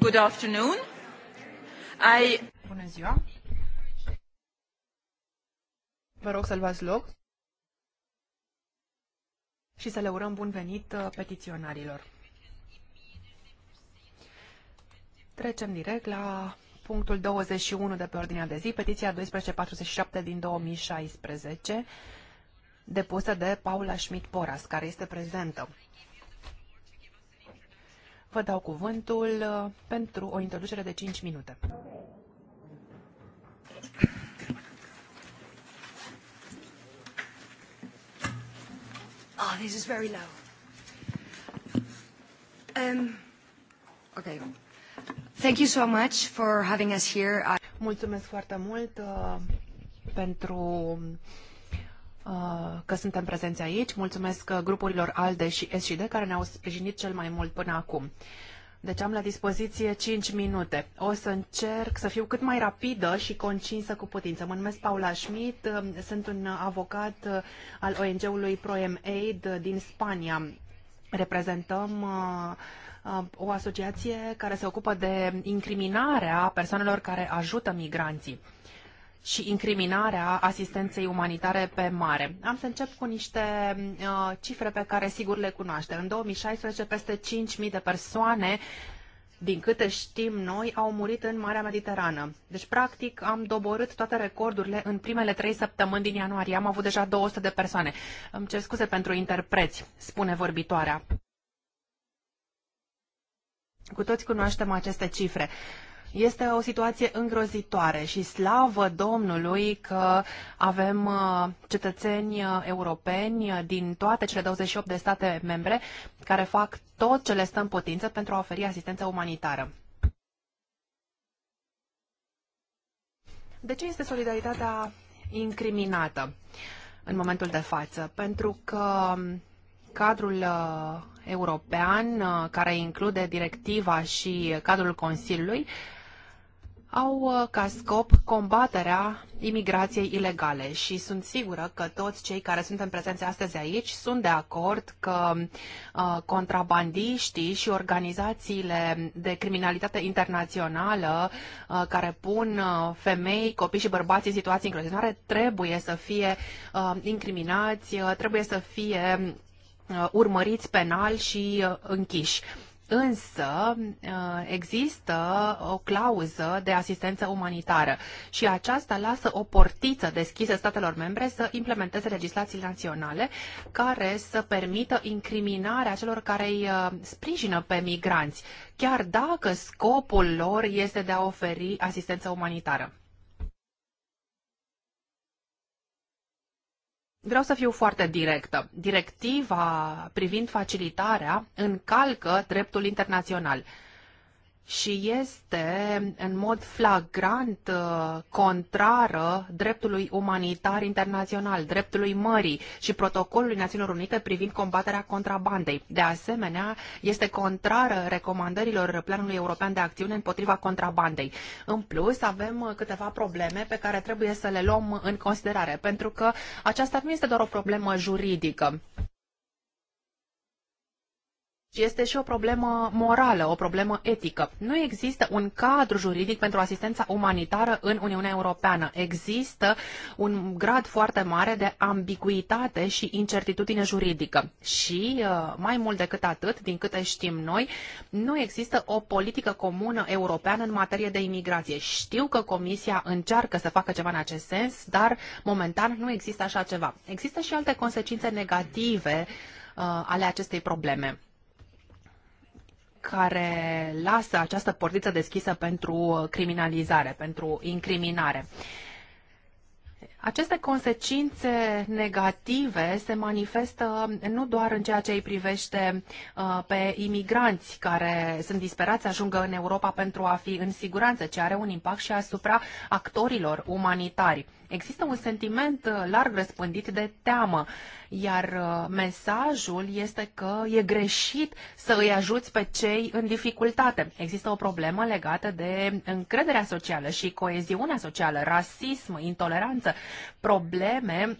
Good afternoon. I... Bună ziua. Vă rog să luați loc și să le urăm bun venit uh, petiționarilor. Trecem direct la punctul 21 de pe ordinea de zi, petiția 1247 din 2016, depusă de Paula Schmidt-Poras, care este prezentă. Vă dau cuvântul uh, pentru o introducere de 5 minute. Oh, this is very low. Um, okay. Thank you so much for having us here. Mulțumesc foarte mult uh, pentru Uh, că suntem prezenți aici. Mulțumesc uh, grupurilor ALDE și SD care ne-au sprijinit cel mai mult până acum. Deci am la dispoziție 5 minute. O să încerc să fiu cât mai rapidă și concisă cu putință. Mă numesc Paula Schmidt, um, sunt un avocat uh, al ONG-ului ProEm-Aid din Spania. Reprezentăm o asociație care se ocupă de incriminarea persoanelor care ajută migranții și incriminarea asistenței umanitare pe mare. Am să încep cu niște uh, cifre pe care sigur le cunoaște. În 2016, peste 5.000 de persoane, din câte știm noi, au murit în Marea Mediterană. Deci, practic, am doborât toate recordurile în primele trei săptămâni din ianuarie. Am avut deja 200 de persoane. Îmi cer scuze pentru interpreți, spune vorbitoarea. Cu toți cunoaștem aceste cifre. Uh, este o situație îngrozitoare și slavă Domnului că avem uh, cetățeni uh, europeni uh, din toate cele 28 de state membre care fac tot ce le stă în putință pentru a oferi asistență umanitară. De ce este solidaritatea incriminată în momentul de față? Pentru că um, cadrul european, care include directiva și cadrul Consiliului, au uh, ca scop combaterea imigrației ilegale și sunt sigură că toți cei care suntem prezenți astăzi aici sunt de acord că uh, contrabandiștii și organizațiile de criminalitate internațională uh, care pun uh, femei, copii și bărbați în situații îngrozitoare trebuie să fie incriminați, trebuie să fie urmăriți penal și închiși. Însă uh, există o clauză de asistență umanitară și aceasta lasă o portiță deschisă statelor membre să implementeze legislații naționale care să permită incriminarea celor care îi uh, sprijină pe migranți, chiar dacă scopul lor este de a oferi asistență umanitară. Vreau să fiu foarte directă. Directiva privind facilitarea încalcă dreptul internațional și este în mod flagrant uh, contrară dreptului umanitar internațional, dreptului mării și protocolului Națiunilor Unite privind combaterea contrabandei. De asemenea, este contrară recomandărilor Planului European de Acțiune împotriva contrabandei. În plus, avem uh, câteva probleme pe care trebuie să le luăm în considerare, pentru că aceasta nu este doar o problemă juridică deci este și o problemă morală, o problemă etică. Nu există un cadru juridic pentru asistența umanitară în Uniunea Europeană. Există un grad foarte mare de ambiguitate și incertitudine juridică. Și, uh, mai mult decât atât, din câte știm noi, nu există o politică comună europeană în materie de imigrație. Știu că Comisia încearcă să facă ceva în acest sens, dar momentan nu există așa ceva. Există și alte consecințe negative uh, ale acestei probleme care lasă această portiță deschisă pentru criminalizare, pentru incriminare. Aceste consecințe negative se manifestă nu doar în ceea ce îi privește uh, pe imigranți care sunt disperați să ajungă în Europa pentru a fi în siguranță, ci are un impact și asupra actorilor umanitari Există un sentiment uh, larg răspândit de teamă, iar uh, mesajul este că e greșit să îi ajuți pe cei în dificultate. Există o problemă legată de încrederea socială și coeziunea socială, rasism, intoleranță, probleme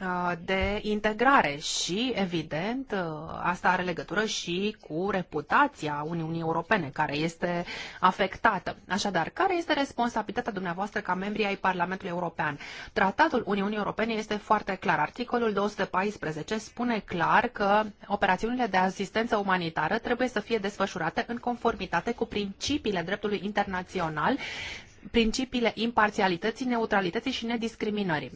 Uh, de integrare și, evident, uh, asta are legătură și cu reputația Uniunii Europene, care este afectată. Așadar, care este responsabilitatea dumneavoastră ca membri ai Parlamentului European? Tratatul Uniunii Europene este foarte clar. Articolul 214 spune clar că operațiunile de asistență umanitară trebuie să fie desfășurate în conformitate cu principiile dreptului internațional principiile imparțialității, neutralității și nediscriminării.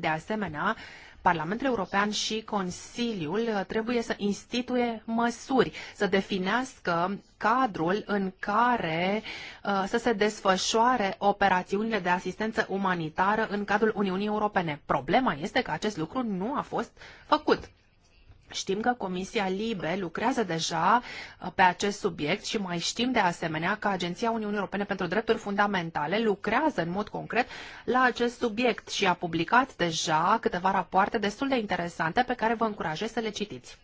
De asemenea, Parlamentul European și Consiliul uh, trebuie să instituie măsuri, să definească cadrul în care uh, să se desfășoare operațiunile de asistență umanitară în cadrul Uniunii Europene. Problema este că acest lucru nu a fost făcut. Știm că Comisia Libe lucrează deja uh, pe acest subiect și mai știm de asemenea că Agenția Uniunii Europene pentru Drepturi Fundamentale lucrează în mod concret la acest subiect și a publicat deja câteva rapoarte destul de interesante pe care vă încurajez să le citiți.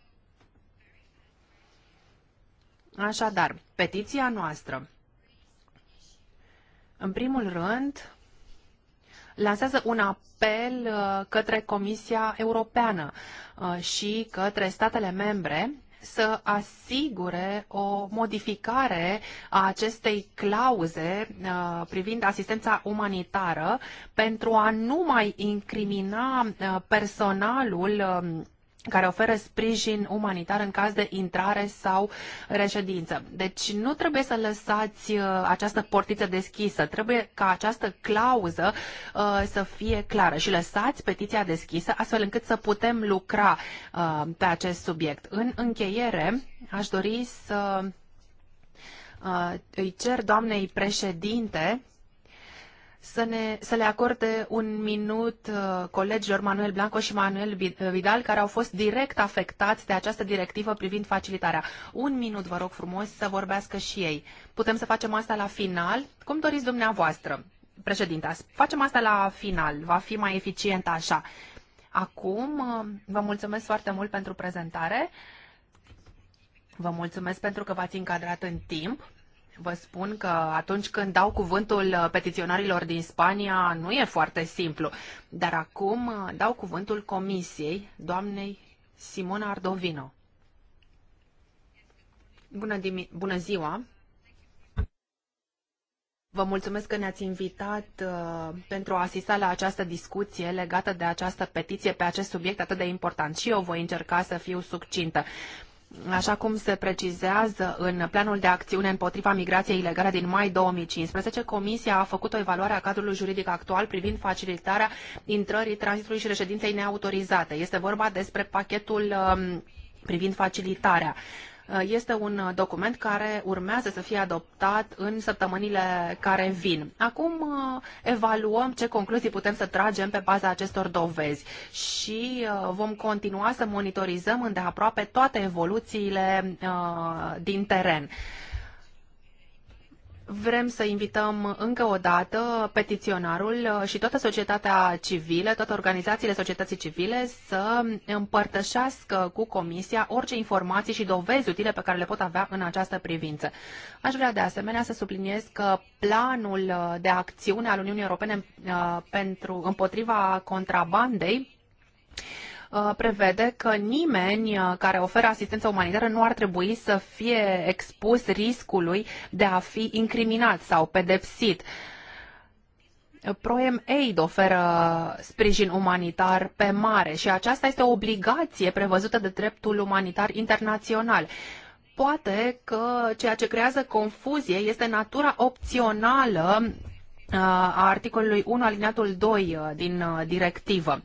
Așadar, petiția noastră. În primul rând, lansează un apel uh, către Comisia Europeană uh, și către statele membre să asigure o modificare a acestei clauze uh, privind asistența umanitară pentru a nu mai incrimina personalul um, care oferă sprijin umanitar în caz de intrare sau reședință. Deci nu trebuie să lăsați uh, această portiță deschisă, trebuie ca această clauză uh, să fie clară și lăsați petiția deschisă astfel încât să putem lucra uh, pe acest subiect. În încheiere, aș dori să uh, îi cer doamnei președinte să, ne, să le acorde un minut uh, colegilor Manuel Blanco și Manuel uh, Vidal, care au fost direct afectați de această directivă privind facilitarea. Un minut, vă rog frumos, să vorbească și ei. Putem să facem asta la final, cum doriți dumneavoastră, președinta. Facem asta la final, va fi mai eficient așa. Acum, uh, vă mulțumesc foarte mult pentru prezentare. Vă mulțumesc pentru că v-ați încadrat în timp. Vă spun că atunci când dau cuvântul uh, petiționarilor din Spania nu e foarte simplu, dar acum uh, dau cuvântul comisiei doamnei Simona Ardovino. Bună, Bună ziua! Vă mulțumesc că ne-ați invitat uh, pentru a asista la această discuție legată de această petiție pe acest subiect atât de important și eu voi încerca să fiu succintă. Uh, Așa cum se precizează în planul de acțiune împotriva migrației ilegale din mai 2015, Comisia a făcut o evaluare a cadrului juridic actual privind facilitarea intrării, tranzitului și reședinței neautorizate. Este vorba despre pachetul um, privind facilitarea. Uh, este un document care urmează să fie adoptat în săptămânile care vin. Acum uh, evaluăm ce concluzii putem să tragem pe baza acestor dovezi și uh, vom continua să monitorizăm îndeaproape toate evoluțiile din teren. Vrem să invităm încă o dată petiționarul uh, și toată societatea civilă, toate organizațiile societății civile să împărtășească cu Comisia orice informații și dovezi utile pe care le pot avea în această privință. Aș vrea de asemenea să subliniez că planul uh, de acțiune al Uniunii Europene uh, pentru, împotriva contrabandei Uh, prevede că nimeni uh, care oferă asistență umanitară nu ar trebui să fie expus riscului de a fi incriminat sau pedepsit. Proem Aid oferă sprijin umanitar pe mare și aceasta este o obligație prevăzută de dreptul umanitar internațional. Poate că ceea ce creează confuzie este natura opțională uh, a articolului 1 alineatul 2 din directivă.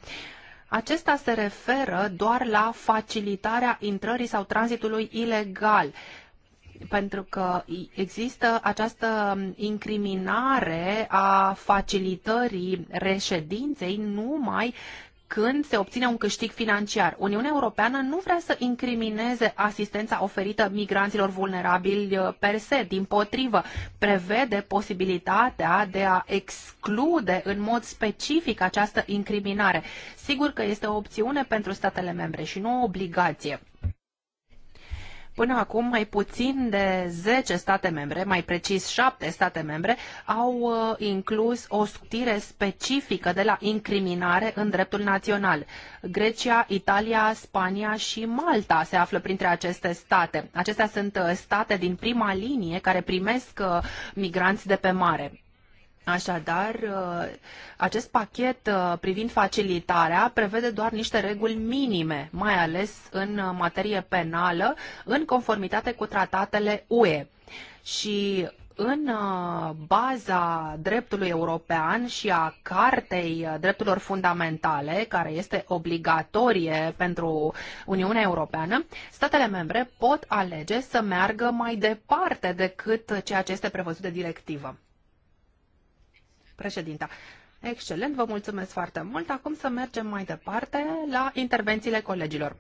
Acesta se referă doar la facilitarea intrării sau tranzitului ilegal, pentru că există această incriminare a facilitării reședinței numai când se obține un câștig financiar. Uniunea Europeană nu vrea să incrimineze asistența oferită migranților vulnerabili uh, per se, din potrivă, prevede posibilitatea de a exclude în mod specific această incriminare. Sigur că este o opțiune pentru statele membre și nu o obligație. Până acum, mai puțin de 10 state membre, mai precis 7 state membre, au uh, inclus o scutire specifică de la incriminare în dreptul național. Grecia, Italia, Spania și Malta se află printre aceste state. Acestea sunt uh, state din prima linie care primesc uh, migranți de pe mare. Așadar, uh, acest pachet uh, privind facilitarea prevede doar niște reguli minime, mai ales în uh, materie penală, în conformitate cu tratatele UE. Și în baza dreptului european și a Cartei Drepturilor Fundamentale, care este obligatorie pentru Uniunea Europeană, statele membre pot alege să meargă mai departe decât ceea ce este prevăzut de directivă președinte. Excelent, vă mulțumesc foarte mult. Acum să mergem mai departe la intervențiile colegilor.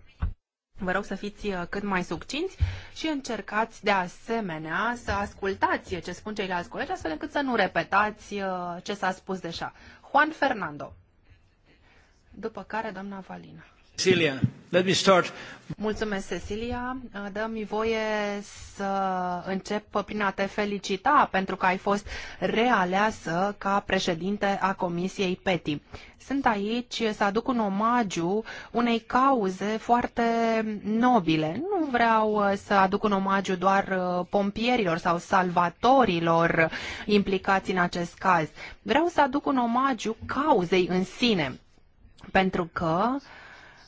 Vă rog să fiți uh, cât mai succinți și încercați de asemenea să ascultați ce spun ceilalți colegi, astfel încât să nu repetați uh, ce s-a spus deja. Juan Fernando. După care doamna Valina. Cecilia, Mulțumesc, Cecilia. Dă-mi voie să încep prin a te felicita pentru că ai fost realeasă ca președinte a Comisiei PETI. Sunt aici să aduc un omagiu unei cauze foarte nobile. Nu vreau să aduc un omagiu doar uh, pompierilor sau salvatorilor implicați în acest caz. Vreau să aduc un omagiu cauzei în sine. Pentru că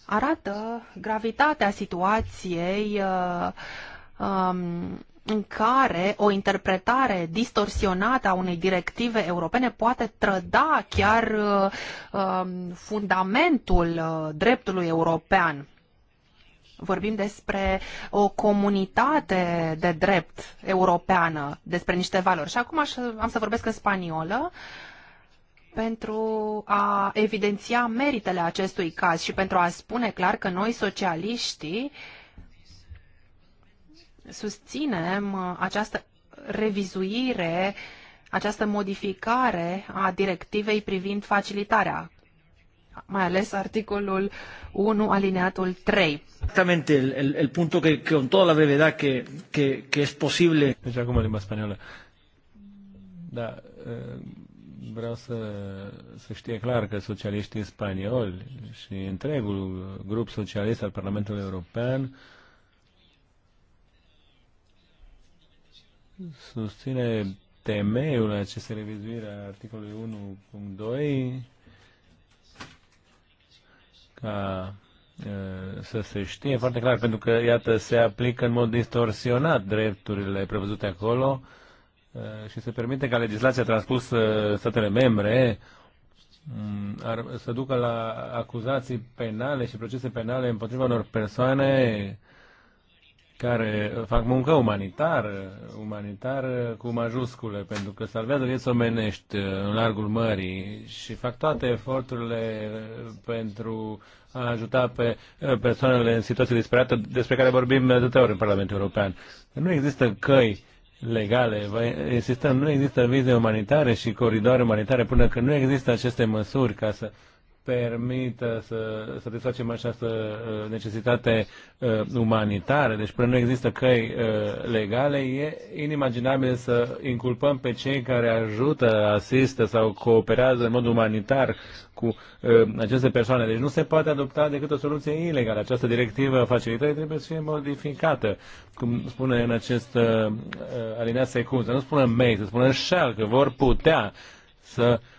arată gravitatea situației uh, um, în care o interpretare distorsionată a unei directive europene poate trăda chiar uh, um, fundamentul uh, dreptului european. Vorbim despre o comunitate de drept europeană, despre niște valori. Și acum aș, am să vorbesc în spaniolă. Uh, pentru a evidenția meritele acestui caz și pentru a spune clar că noi, socialiștii, susținem această revizuire, această modificare a directivei privind facilitarea, mai ales articolul 1, alineatul 3. Exactamente, el, el, el punto que, que con toda la brevedad que, que, que es posible. Deci acum limba spaniolă. Da, eh, vreau să, să știe clar că socialiștii spanioli și întregul grup socialist al Parlamentului European susține temeiul acestei revizuiri a articolului 1.2 ca să se știe foarte clar, pentru că, iată, se aplică în mod distorsionat drepturile prevăzute acolo Uh, și se permite ca legislația transpusă statele membre um, ar, să ducă la acuzații penale și procese penale împotriva unor persoane care fac muncă umanitară, umanitară cu majuscule, pentru că salvează vieți omenești uh, în largul mării și fac toate eforturile uh, pentru a ajuta pe persoanele în situații disperate despre care vorbim de atâtea ori în Parlamentul European. Nu există căi legale. Insistăm, nu există vize umanitare și coridoare umanitare până când nu există aceste măsuri ca să permită să satisfacem această uh, necesitate uh, umanitară, deci până nu există căi uh, legale, e inimaginabil să inculpăm pe cei care ajută, asistă sau cooperează în mod umanitar cu aceste persoane. Deci nu se poate adopta decât o soluție ilegală. Această directivă a facilității trebuie să fie modificată, cum spune în acest uh, alineat secundă. Nu spune mei, să spune șal, că vor putea să uh,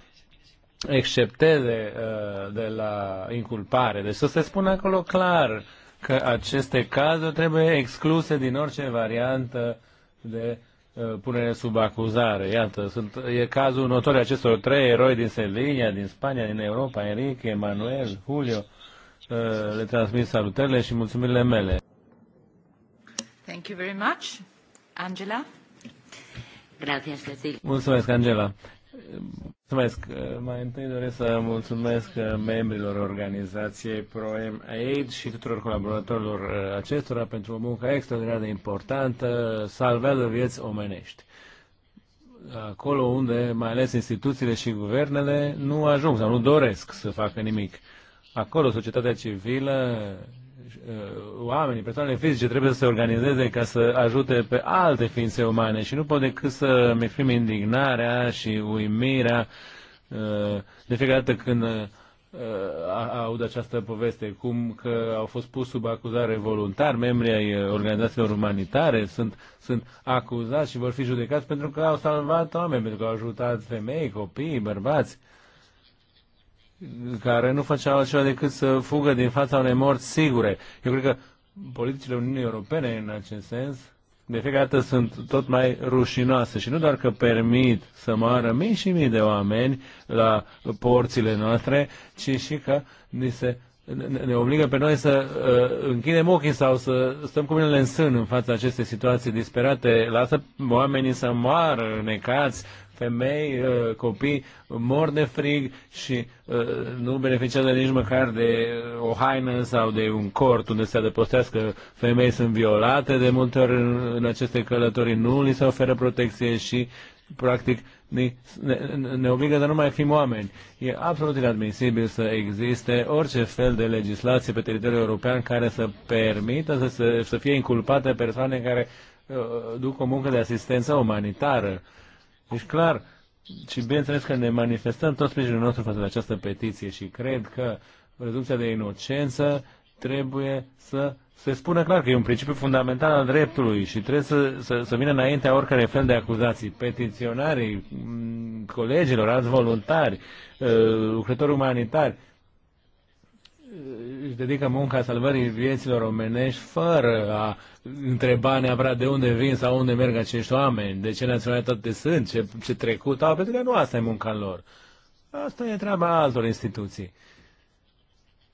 excepte de uh, de la inculpare. Deci să se spună acolo clar că aceste cazuri trebuie excluse din orice variantă de uh, punere sub acuzare. Iată, sunt, e cazul notor acestor trei eroi din Sevilla, din Spania, din Europa, Enrique, Emanuel, Julio. Uh, le transmit salutările și mulțumirile mele. Thank you very much. Angela? Gracias, Mulțumesc, Angela. Mulțumesc. Mai întâi doresc să mulțumesc membrilor organizației ProM Aid și tuturor colaboratorilor uh, acestora pentru o muncă extraordinar de importantă, salvează vieți omenești. Acolo unde mai ales instituțiile și guvernele nu ajung sau nu doresc să facă nimic. Acolo societatea civilă Uh, oamenii, persoanele fizice trebuie să se organizeze ca să ajute pe alte ființe umane și nu pot decât să-mi exprim indignarea și uimirea uh, de fiecare dată când uh, aud această poveste, cum că au fost pus sub acuzare voluntar, membrii ai organizațiilor umanitare sunt, sunt acuzați și vor fi judecați pentru că au salvat oameni, pentru că au ajutat femei, copii, bărbați care nu făceau altceva decât să fugă din fața unei morți sigure. Eu cred că politicile Uniunii Europene în acest sens de fiecare dată sunt tot mai rușinoase și nu doar că permit să moară mii și mii de oameni la porțile noastre, ci și că ni se, ne obligă pe noi să uh, închidem ochii sau să stăm cu mâinile în sân în fața acestei situații disperate. Lasă oamenii să moară necați femei, uh, copii mor de frig și uh, nu beneficiază nici măcar de uh, o haină sau de un cort unde se adăpostească. Femei sunt violate de multe ori în aceste călătorii, nu li se oferă protecție și practic ne, ne, ne obligă să nu mai fim oameni. E absolut inadmisibil să existe orice fel de legislație pe teritoriul european care să permită să, să, să fie inculpate persoane care uh, duc o muncă de asistență umanitară. Uh, deci, clar, și bineînțeles că ne manifestăm tot sprijinul nostru față de această petiție și cred că prezumția de inocență trebuie să se spună clar că e un principiu fundamental al dreptului și trebuie să, să, să vină înaintea oricare fel de acuzații. Petiționarii, mm, colegilor, alți voluntari, uh, lucrători umanitari, își dedică munca salvării vieților omenești fără a întreba neapărat de unde vin sau unde merg acești oameni, de ce naționalitate sunt, ce, ce trecut au, pentru că nu asta e munca lor. Asta e treaba altor instituții.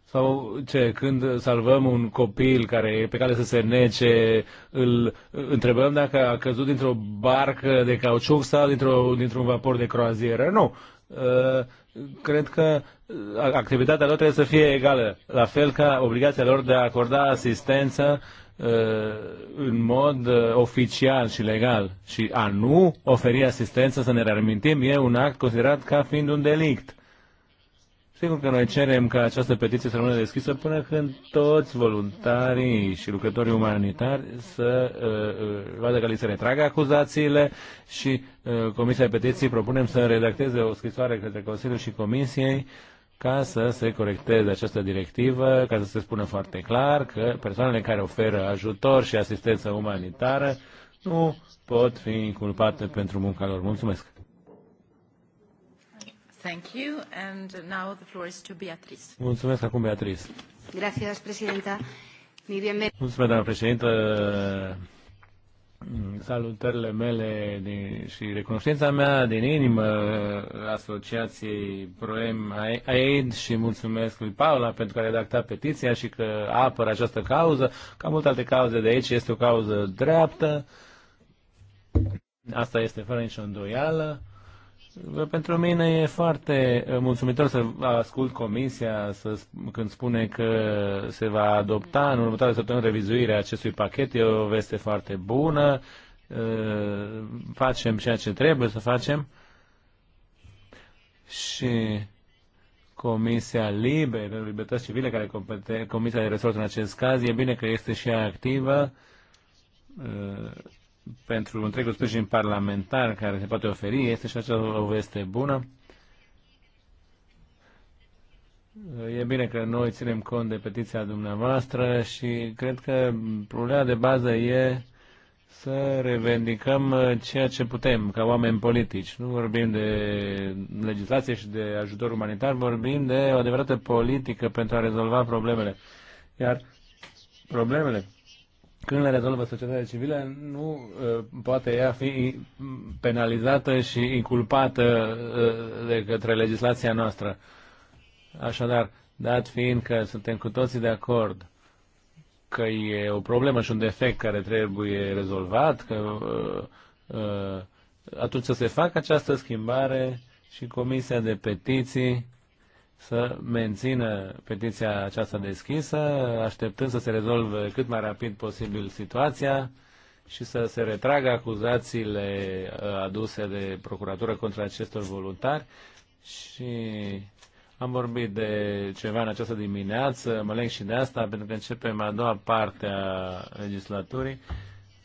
Sau ce, când salvăm un copil care e pe care să se nece, îl întrebăm dacă a căzut dintr-o barcă de cauciuc sau dintr un dintr-un vapor de croazieră. Nu. Ă, cred că activitatea lor trebuie să fie egală, la fel ca obligația lor de a acorda asistență uh, în mod uh, oficial și legal și a nu oferi asistență, să ne reamintim, e un act considerat ca fiind un delict. Sigur că noi cerem ca această petiție să rămână deschisă până când toți voluntarii și lucrătorii umanitari să uh, uh vadă că li se retragă acuzațiile și uh, Comisia Petiției propunem să redacteze o scrisoare către Consiliul și Comisiei uh, ca să se corecteze această directivă, ca să se spună foarte clar că persoanele care oferă ajutor și asistență umanitară nu pot fi inculpate pentru munca lor. Mulțumesc! Thank you. And now the floor is to Beatrice. Mulțumesc acum, Beatriz. Gracias, presidenta. Mulțumesc, doamnă președintă salutările mele din, și recunoștința mea din inimă Asociației ProM AID și mulțumesc lui Paula pentru că a redactat petiția și că apără această cauză. Ca multe alte cauze de aici, este o cauză dreaptă. Asta este fără nicio îndoială. Pentru mine e foarte uh, mulțumitor să ascult comisia să, când spune că se va adopta în următoarea săptămână revizuirea acestui pachet. E o veste foarte bună. Uh, facem ceea ce trebuie să facem. Și Comisia liberă, Libertăți Civile, care compete, Comisia de Resort în acest caz, e bine că este și ea activă uh, pentru întregul sprijin parlamentar care se poate oferi. Este și acea o veste bună. E bine că noi ținem cont de petiția dumneavoastră și cred că problema de bază e să revendicăm ceea ce putem ca oameni politici. Nu vorbim de legislație și de ajutor umanitar, vorbim de o adevărată politică pentru a rezolva problemele. Iar problemele când le rezolvă societatea civilă, nu uh, poate ea fi penalizată și inculpată uh, de către legislația noastră. Așadar, dat fiind că suntem cu toții de acord că e o problemă și un defect care trebuie rezolvat, că uh, uh, atunci să se facă această schimbare și Comisia de Petiții să mențină petiția aceasta deschisă, așteptând să se rezolve cât mai rapid posibil situația și să se retragă acuzațiile uh, aduse de procuratură contra acestor voluntari și am vorbit de ceva în această dimineață, mă leg și de asta, pentru că începem a doua parte a legislaturii,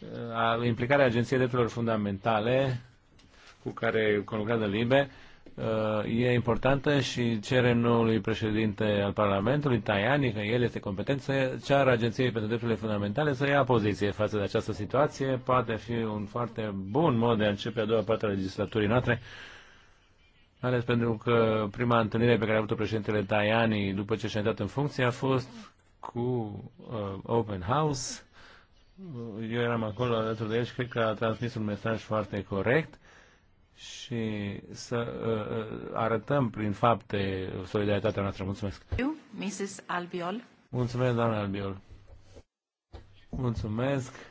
uh, a implicarea Agenției Drepturilor Fundamentale, cu care conlucrează LIBE, Uh, e importantă și cere noului președinte al Parlamentului, Tajani, că el este competent să ceară Agenției pentru Drepturile Fundamentale să ia poziție față de această situație. Poate fi un foarte bun mod de a începe a doua parte a legislaturii noastre, ales pentru că prima întâlnire pe care a avut-o președintele Tajani după ce și-a intrat în funcție a fost cu uh, Open House. Eu eram acolo alături de el și cred că a transmis un mesaj foarte corect și să uh, uh, arătăm prin fapte solidaritatea noastră. Mulțumesc. Eu, Mrs. Albiol. Mulțumesc, doamna Albiol. Mulțumesc.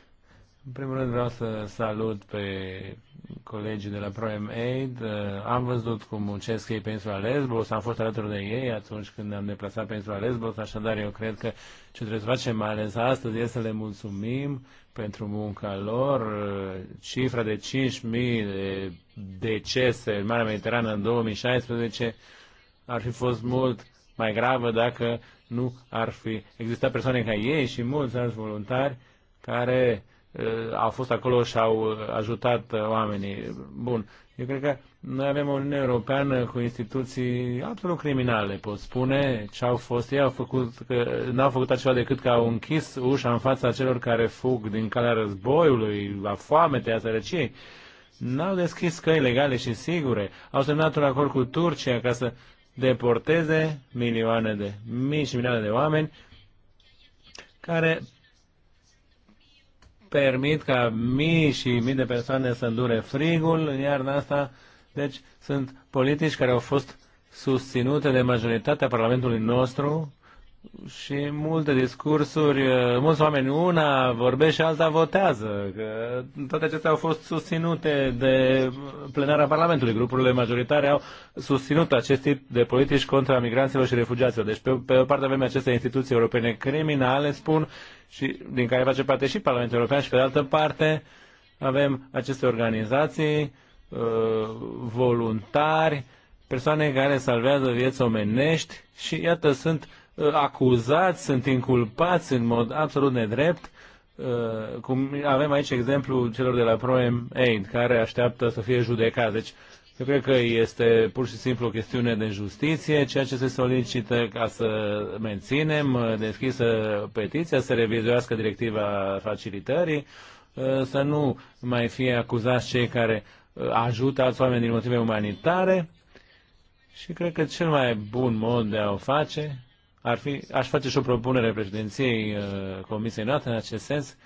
În primul rând vreau să salut pe colegii de la ProM Aid. Uh, am văzut cum muncesc ei pe insula Lesbos, am fost alături de ei atunci când ne am deplasat pe insula Lesbos, așadar eu cred că ce trebuie să facem, mai ales astăzi, este să le mulțumim pentru munca lor. Uh, cifra de 5.000 de decese în Marea Mediterană în 2016 ar fi fost mult mai gravă dacă nu ar fi existat persoane ca ei și mulți alți voluntari care Eh, au fost acolo și au eh, ajutat eh, oamenii. Bun, eu cred că noi avem o Uniune Europeană cu instituții absolut criminale, pot spune. Ce au fost ei au făcut, că n-au făcut altceva decât că au închis ușa în fața celor care fug din calea războiului, la foamete, a sărăciei. N-au deschis căi legale și sigure. Au semnat un acord cu Turcia ca să deporteze milioane de, mii și milioane de oameni care permit ca mii și mii de persoane să îndure frigul în iarna asta. Deci sunt politici care au fost susținute de majoritatea Parlamentului nostru și multe discursuri, uh, mulți oameni una vorbește și alta votează. Că toate acestea au fost susținute de plenarea Parlamentului. Grupurile majoritare au susținut acest tip de politici contra migranților și refugiaților. Deci, pe, pe o parte avem aceste instituții europene criminale, spun, și din care face parte și Parlamentul European și pe de altă parte avem aceste organizații, uh, voluntari, persoane care salvează vieți omenești și iată sunt Uh, acuzați, sunt inculpați în mod absolut nedrept. Uh, cum avem aici exemplu celor de la Proem Aid, care așteaptă să fie judecați. Deci, eu cred că este pur și simplu o chestiune de justiție, ceea ce se solicită ca să menținem deschisă petiția, să revizuiască directiva facilitării, uh, să nu mai fie acuzați cei care ajută alți oameni din motive umanitare și cred că cel mai bun mod de a o face ar fi, aș face și o propunere președinției uh, Comisiei noastre în acest sens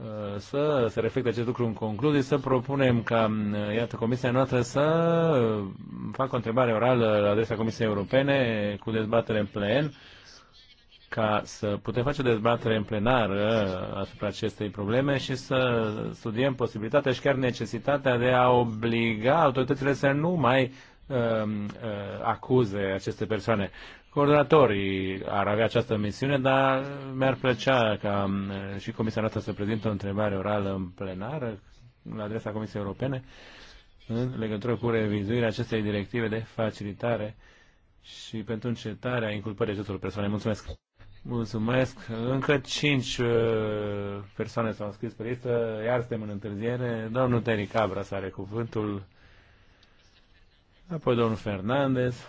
uh, să se reflecte acest lucru în concluzie, să propunem ca, uh, iată, Comisia noastră să facă o întrebare orală la adresa Comisiei Europene cu dezbatere în plen, ca să putem face o dezbatere în plenară asupra acestei probleme și să studiem posibilitatea și chiar necesitatea de a obliga autoritățile să nu mai uh, uh, acuze aceste persoane. Coordonatorii ar avea această misiune, dar mi-ar plăcea ca mm, și Comisia noastră să prezintă o întrebare orală în plenară la adresa Comisiei Europene în legătură cu revizuirea acestei directive de facilitare și pentru încetarea inculpării acestor persoane. Mulțumesc! Mulțumesc! Încă cinci uh, persoane s-au înscris pe listă, iar suntem în întârziere. Domnul Teri Cabra are cuvântul, apoi domnul Fernandez.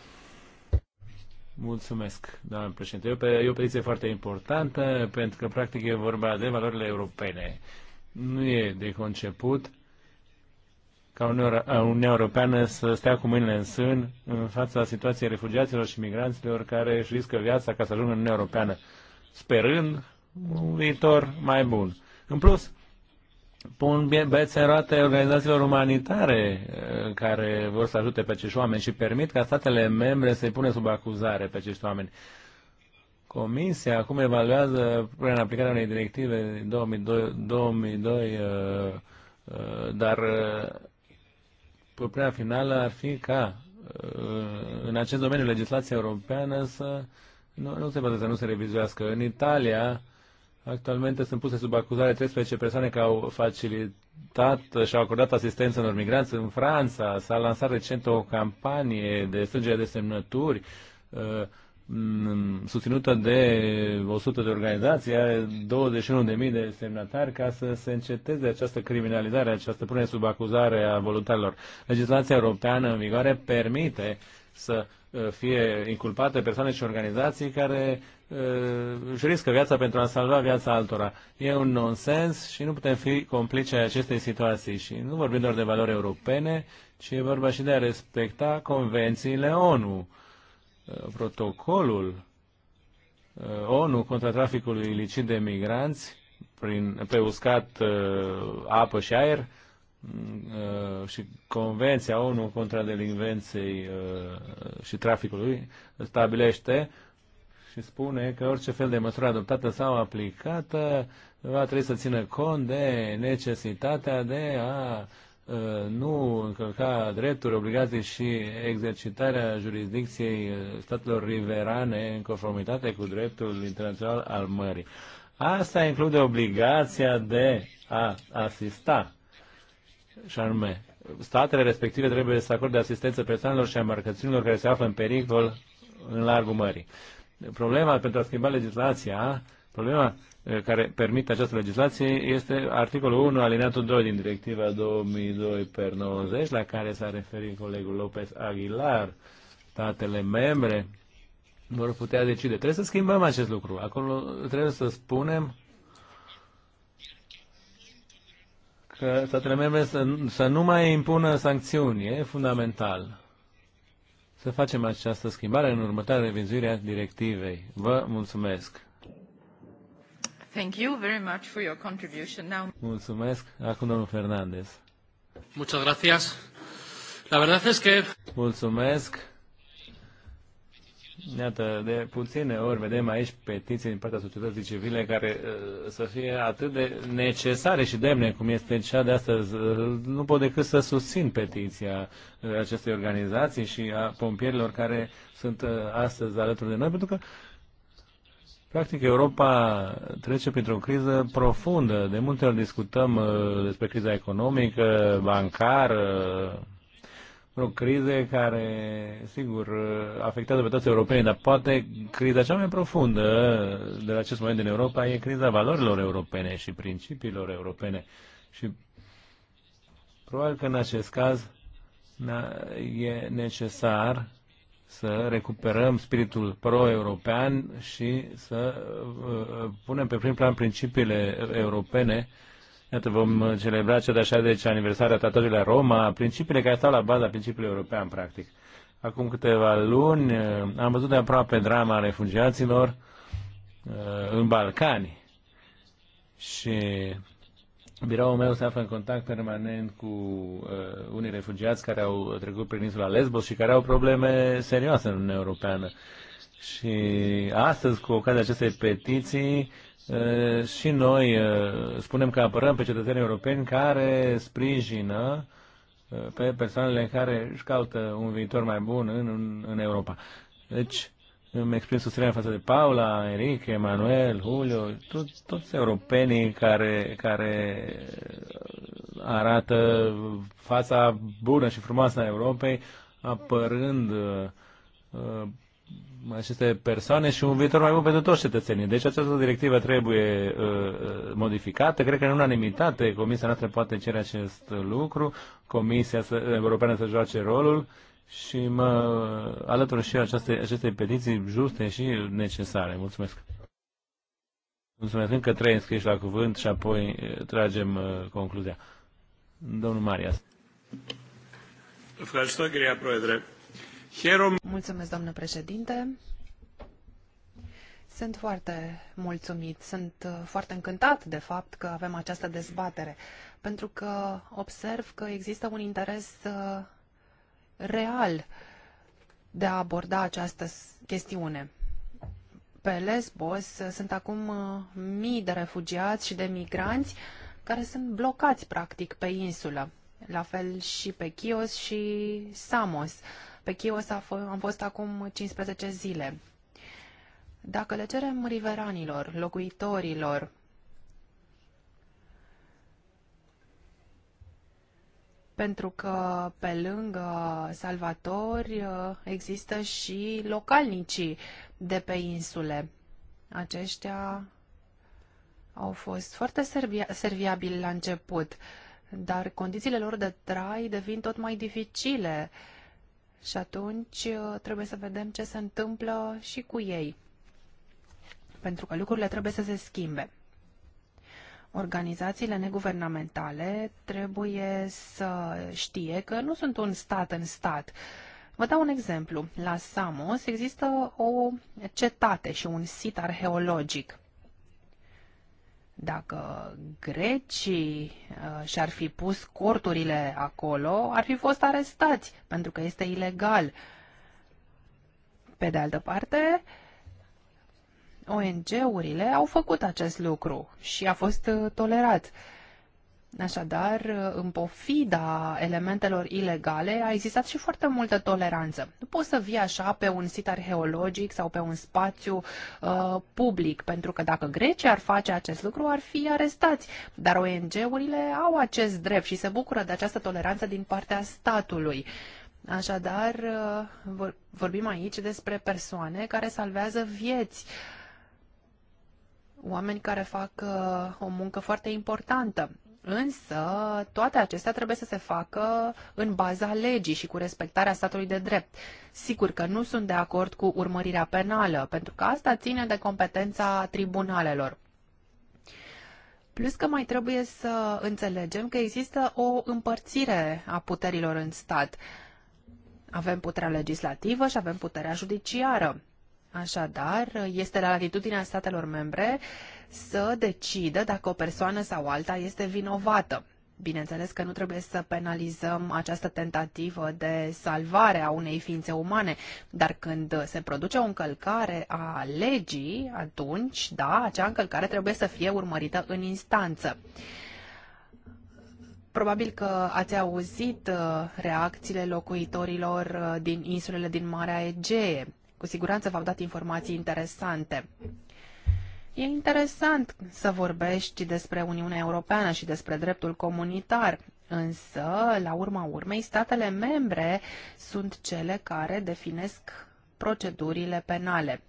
Mulțumesc, doamnă președinte. E o, e o petiție foarte importantă pentru că, practic, e vorba de valorile europene. Nu e de conceput ca Uniunea Europeană să stea cu mâinile în sân în fața situației refugiaților și migranților care își riscă viața ca să ajungă în Uniunea Europeană, sperând un viitor mai bun. În plus, pun bețe în roate organizațiilor umanitare uh, care vor să ajute pe acești oameni și permit ca statele membre să-i pune sub acuzare pe acești oameni. Comisia acum evaluează prin aplicarea unei directive 2002, 2002 uh, uh, dar propunerea finală ar fi ca în acest domeniu legislația europeană să nu, nu se poate să nu se revizuiască. În Italia Actualmente sunt puse sub acuzare 13 persoane care au facilitat și au acordat asistență unor migranți în Franța. S-a lansat recent o campanie de strângere de semnături uh, susținută de 100 de organizații, are 21.000 de semnatari ca să se înceteze această criminalizare, această punere sub acuzare a voluntarilor. Legislația europeană în vigoare permite să uh, fie inculpate persoane și organizații care uh, își riscă viața pentru a salva viața altora. E un nonsens și nu putem fi complice acestei situații. Și nu vorbim doar de valori europene, ci e vorba și de a respecta convențiile ONU. Uh, protocolul ONU contra traficului ilicit de migranți prin, pe uscat, apă și aer, Mm, uh, și Convenția ONU contra delinvenței uh, și traficului stabilește și spune că orice fel de măsură adoptată sau aplicată va trebui să țină cont de necesitatea de a uh, nu încălca drepturi, obligații și exercitarea jurisdicției statelor riverane în conformitate cu dreptul internațional al mării. Asta include obligația de a asista și anume, statele respective trebuie să acorde asistență persoanelor și embarcațiunilor care se află în pericol în largul mării. Problema pentru a schimba legislația, problema eh, care permite această legislație este articolul 1 alineatul 2 din directiva 2002 per 90 la care s-a referit colegul Lopez Aguilar. Statele membre vor putea decide. Trebuie să schimbăm acest lucru. Acolo trebuie să spunem că statele membre să, să nu mai impună sancțiuni. E fundamental să facem această schimbare în următoarea revizuire a directivei. Vă mulțumesc! Thank you very much for your contribution. Now... Mulțumesc. Acum domnul Fernandez. Muchas gracias. La verdad es que... Mulțumesc. Iată, de puține ori vedem aici petiții din partea societății civile care uh, să fie atât de necesare și demne cum este cea de astăzi. Uh, nu pot decât să susțin petiția uh, acestei organizații și a pompierilor care sunt astăzi alături de noi, pentru că Practic, Europa trece printr-o criză profundă. De multe ori discutăm despre criza economică, bancară, o crize care, sigur, afectează pe toți europenii, dar poate criza cea mai profundă de la acest moment în Europa e criza valorilor europene și principiilor europene. Și probabil că în acest caz e necesar să recuperăm spiritul pro-european și să uh, uh, punem pe prim plan principiile europene Iată, vom uh, celebra cea de-a 60 aniversare a tratatului la Roma, principiile care stau la baza principiului european, practic. Acum câteva luni uh, am văzut de aproape drama refugiaților uh, în Balcani și biroul meu se află în contact permanent cu unii refugiați care au trecut prin insula Lesbos și care au probleme serioase în Uniunea Europeană. Și astăzi, cu ocazia acestei petiții, Eh, și noi eh, spunem că apărăm pe cetățenii europeni care sprijină eh, pe persoanele care își caută un viitor mai bun în, în Europa. Deci, îmi exprim susținerea față de Paula, Enrique, Emanuel, Julio, to- toți europenii care, care arată fața bună și frumoasă a Europei, apărând uh, aceste persoane și un viitor mai bun pentru toți cetățenii. Deci această directivă trebuie uh, uh, modificată. Cred că în unanimitate Comisia noastră poate cere acest lucru, Comisia să, Europeană să joace rolul și mă alătur și aceste, aceste petiții juste și necesare. Mulțumesc! Mulțumesc încă trei înscriși la cuvânt și apoi uh, tragem uh, concluzia. Domnul Marias. Ευχαριστώ κυρία Mulțumesc, președinte. Sunt foarte mulțumit, sunt uh, foarte încântat de fapt că avem această dezbatere, pentru că observ că există un interes uh, real de a aborda această chestiune. Pe Lesbos uh, sunt acum mii de refugiați și de migranți care sunt blocați practic pe insulă, la fel și pe Chios și Samos pe Chios am fost acum 15 zile. Dacă le cerem riveranilor, locuitorilor, pentru că pe lângă salvatori uh, există și localnicii de pe insule. Aceștia au fost foarte serviabili la început, dar condițiile lor de trai devin tot mai dificile și atunci uh, trebuie să vedem ce se întâmplă și cu ei. Pentru că lucrurile trebuie să se schimbe. Organizațiile neguvernamentale trebuie să știe că nu sunt un stat în stat. Vă dau un exemplu. La Samos există o cetate și un sit arheologic. Dacă grecii uh, și-ar fi pus corturile acolo, ar fi fost arestați, pentru că este ilegal. Pe de altă parte, ONG-urile au făcut acest lucru și a fost uh, tolerat. Uh, Așadar, în pofida elementelor ilegale, a existat și foarte multă toleranță. Nu poți să vii așa pe un sit arheologic sau pe un spațiu uh, public, pentru că dacă Grecia ar face acest lucru, ar fi arestați. Dar ONG-urile au acest drept și se bucură de această toleranță din partea statului. Așadar, uh, vorbim aici despre persoane care salvează vieți oameni care fac uh, o muncă foarte importantă. Însă, toate acestea trebuie să se facă în baza legii și cu respectarea statului de drept. Sigur că nu sunt de acord cu urmărirea penală, pentru că asta ține de competența tribunalelor. Plus că mai trebuie să înțelegem că există o împărțire a puterilor în stat. Avem puterea legislativă și avem puterea judiciară. Așadar, este la latitudinea statelor membre să decidă dacă o persoană sau alta este vinovată. Bineînțeles că nu trebuie să penalizăm această tentativă de salvare a unei ființe umane, dar când se produce o încălcare a legii, atunci, da, acea încălcare trebuie să fie urmărită în instanță. Probabil că ați auzit uh, reacțiile locuitorilor uh, din insulele din Marea Egee. Cu siguranță v-au dat informații interesante. E interesant să vorbești despre Uniunea Europeană și despre dreptul comunitar, însă, la urma urmei, statele membre sunt cele care definesc procedurile penale.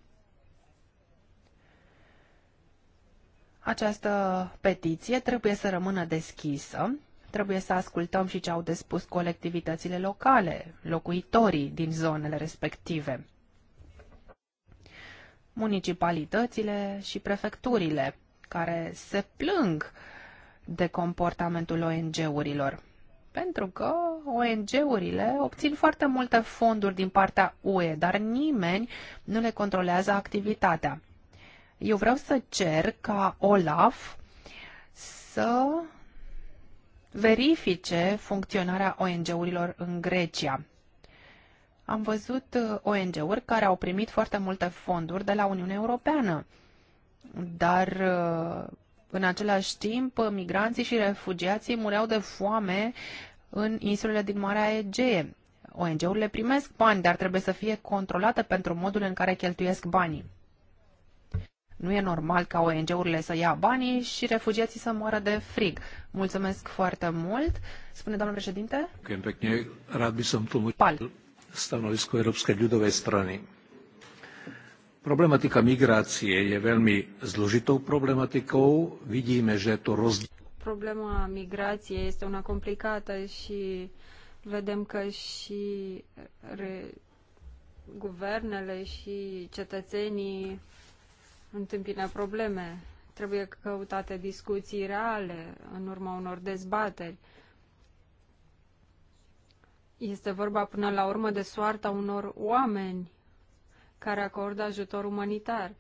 Această petiție trebuie să rămână deschisă, trebuie să ascultăm și ce au de spus colectivitățile locale, locuitorii din zonele respective municipalitățile și prefecturile, care se plâng de comportamentul ONG-urilor. Pentru că ONG-urile obțin foarte multe fonduri din partea UE, dar nimeni nu le controlează activitatea. Eu vreau să cer ca OLAF să verifice funcționarea ONG-urilor în Grecia am văzut uh, ONG-uri care au primit foarte multe fonduri de la Uniunea Europeană, dar uh, în același timp uh, migranții și refugiații mureau de foame în insulele din Marea Egee. ONG-urile primesc bani, dar trebuie să fie controlate pentru modul în care cheltuiesc banii. Nu e normal ca ONG-urile să ia banii și refugiații să moară de frig. Mulțumesc foarte mult, spune doamnă președinte. Pal stanovisko Európskej ľudovej strany. Problematika migrácie je veľmi zložitou problematikou. Vidíme, že to rozdiel... Problema migrației este una complicată și vedem că și re... guvernele și cetățenii întâmpină probleme. Trebuie căutate discuții reale în urma unor dezbateri. Este vorba până la urmă de soarta unor oameni care acordă ajutor umanitar.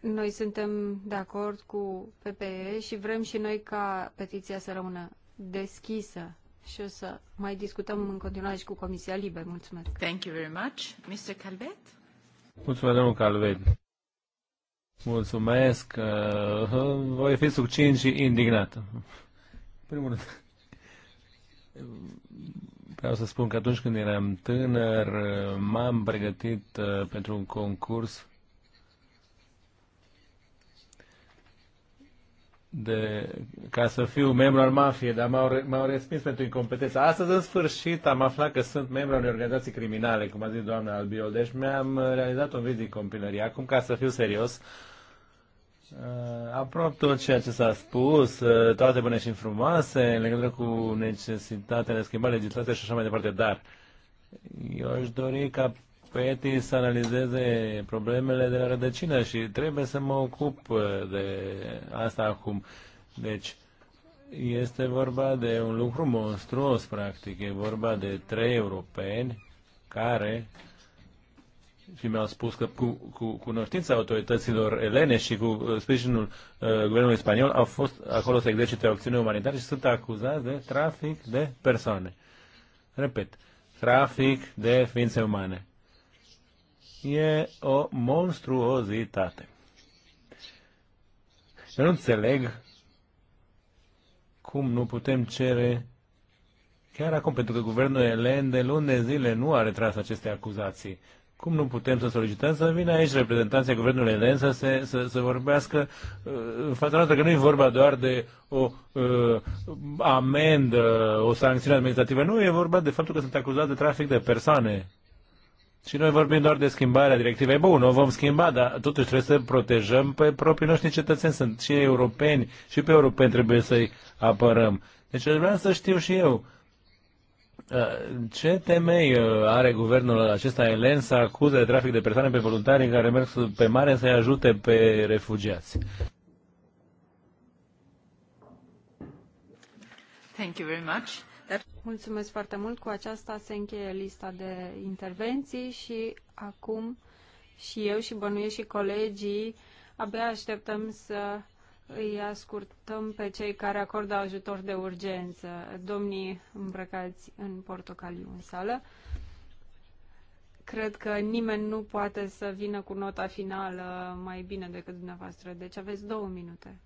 Noi suntem de acord cu PPE și vrem și noi ca petiția să rămână deschisă și o să mai discutăm în continuare și cu Comisia Libe. Mulțumesc. Thank you very much. Mr. Calvet? Mulțumesc, domnul Calvet. Mulțumesc. Uh, voi fi succint și indignat. primul rând, vreau să spun că atunci când eram tânăr, m-am pregătit uh, pentru un concurs de, ca să fiu membru al mafiei, dar m-au, m-au respins pentru incompetență. Astăzi, în sfârșit, am aflat că sunt membru al unei organizații criminale, cum a zis doamna Albiol, deci mi-am realizat un vis din compilărie. Acum, ca să fiu serios, uh, Uh, Aprob tot ceea ce s-a spus, uh, toate bune și frumoase, în legătură cu necesitatea de schimbare legislației și așa mai departe, dar eu aș dori ca poetii să analizeze problemele de la rădăcină și trebuie să mă ocup uh, de asta acum. Deci, este vorba de un lucru monstruos, practic. E vorba de trei europeni care și mi-au spus că cu, cu cunoștința autorităților elene și cu uh, sprijinul uh, guvernului spaniol au fost acolo să exercite acțiune umanitară și sunt acuzați de trafic de persoane. Repet, trafic de ființe umane. E o monstruozitate. Eu nu înțeleg cum nu putem cere chiar acum, pentru că guvernul elen de luni de zile nu a retras aceste acuzații. Cum nu putem să solicităm să vină aici reprezentanții guvernului elen să, se, să, să vorbească uh, în fața noastră, că nu e vorba doar de o uh, amendă, o sancțiune administrativă, nu, e vorba de faptul că sunt acuzați de trafic de persoane. Și noi vorbim doar de schimbarea directivei. Bun, o vom schimba, dar totuși trebuie să protejăm pe proprii noștri cetățeni. Sunt și europeni, și pe europeni trebuie să-i apărăm. Deci vreau să știu și eu Uh, ce temei uh, are guvernul acesta elen să acuze de trafic de persoane pe voluntari care merg pe mare să-i ajute pe refugiați? Thank you very much. That... Mulțumesc foarte mult. Cu aceasta se încheie lista de intervenții și acum și eu și bănuiesc și colegii abia așteptăm să îi ascultăm pe cei care acordă ajutor de urgență, domnii îmbrăcați în portocaliu în sală. Cred că nimeni nu poate să vină cu nota finală mai bine decât dumneavoastră, deci aveți două minute.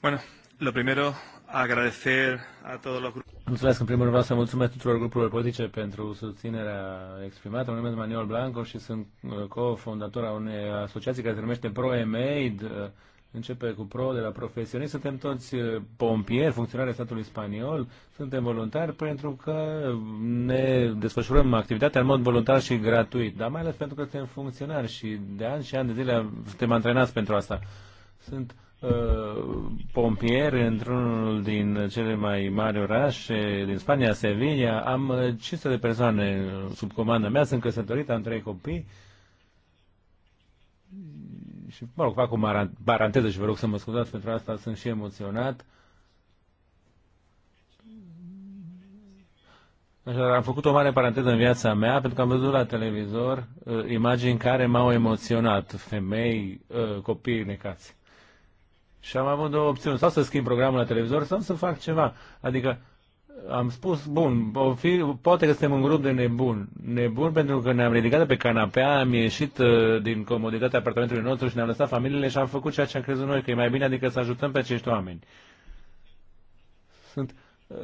Bună. Lo primero, agradecer a todos los grupos. Mulțumesc, în primul rând vreau să mulțumesc tuturor grupurilor politice pentru susținerea exprimată. Mă numesc Manuel Blanco și sunt uh, co-fondator a unei asociații care se numește ProEmaid, uh, începe cu pro de la profesionist. Suntem toți eh, pompieri, funcționari statului spaniol, suntem voluntari pentru că ne desfășurăm activitatea în mod voluntar și gratuit, dar mai ales pentru că suntem funcționari și de ani și ani de zile suntem antrenați pentru asta. Sunt uh, pompieri într-unul din cele mai mari orașe din Spania, Sevilla. Am 500 de persoane sub comanda mea, sunt căsătorit, am trei copii. Uh, și, mă rog, fac o paranteză și vă rog să mă scuzați pentru asta, sunt și emoționat. Așadar, am făcut o mare paranteză în viața mea pentru că am văzut la televizor uh, imagini care m-au emoționat, femei, uh, copii necați. Și am avut două opțiuni, sau să schimb programul la televizor sau să fac ceva. Adică am spus, bun, fi, poate că suntem un grup de nebun, nebun pentru că ne-am ridicat de pe canapea, am ieșit uh, din comoditatea apartamentului nostru și ne-am lăsat familiile și am făcut ceea ce am crezut noi, că e mai bine, adică să ajutăm pe acești oameni. Sunt, uh,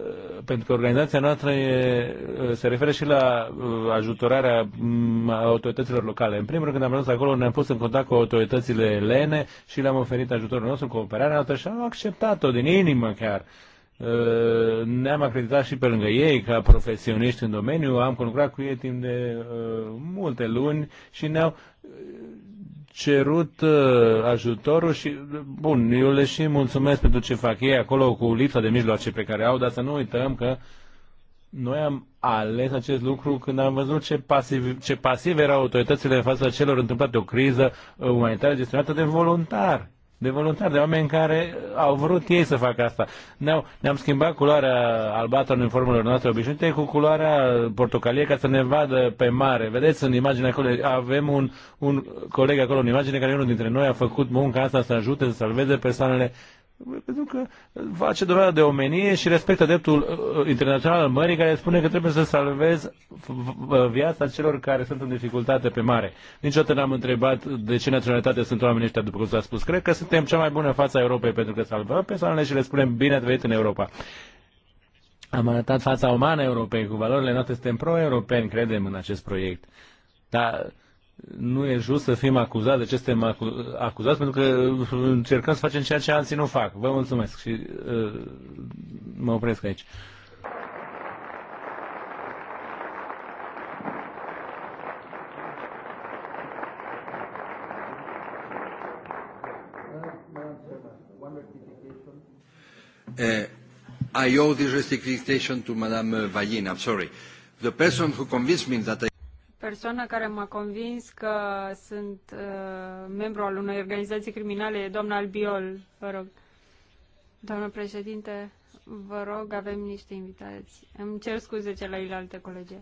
pentru că organizația noastră e, uh, se referă și la ajutorarea mm, autorităților locale. În primul rând, când am ajuns acolo, ne-am pus în contact cu autoritățile elene și le-am oferit ajutorul nostru, cooperarea noastră și au acceptat-o din inimă chiar. Uh, Uh, ne-am acreditat și pe lângă ei ca profesioniști în domeniu, am conlucrat cu ei timp de uh, multe luni și ne-au uh, cerut uh, ajutorul și, uh, bun, eu le și mulțumesc pentru ce fac ei acolo cu lipsa de mijloace pe care au, dar să nu uităm că noi am ales acest lucru când am văzut ce, pasiv, ce pasiv erau autoritățile în fața celor întâmplate o criză umanitară gestionată de voluntari de voluntari, de oameni care au vrut ei să facă asta. ne am ne-am schimbat culoarea albată în uniformelor noastre obișnuite cu culoarea portocalie ca să ne vadă pe mare. Vedeți în imagine acolo, avem un, un coleg acolo în imagine care unul dintre noi a făcut munca asta să ajute să salveze persoanele pentru că face dovadă de omenie și respectă dreptul uh, uh, internațional al mării care spune că trebuie să salvezi uh, viața celor care sunt în dificultate pe mare. Niciodată n-am întrebat de ce naționalitate sunt oamenii ăștia, după cum s-a spus. Cred că suntem cea mai bună fața Europei pentru că salvăm persoanele și le spunem bine ați venit în Europa. Am arătat fața umană Europei cu valorile noastre, suntem pro-europeni, credem în acest proiect. Dar nu e just să fim acuzați de ce suntem acu- acuzați, pentru că încercăm să facem ceea ce alții nu fac. Vă mulțumesc și uh, mă opresc aici. Uh, I owe this restriction to Madame Vallin, I'm sorry. The person who convinced me that I persoana care m-a convins că sunt uh, membru al unei organizații criminale, doamna Albiol, vă rog. Doamna președinte, vă rog, avem niște invitați. Îmi cer scuze celelalte colegi.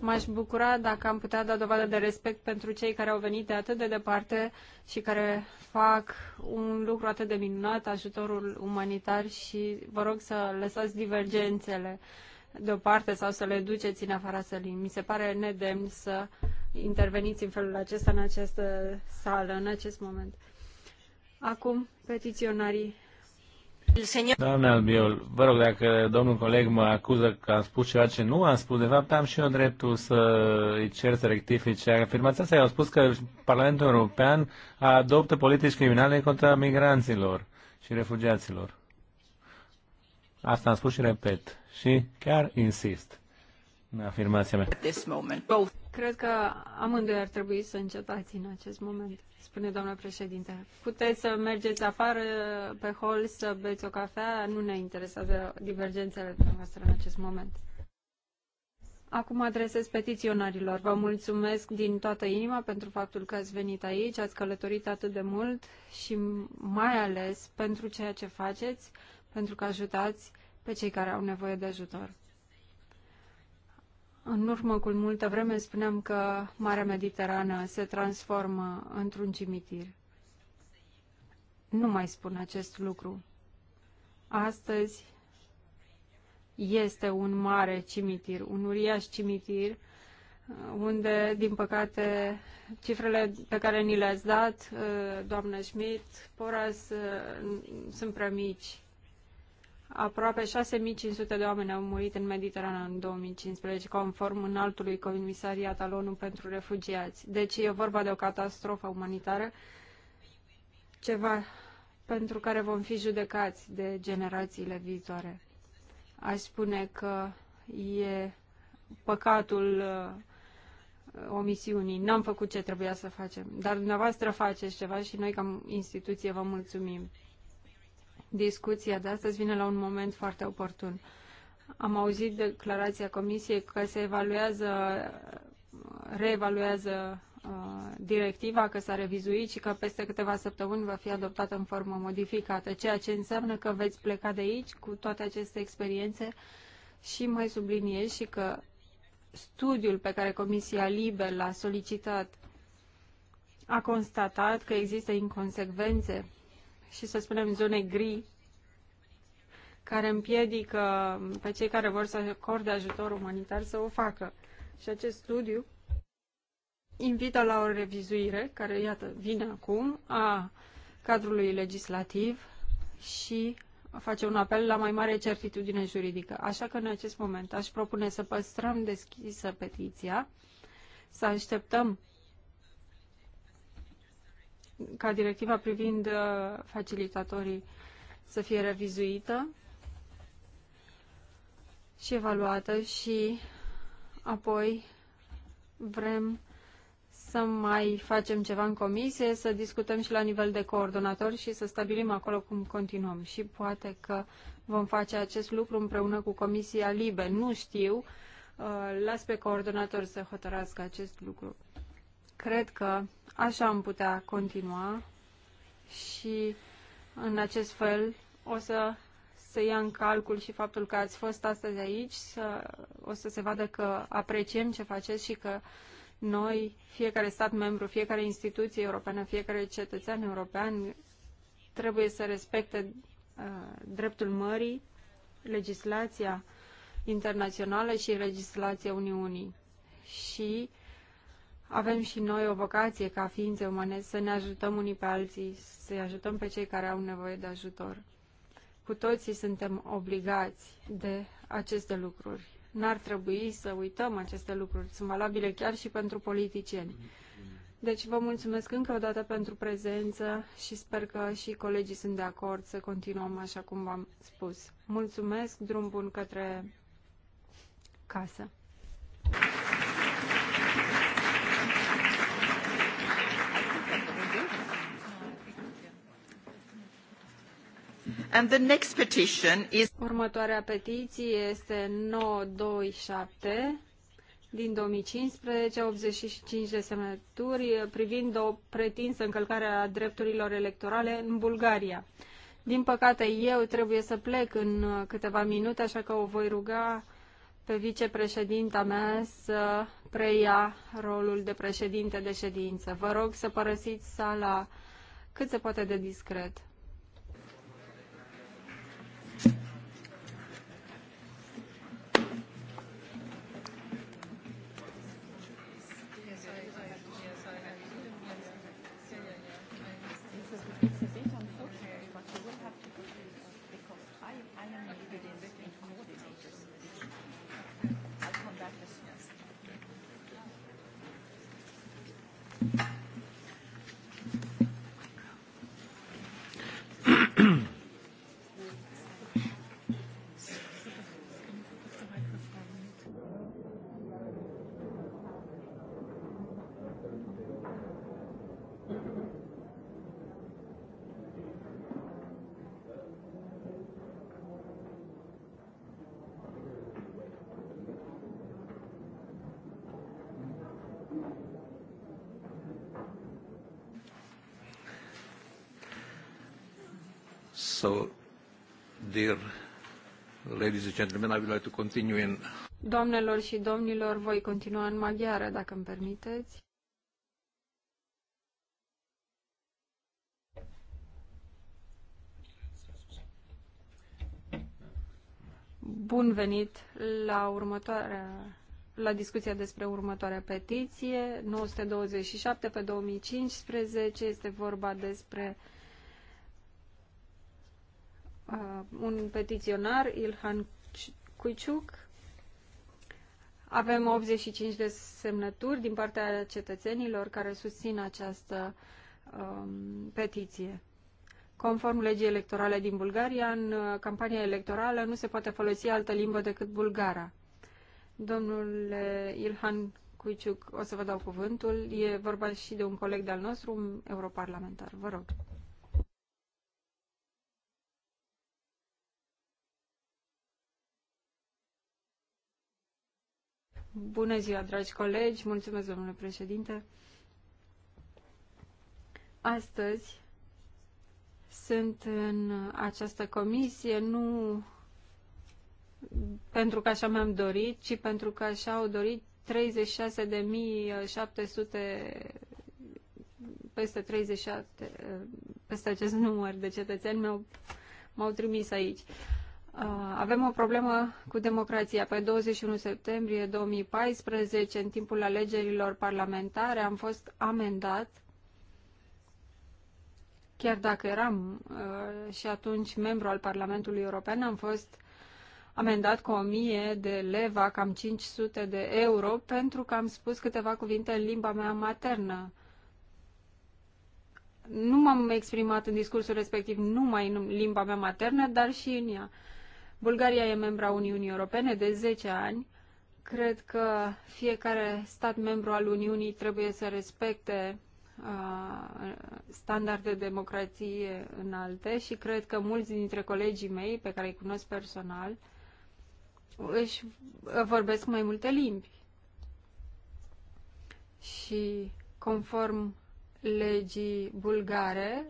M-aș bucura dacă am putea da dovadă de respect pentru cei care au venit de atât de departe și care fac un lucru atât de minunat, ajutorul umanitar și vă rog să lăsați divergențele uh, deoparte sau să le duceți în afara sălii. Mi se pare nedemn să interveniți în felul acesta în această sală, în acest moment. Acum, petiționarii Doamne Albiol, vă rog, dacă domnul coleg mă acuză că am spus ceva ce nu am spus, de fapt am și eu dreptul să îi cer să rectifice. Afirmația asta i-au spus că Parlamentul European adoptă politici criminale contra migranților și refugiaților. Asta am spus și repet. Și chiar insist în afirmația mea. This moment, both. Cred că amândoi ar trebui să încetați în acest moment, spune doamna președinte. Puteți să mergeți afară pe hol să beți o cafea, nu ne interesează divergențele dumneavoastră în acest moment. Acum adresez petiționarilor. Vă mulțumesc din toată inima pentru faptul că ați venit aici, ați călătorit atât de mult și mai ales pentru ceea ce faceți pentru că ajutați pe cei care au nevoie de ajutor. În urmă cu multă vreme spuneam că Marea Mediterană se transformă într-un cimitir. Nu mai spun acest lucru. Astăzi este un mare cimitir, un uriaș cimitir, unde, din păcate, cifrele pe care ni le-ați dat, doamnă Schmidt, Poras, sunt prea mici Aproape 6500 de oameni au murit în Mediterana în 2015, conform înaltului comisariat al ONU pentru refugiați. Deci e vorba de o catastrofă umanitară, ceva pentru care vom fi judecați de generațiile viitoare. Aș spune că e păcatul uh, omisiunii. N-am făcut ce trebuia să facem, dar dumneavoastră faceți ceva și noi ca instituție vă mulțumim discuția de astăzi vine la un moment foarte oportun. Am auzit declarația Comisiei că se evaluează, reevaluează uh, directiva, că s-a revizuit și că peste câteva săptămâni va fi adoptată în formă modificată, ceea ce înseamnă că veți pleca de aici cu toate aceste experiențe și mai subliniez și că studiul pe care Comisia Libe l-a solicitat a constatat că există inconsecvențe și să spunem zone gri care împiedică pe cei care vor să acorde ajutor umanitar să o facă. Și acest studiu invită la o revizuire, care, iată, vine acum, a cadrului legislativ și face un apel la mai mare certitudine juridică. Așa că, în acest moment, aș propune să păstrăm deschisă petiția, să așteptăm ca directiva privind uh, facilitatorii să fie revizuită și evaluată și apoi vrem să mai facem ceva în comisie, să discutăm și la nivel de coordonator și să stabilim acolo cum continuăm. Și poate că vom face acest lucru împreună cu Comisia Libe. Nu știu, uh, las pe coordonator să hotărască acest lucru. Cred că Așa am putea continua și în acest fel o să să ia în calcul și faptul că ați fost astăzi aici, să, o să se vadă că apreciem ce faceți și că noi, fiecare stat membru, fiecare instituție europeană, fiecare cetățean european trebuie să respecte uh, dreptul mării, legislația internațională și legislația Uniunii. Și uh, avem și noi o vocație ca ființe umane să ne ajutăm unii pe alții, să-i ajutăm pe cei care au nevoie de ajutor. Cu toții suntem obligați de aceste lucruri. N-ar trebui să uităm aceste lucruri. Sunt valabile chiar și pentru politicieni. Deci vă mulțumesc încă o dată pentru prezență și sper că și colegii sunt de acord să continuăm așa cum v-am spus. Mulțumesc, drum bun către casă. nouă sute douăzeci și șapte din două este 927 din și cinci de semnături privind o pretinsă încălcare a drepturilor electorale în Bulgaria. Din păcate, eu trebuie să plec în câteva minute, așa că o voi ruga pe vicepreedinta mea să preia rolul de președinte de edină. Vă rog să părăsiți sala cât se poate de discret. dear ladies and gentlemen, I would like to continue in... Doamnelor și domnilor, voi continua în maghiară, dacă îmi permiteți. Bun venit la următoarea la discuția despre următoarea petiție 927 pe 2015 este vorba despre Uh, un petiționar, Ilhan Cuiciuc. Avem 85 de semnături din partea cetățenilor care susțin această um, petiție. Conform legii electorale din Bulgaria, în uh, campania electorală nu se poate folosi altă limbă decât bulgara. Domnule Ilhan Cuiciuc, o să vă dau cuvântul. E vorba și de un coleg de-al nostru, un europarlamentar. Vă rog. Bună ziua, dragi colegi! Mulțumesc, domnule președinte! Astăzi sunt în această comisie nu pentru că așa mi-am dorit, ci pentru că așa au dorit 36.700 peste 37 peste acest număr de cetățeni au m-au trimis aici. Uh, avem o problemă cu democrația. Pe 21 septembrie 2014, în timpul alegerilor parlamentare, am fost amendat, chiar dacă eram uh, și atunci membru al Parlamentului European, am fost amendat cu 1000 de leva, cam 500 de euro, pentru că am spus câteva cuvinte în limba mea maternă nu m-am exprimat în discursul respectiv numai în limba mea maternă, dar și în ea. Bulgaria e membra Uniunii Europene de 10 ani. Cred că fiecare stat membru al Uniunii trebuie să respecte uh, standarde de democrație înalte și cred că mulți dintre colegii mei, pe care îi cunosc personal, își vorbesc mai multe limbi. Și conform legii bulgare,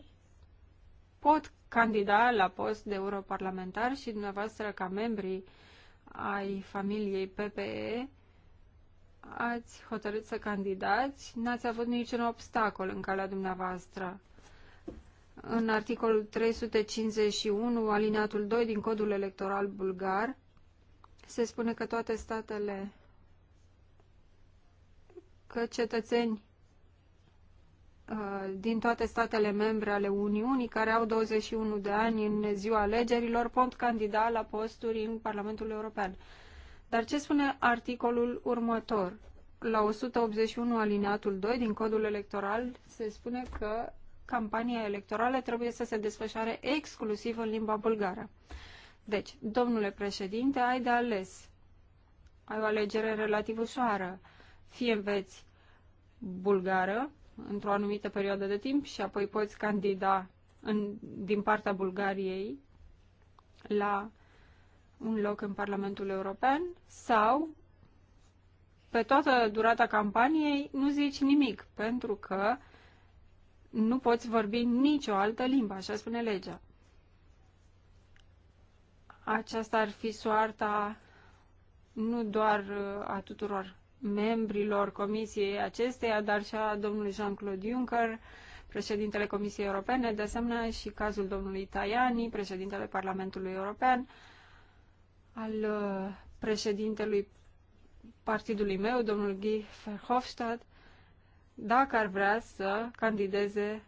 pot candida la post de europarlamentar și dumneavoastră ca membrii ai familiei PPE ați hotărât să candidați, n-ați avut niciun obstacol în calea dumneavoastră. În articolul 351, alineatul 2 din codul electoral bulgar, se spune că toate statele, că cetățeni Uh, din toate statele membre ale Uniunii, care au 21 de ani în ziua alegerilor, pot candida la posturi în Parlamentul European. Dar ce spune articolul următor? La 181 alineatul 2 din codul electoral se spune că campania electorală trebuie să se desfășoare exclusiv în limba bulgară. Deci, domnule președinte, ai de ales. Ai o alegere relativ ușoară. Fie înveți bulgară, într-o anumită perioadă de timp și apoi poți candida în, din partea Bulgariei la un loc în Parlamentul European sau pe toată durata campaniei nu zici nimic pentru că nu poți vorbi nicio altă limbă, așa spune legea. Aceasta ar fi soarta nu doar uh, a tuturor membrilor comisiei acesteia, dar și a domnului Jean-Claude Juncker, președintele Comisiei Europene, de asemenea și cazul domnului Tajani, președintele Parlamentului European, al uh, președintelui partidului meu, domnul Guy Verhofstadt, dacă ar vrea să candideze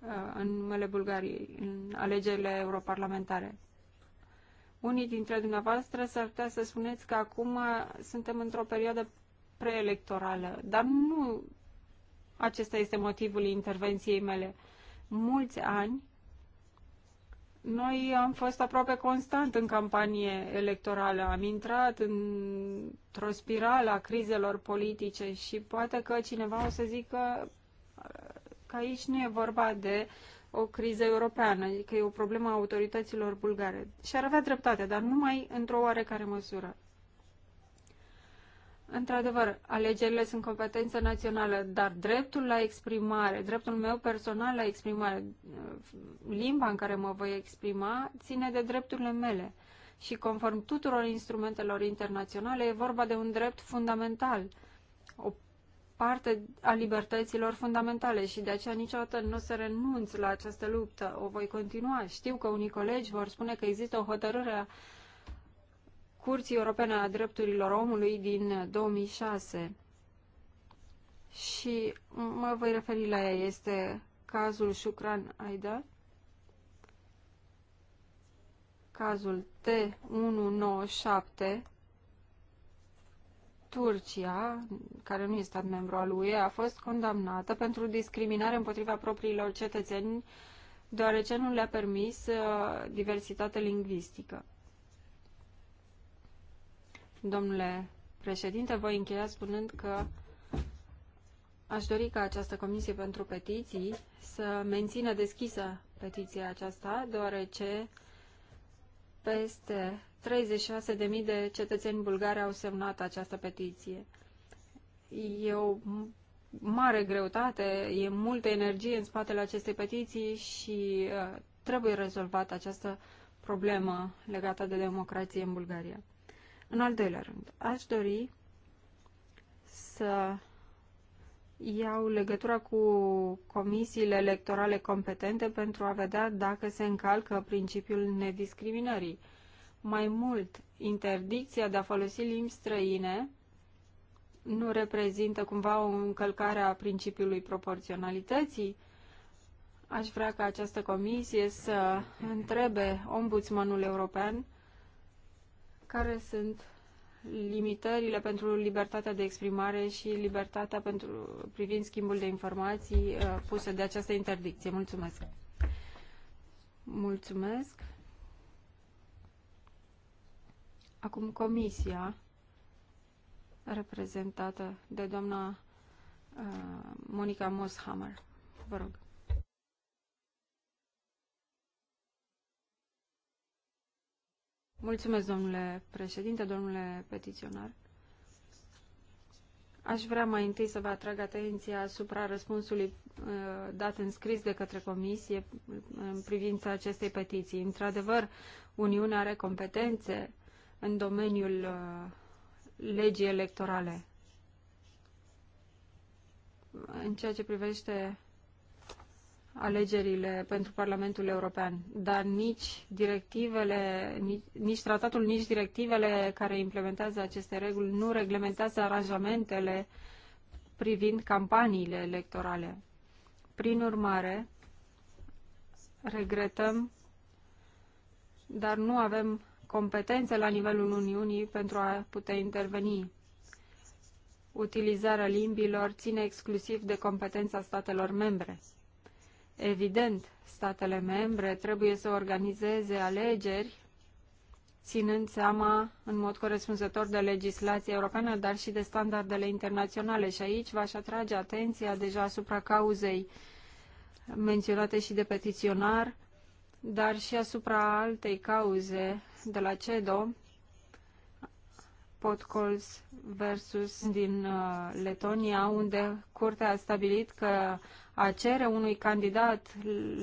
uh, în numele Bulgariei în alegerile europarlamentare. Unii dintre dumneavoastră s-ar putea să spuneți că acum suntem într-o perioadă preelectorală, dar nu acesta este motivul intervenției mele. Mulți ani noi am fost aproape constant în campanie electorală, am intrat într-o spirală a crizelor politice și poate că cineva o să zică că aici nu e vorba de uh, o criză europeană, că e o problemă a autorităților bulgare. Și ar avea dreptate, dar numai într-o oarecare măsură. Într-adevăr, alegerile sunt competență națională, dar dreptul la exprimare, dreptul meu personal la exprimare, limba în care mă voi exprima, ține de drepturile mele. Și conform tuturor instrumentelor internaționale, e vorba de un drept fundamental, o parte a libertăților fundamentale și de aceea niciodată nu o să renunț la această luptă. O voi continua. Știu că unii colegi vor spune că există o hotărâre a Curții Europene a Drepturilor Omului din 2006 și mă voi referi la ea. Este cazul Shukran Aida, cazul T197 Turcia, care nu este stat membru al UE, a fost condamnată pentru discriminare împotriva propriilor cetățeni, deoarece nu le-a permis uh, diversitate lingvistică. Domnule președinte, voi încheia spunând că aș dori ca această comisie pentru petiții să mențină deschisă petiția aceasta, deoarece peste 36.000 de cetățeni bulgari au semnat această petiție. E o mare greutate, e multă energie în spatele acestei petiții și uh, trebuie rezolvată această problemă legată de democrație în Bulgaria. În al doilea rând, aș dori să iau legătura cu comisiile electorale competente pentru a vedea dacă se încalcă principiul nediscriminării. Uh, mai mult, interdicția de a folosi limbi străine nu reprezintă cumva o încălcare a principiului proporționalității? Aș vrea ca această comisie să întrebe ombudsmanul european care sunt limitările pentru libertatea de exprimare și libertatea pentru, privind schimbul de informații uh, puse de această interdicție. Mulțumesc! Mulțumesc! Acum comisia, reprezentată de doamna uh, Monica Moshammer. Vă rog. Mulțumesc, domnule președinte, domnule petiționar. Aș vrea mai întâi să vă atrag atenția asupra răspunsului uh, dat în scris de către Comisie uh, în privința acestei petiții. Într-adevăr, Uniunea are competențe în domeniul uh, legii electorale. În ceea ce privește alegerile pentru Parlamentul European, dar nici directivele, nici, nici tratatul, nici directivele care implementează aceste reguli nu reglementează aranjamentele privind campaniile electorale. Prin urmare, regretăm, dar nu avem competențe la nivelul Uniunii pentru a putea interveni. Utilizarea limbilor ține exclusiv de competența statelor membre. Evident, statele membre trebuie să organizeze alegeri ținând seama în mod corespunzător de legislația europeană, dar și de standardele internaționale. Și aici v-aș atrage atenția deja asupra cauzei menționate și de petiționar, dar și asupra altei cauze de la CEDO, Potcols versus din uh, Letonia, unde curtea a stabilit că a cere unui candidat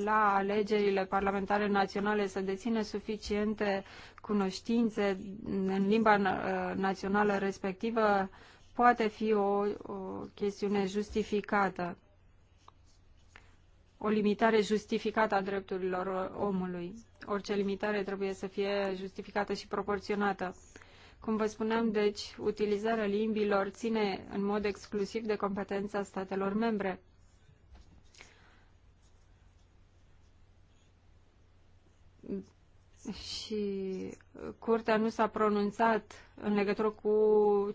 la alegerile parlamentare naționale să dețină suficiente cunoștințe în limba uh, națională respectivă poate fi o, o chestiune justificată o limitare justificată a drepturilor omului. Orice limitare trebuie să fie justificată și proporționată. Cum vă spuneam, deci, utilizarea limbilor ține în mod exclusiv de competența statelor membre. și uh, curtea nu s-a pronunțat în legătură cu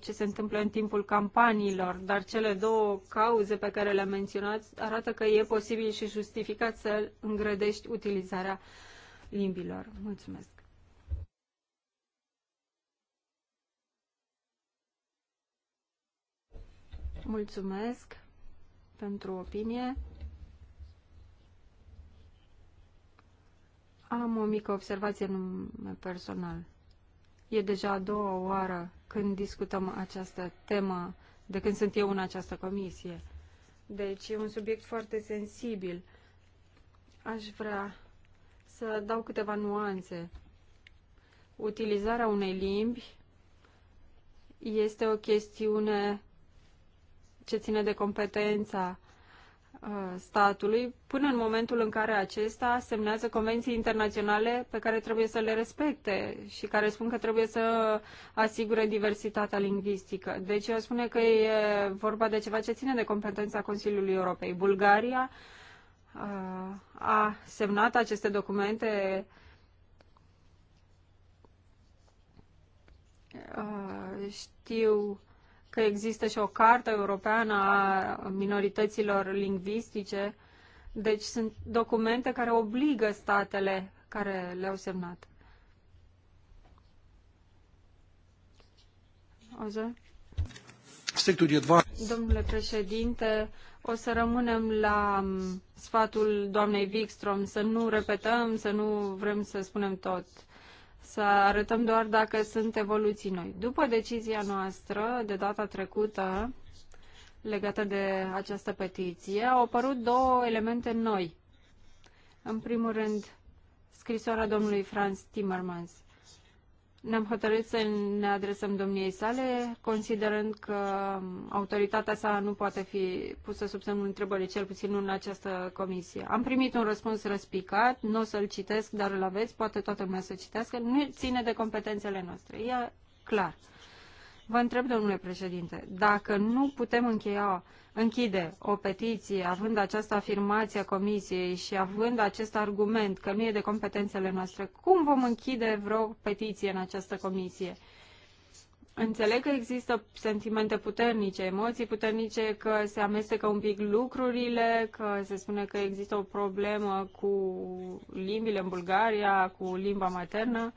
ce se întâmplă în timpul campaniilor, dar cele două cauze pe care le-am menționat arată că e posibil și justificat să îngrădești utilizarea limbilor. Mulțumesc! Mulțumesc pentru opinie. Am o mică observație nume personal. E deja a doua oară când discutăm această temă de când sunt eu în această comisie. Deci e un subiect foarte sensibil. Aș vrea să dau câteva nuanțe. Utilizarea unei limbi este o chestiune ce ține de competența Uh, statului până în momentul în care acesta semnează convenții internaționale pe care trebuie să le respecte și care spun că trebuie să asigure diversitatea lingvistică. Deci eu spune că e vorba de ceva ce ține de competența Consiliului Europei. Bulgaria uh, a semnat aceste documente uh, știu că există și o cartă europeană a minorităților lingvistice. Deci sunt documente care obligă statele care le-au semnat. Oze? Domnule președinte, o să rămânem la um, sfatul doamnei Wikstrom, să nu repetăm, să nu vrem să spunem tot să arătăm doar dacă sunt evoluții noi. După decizia noastră de data trecută legată de această petiție, au apărut două elemente noi. În primul rând, scrisoarea domnului Franz Timmermans ne-am hotărât să ne adresăm domniei sale, considerând că autoritatea sa nu poate fi pusă sub semnul întrebării, cel puțin nu în această comisie. Am primit un răspuns răspicat, nu o să-l citesc, dar îl aveți, poate toată lumea să citească, nu ține de competențele noastre, e clar. Vă întreb, domnule președinte, dacă nu putem încheia, închide o petiție având această afirmație a Comisiei și având acest argument că nu e de competențele noastre, cum vom închide vreo petiție în această comisie? Înțeleg că există sentimente puternice, emoții puternice, că se amestecă un pic lucrurile, că se spune că există o problemă cu limbile în Bulgaria, cu limba maternă.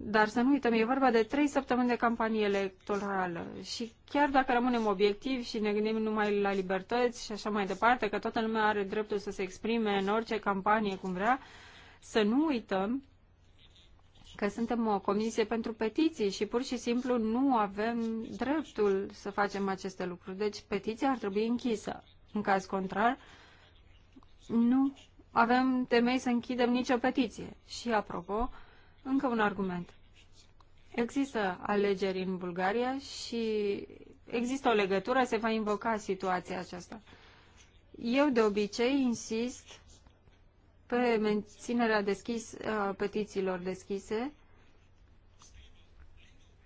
Dar să nu uităm, e vorba de trei săptămâni de campanie electorală și chiar dacă rămânem obiectivi și ne gândim numai la libertăți și așa mai departe, că toată lumea are dreptul să se exprime în orice campanie cum vrea, să nu uităm că suntem o comisie pentru petiții și pur și simplu nu avem dreptul să facem aceste lucruri. Deci petiția ar trebui închisă. În caz contrar, nu avem temei să închidem nicio petiție. Și apropo, încă un argument. Există alegeri în Bulgaria și există o legătură, se va invoca situația aceasta. Eu de obicei insist pe menținerea deschis, a petițiilor deschise,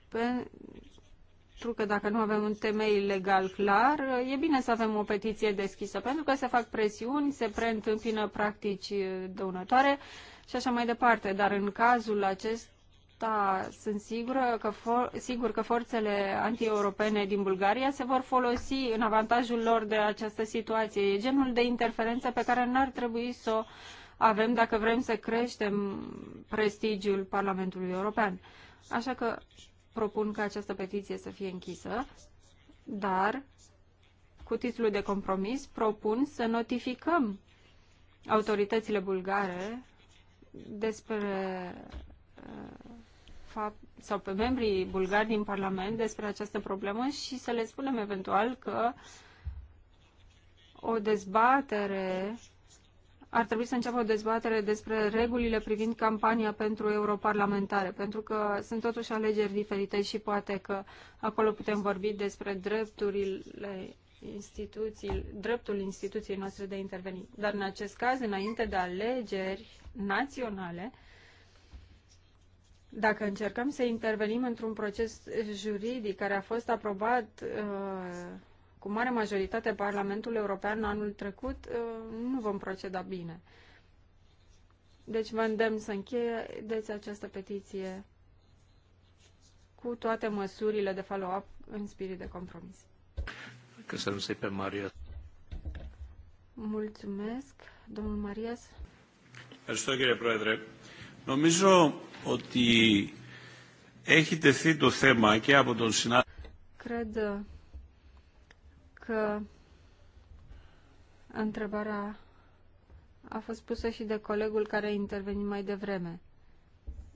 pentru că dacă nu avem un temei legal clar, e bine să avem o petiție deschisă, pentru că se fac presiuni, se preîntâmpină practici dăunătoare, uh, și așa mai departe. Dar în cazul acesta sunt sigură că for- sigur că forțele antieuropene din Bulgaria se vor folosi în avantajul lor de această situație. E genul de interferență pe care n-ar trebui să o avem dacă vrem să creștem prestigiul Parlamentului European. Așa că propun ca această petiție să fie închisă, dar cu titlul de compromis propun să notificăm autoritățile bulgare despre uh, fapt, sau pe membrii bulgari din Parlament despre această problemă și să le spunem eventual că o dezbatere ar trebui să înceapă o dezbatere despre regulile privind campania pentru europarlamentare, pentru că sunt totuși alegeri diferite și poate că acolo putem vorbi despre drepturile instituții, dreptul instituției noastre de a interveni. Dar în acest caz, înainte de alegeri naționale, dacă încercăm să intervenim într-un proces juridic care a fost aprobat uh, cu mare majoritate Parlamentul European anul trecut, uh, nu vom proceda bine. Deci vă îndemn să încheieți această petiție cu toate măsurile de follow-up în spirit de compromis că să nu Köszönöm szépen, Maria. Mulțumesc, domnul Marias. Ευχαριστώ κύριε Πρόεδρε. Νομίζω ότι έχει τεθεί το θέμα και από τον συνάδελφο. Cred că întrebarea a fost pusă și de colegul care a intervenit mai devreme.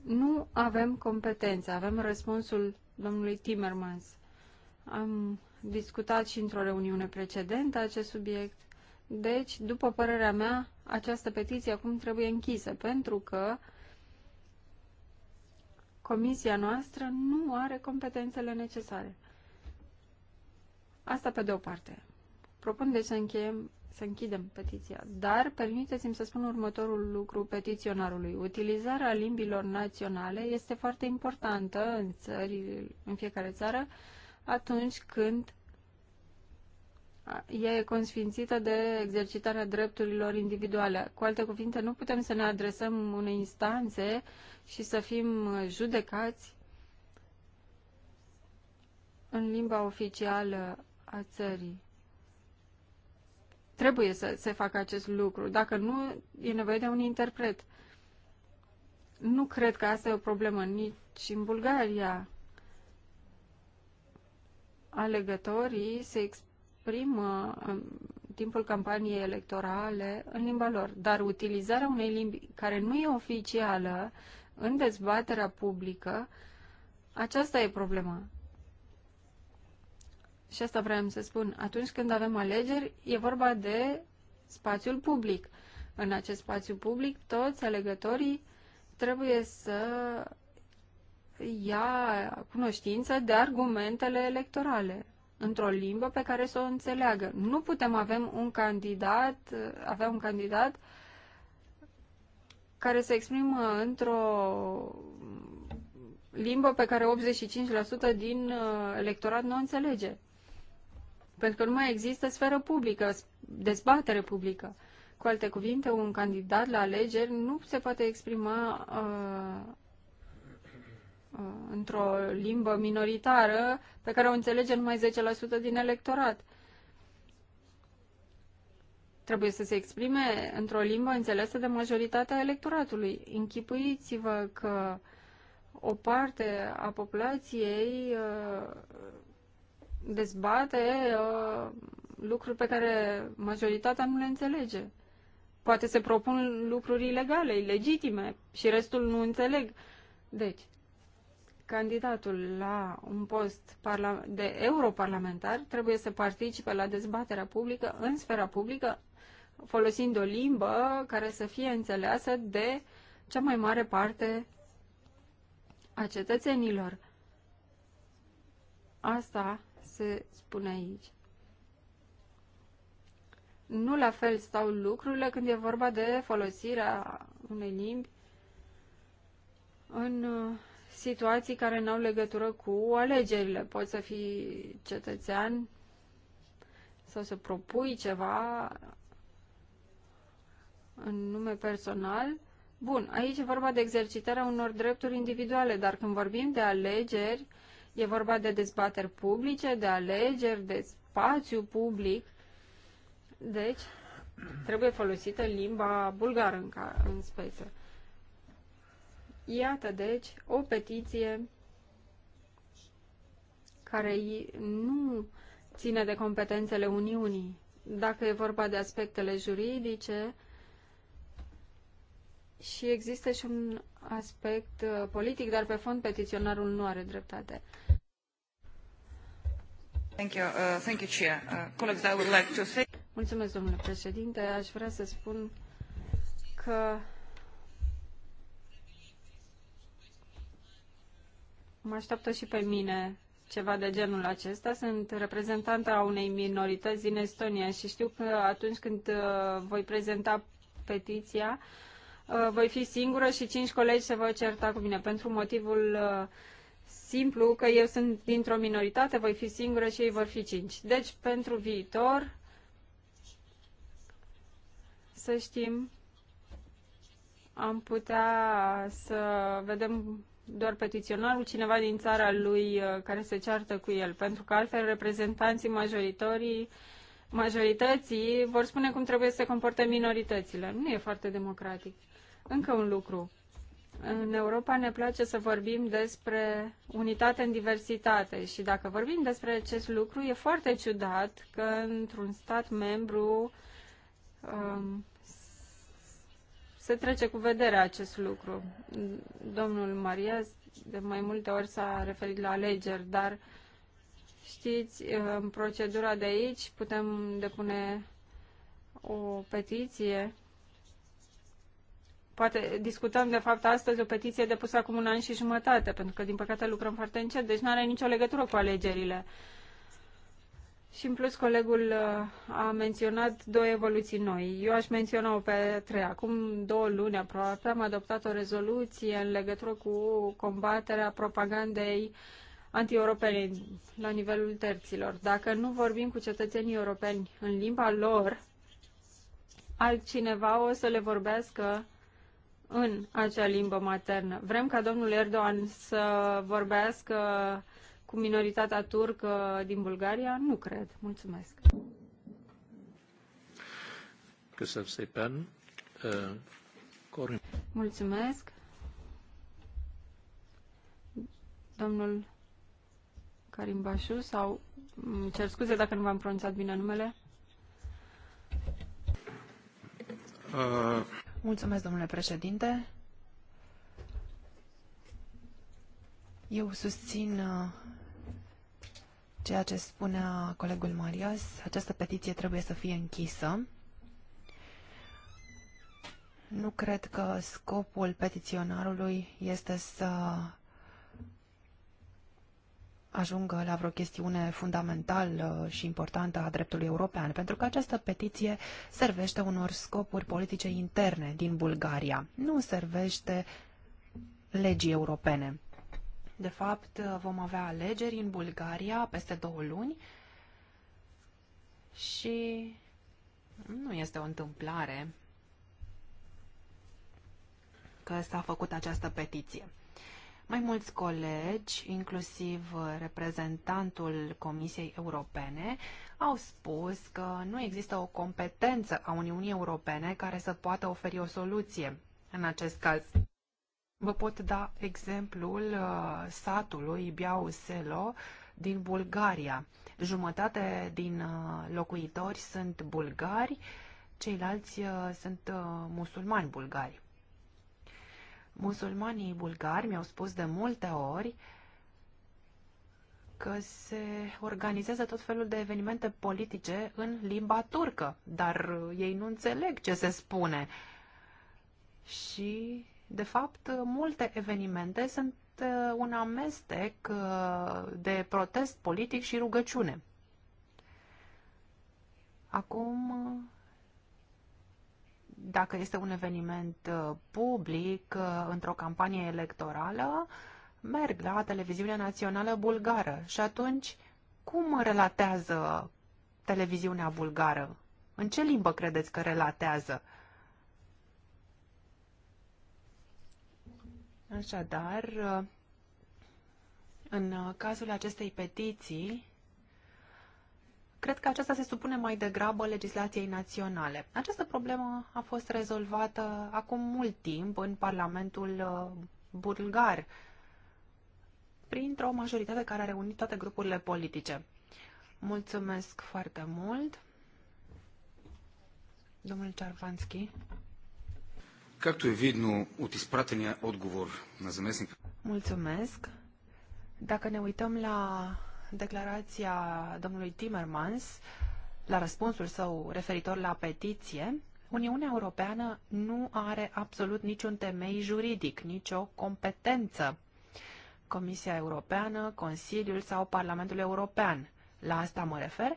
Nu avem competențe, avem răspunsul domnului Timmermans. Am discutat și într-o reuniune precedentă acest subiect. Deci, după părerea mea, această petiție acum trebuie închisă, pentru că comisia noastră nu are competențele necesare. Asta pe de o parte. Propun deci să încheiem să închidem petiția, dar permiteți-mi să spun următorul lucru petiționarului. Utilizarea limbilor naționale este foarte importantă în, țări, în fiecare țară atunci când e consfințită de exercitarea drepturilor individuale. Cu alte cuvinte, nu putem să ne adresăm unei instanțe și să fim judecați în limba oficială a țării. Trebuie să se facă acest lucru. Dacă nu, e nevoie de un interpret. Nu cred că asta e o problemă nici în Bulgaria. Alegătorii se exprimă exprimă uh, în timpul campaniei electorale în limba lor, dar utilizarea unei limbi care nu e oficială în dezbaterea publică, aceasta e problema. Și asta vreau să spun. Atunci când avem alegeri, e vorba de spațiul public. În acest spațiu public, toți alegătorii trebuie să ia cunoștință de argumentele electorale într-o limbă pe care să o înțeleagă. Nu putem avem un candidat, avea un candidat care se exprimă într-o limbă pe care 85% din uh, electorat nu o înțelege. Pentru că nu mai există sferă publică, dezbatere publică. Cu alte cuvinte, un candidat la alegeri nu se poate exprima uh, Uh, într-o limbă minoritară pe care o înțelege numai 10% din electorat. Trebuie să se exprime într-o limbă înțeleasă de majoritatea electoratului. Închipuiți-vă că o parte a populației uh, dezbate uh, lucruri pe care majoritatea nu le înțelege. Poate se propun lucruri ilegale, ilegitime și restul nu înțeleg. Deci, candidatul la un post de europarlamentar trebuie să participe la dezbaterea publică în sfera publică folosind o limbă care să fie înțeleasă de cea mai mare parte a cetățenilor. Asta se spune aici. Nu la fel stau lucrurile când e vorba de folosirea unei limbi în situații care nu au legătură cu alegerile. Poți să fii cetățean sau să propui ceva în nume personal. Bun, aici e vorba de exercitarea unor drepturi individuale, dar când vorbim de alegeri, e vorba de dezbateri publice, de alegeri, de spațiu public. Deci, trebuie folosită limba bulgară în, ca, în speță. Iată, deci, o petiție care nu ține de competențele Uniunii. Dacă e vorba de aspectele juridice, și există și un aspect uh, politic, dar pe fond petiționarul nu are dreptate. Thank you, uh, thank you, Chair. Uh, colleagues, I would like to say... Mulțumesc, domnule președinte. Aș vrea să spun că Mă așteaptă și pe mine ceva de genul acesta. Sunt reprezentanta a unei minorități din Estonia și știu că atunci când uh, voi prezenta petiția, uh, voi fi singură și cinci colegi se vor certa cu mine pentru motivul uh, simplu că eu sunt dintr-o minoritate, voi fi singură și ei vor fi cinci. Deci, pentru viitor, să știm, am putea să vedem doar petiționarul, cineva din țara lui uh, care se ceartă cu el, pentru că altfel reprezentanții majoritorii majorității vor spune cum trebuie să se comporte minoritățile. Nu e foarte democratic. Încă un lucru. În Europa ne place să vorbim despre unitate în diversitate și dacă vorbim despre acest lucru, e foarte ciudat că într-un stat membru um, se trece cu vederea acest lucru. Domnul Marias de mai multe ori s-a referit la alegeri, dar știți, în procedura de aici putem depune o petiție. Poate discutăm, de fapt, astăzi o petiție depusă acum un an și jumătate, pentru că, din păcate, lucrăm foarte încet, deci nu are nicio legătură cu alegerile. Uh, și în plus, colegul uh, a menționat două evoluții noi. Eu aș menționa o pe trei. Acum două luni aproape am adoptat o rezoluție în legătură cu combaterea propagandei anti-europene la nivelul terților. Dacă nu vorbim cu cetățenii europeni în limba lor, altcineva o să le vorbească în acea limbă maternă. Vrem ca domnul Erdogan să vorbească cu minoritatea turcă din Bulgaria? Nu cred. Mulțumesc. Mulțumesc. Domnul Karimbașu sau cer scuze dacă nu v-am pronunțat bine numele. Uh. Mulțumesc, domnule președinte. Eu susțin ceea ce spunea colegul Marias, această petiție trebuie să fie închisă. Nu cred că scopul petiționarului este să ajungă la vreo chestiune fundamentală și importantă a dreptului european, pentru că această petiție servește unor scopuri politice interne din Bulgaria, nu servește legii europene. De fapt, vom avea alegeri în Bulgaria peste două luni și nu este o întâmplare că s-a făcut această petiție. Mai mulți colegi, inclusiv reprezentantul Comisiei Europene, au spus că nu există o competență a Uniunii Europene care să poată oferi o soluție în acest caz. Vă pot da exemplul uh, satului Biauselo din Bulgaria. Jumătate din uh, locuitori sunt bulgari, ceilalți uh, sunt musulmani bulgari. Musulmanii bulgari mi-au spus de multe ori că se organizează tot felul de evenimente politice în limba turcă, dar ei nu înțeleg ce se spune. Și de fapt, multe evenimente sunt uh, un amestec uh, de protest politic și rugăciune. Acum, uh, dacă este un eveniment public într-o campanie electorală, merg la televiziunea națională bulgară și atunci cum relatează televiziunea bulgară? În ce limbă credeți că relatează? Așadar, în cazul acestei petiții, cred că aceasta se supune mai degrabă legislației naționale. Această problemă a fost rezolvată acum mult timp în Parlamentul uh, bulgar, printr-o majoritate care a reunit toate grupurile politice. Mulțumesc foarte mult. Domnul Cervanski. Както е видно от изпратения отговор на заместник... Mulțumesc. Dacă ne uităm la declarația domnului Timmermans, la răspunsul său referitor la petiție, Uniunea Europeană nu are absolut niciun temei juridic, nicio competență. Comisia Europeană, Consiliul sau Parlamentul European. La asta mă refer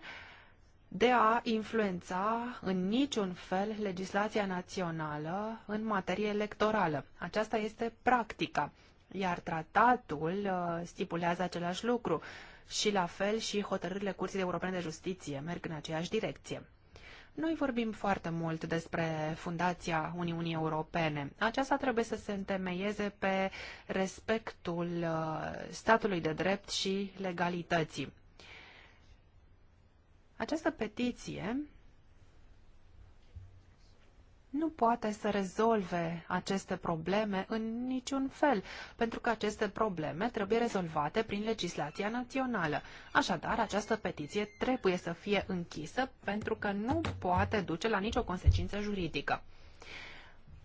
de a influența în niciun fel legislația națională în materie electorală. Aceasta este practica, iar tratatul uh, stipulează același lucru și la fel și hotărârile Curții de Europene de Justiție merg în aceeași direcție. Noi vorbim foarte mult despre Fundația Uniunii Europene. Aceasta trebuie să se întemeieze pe respectul uh, statului de drept și legalității. Această petiție nu poate să rezolve aceste probleme în niciun fel, pentru că aceste probleme trebuie rezolvate prin legislația națională. Așadar, această petiție trebuie să fie închisă pentru că nu poate duce la nicio consecință juridică.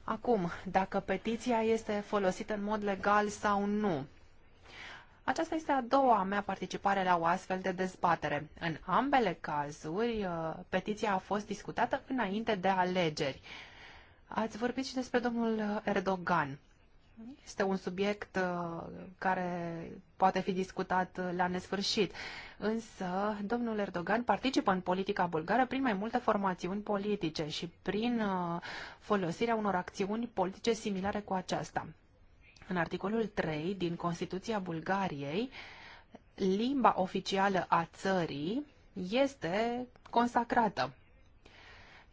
Acum, dacă petiția este folosită în mod legal sau nu, aceasta este a doua mea participare la o astfel de dezbatere. În ambele cazuri, uh, petiția a fost discutată înainte de alegeri. Ați vorbit și despre domnul Erdogan. Este un subiect uh, care poate fi discutat uh, la nesfârșit. Însă, domnul Erdogan participă în politica bulgară prin mai multe formațiuni politice și prin folosirea unor acțiuni politice similare cu aceasta. În articolul 3 din Constituția Bulgariei, limba oficială a țării este consacrată.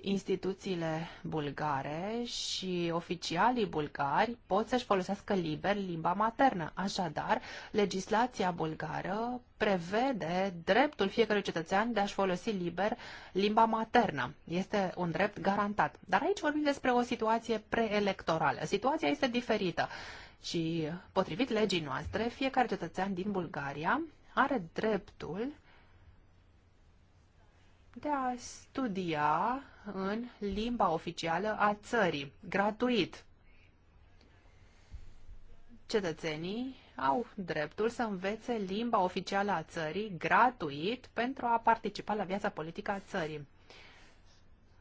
Instituțiile bulgare și oficialii bulgari pot să-și folosească liber limba maternă. Așadar, legislația bulgară prevede dreptul fiecărui cetățean de a-și folosi liber limba maternă. Este un drept garantat. Dar aici vorbim despre o situație preelectorală. Situația este diferită. Și potrivit legii noastre, fiecare cetățean din Bulgaria are dreptul de a studia în limba oficială a țării, gratuit. Cetățenii au dreptul să învețe limba oficială a țării gratuit pentru a participa la viața politică a țării.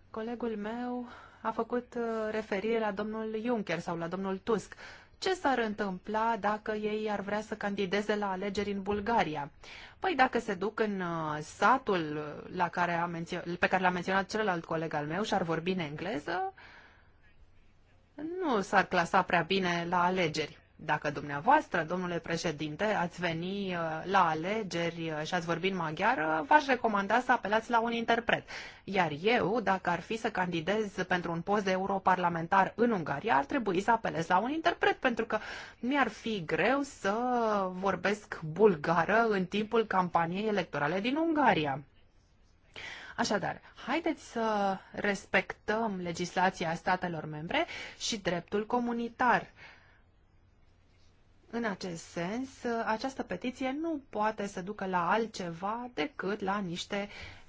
Colegul meu a făcut uh, referire la domnul Juncker sau la domnul Tusk ce s-ar întâmpla dacă ei ar vrea să candideze la alegeri în Bulgaria? Păi dacă se duc în uh, satul la care a pe care l-a menționat celălalt coleg al meu și ar vorbi în engleză, nu s-ar clasa prea bine la alegeri. Dacă dumneavoastră, domnule președinte, ați veni uh, la alegeri uh, și ați vorbit maghiară, v-aș recomanda să apelați la un interpret. Iar eu, dacă ar fi să candidez pentru un post de europarlamentar în Ungaria, ar trebui să apelez la un interpret, pentru că mi-ar fi greu să vorbesc bulgară în timpul campaniei electorale din Ungaria. Așadar, haideți să respectăm legislația statelor membre și dreptul comunitar. În acest sens, această petiție nu poate să ducă la altceva decât la niște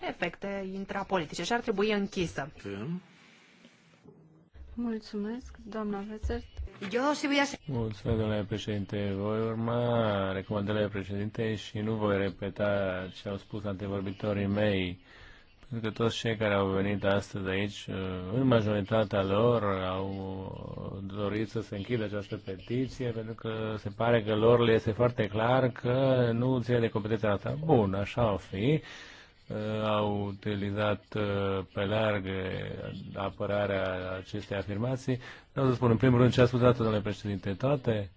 efecte intrapolitice și ar trebui închisă. Mulțumesc, doamna Vețert. Mulțumesc, domnule președinte. Voi urma recomandările președinte și nu voi repeta ce au spus antevorbitorii mei pentru că toți cei care au venit astăzi aici, uh, în majoritatea lor, au dorit să se închidă această petiție, pentru că se pare că lor le este foarte clar că nu ține de competența asta. Bun, așa o fi. Uh, au utilizat uh, pe larg apărarea acestei afirmații. Vreau să spun, în primul rând, ce a spus dată, domnule președinte, toate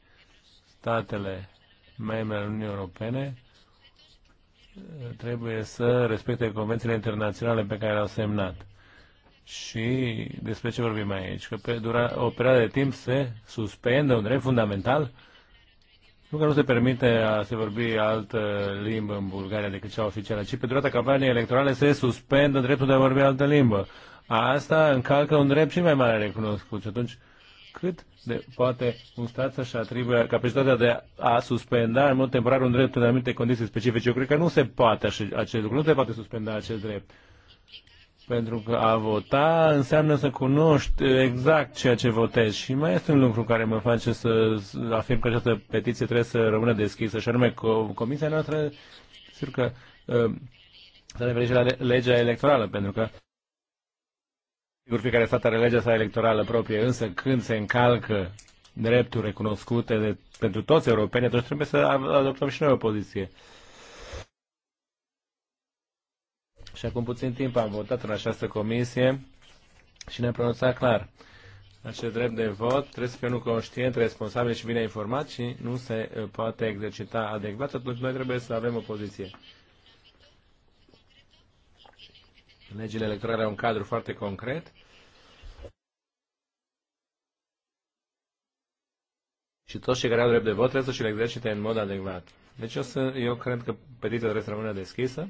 statele membre ale Uniunii Europene trebuie să respecte convențiile internaționale pe care le-au semnat. Și despre ce vorbim aici? Că pe dura, o perioadă de timp se suspendă un drept fundamental? Nu că nu se permite a se vorbi altă limbă în Bulgaria decât cea oficială, ci pe durata campaniei electorale se suspendă dreptul de a vorbi altă limbă. Asta încalcă un drept și mai mare recunoscut. Și atunci, uh, cât de poate un stat să-și atribuie capacitatea de a suspenda în mod temporar un drept în anumite condiții specifice. Eu cred că nu se poate așa, acest lucru, nu se poate suspenda acest drept. Pentru că a vota înseamnă să cunoști exact ceea ce votezi. Și mai este un lucru care mă face să afirm că această petiție trebuie să rămână deschisă, și anume comisia noastră, sigur că uh, să ne la legea electorală, pentru că Sigur, fiecare stat are legea sa electorală proprie, însă când se încalcă drepturi recunoscute de, pentru toți europenii, atunci trebuie să adoptăm și noi o poziție. Și acum puțin timp am votat în această comisie și ne-am pronunțat clar. Acest drept de vot trebuie să fie unul conștient, responsabil și bine informat și nu se uh, poate exercita adecvat, atunci noi trebuie să avem o poziție. Legile electorale au un cadru foarte concret. Și toți cei care au drept de vot trebuie să-și exercite în mod adecvat. Deci eu, să, eu cred că petiția trebuie să rămână deschisă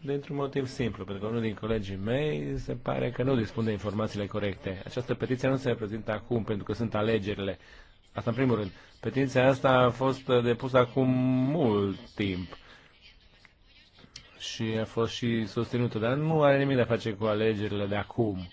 dintr-un motiv simplu, pentru că unul din colegii mei se pare că nu dispune de informațiile corecte. Această petiție nu se prezintă acum, pentru că sunt alegerile. Asta în primul rând. Petiția asta a fost depusă acum mult timp și a fost și susținută, dar nu are nimic de a face cu alegerile de acum.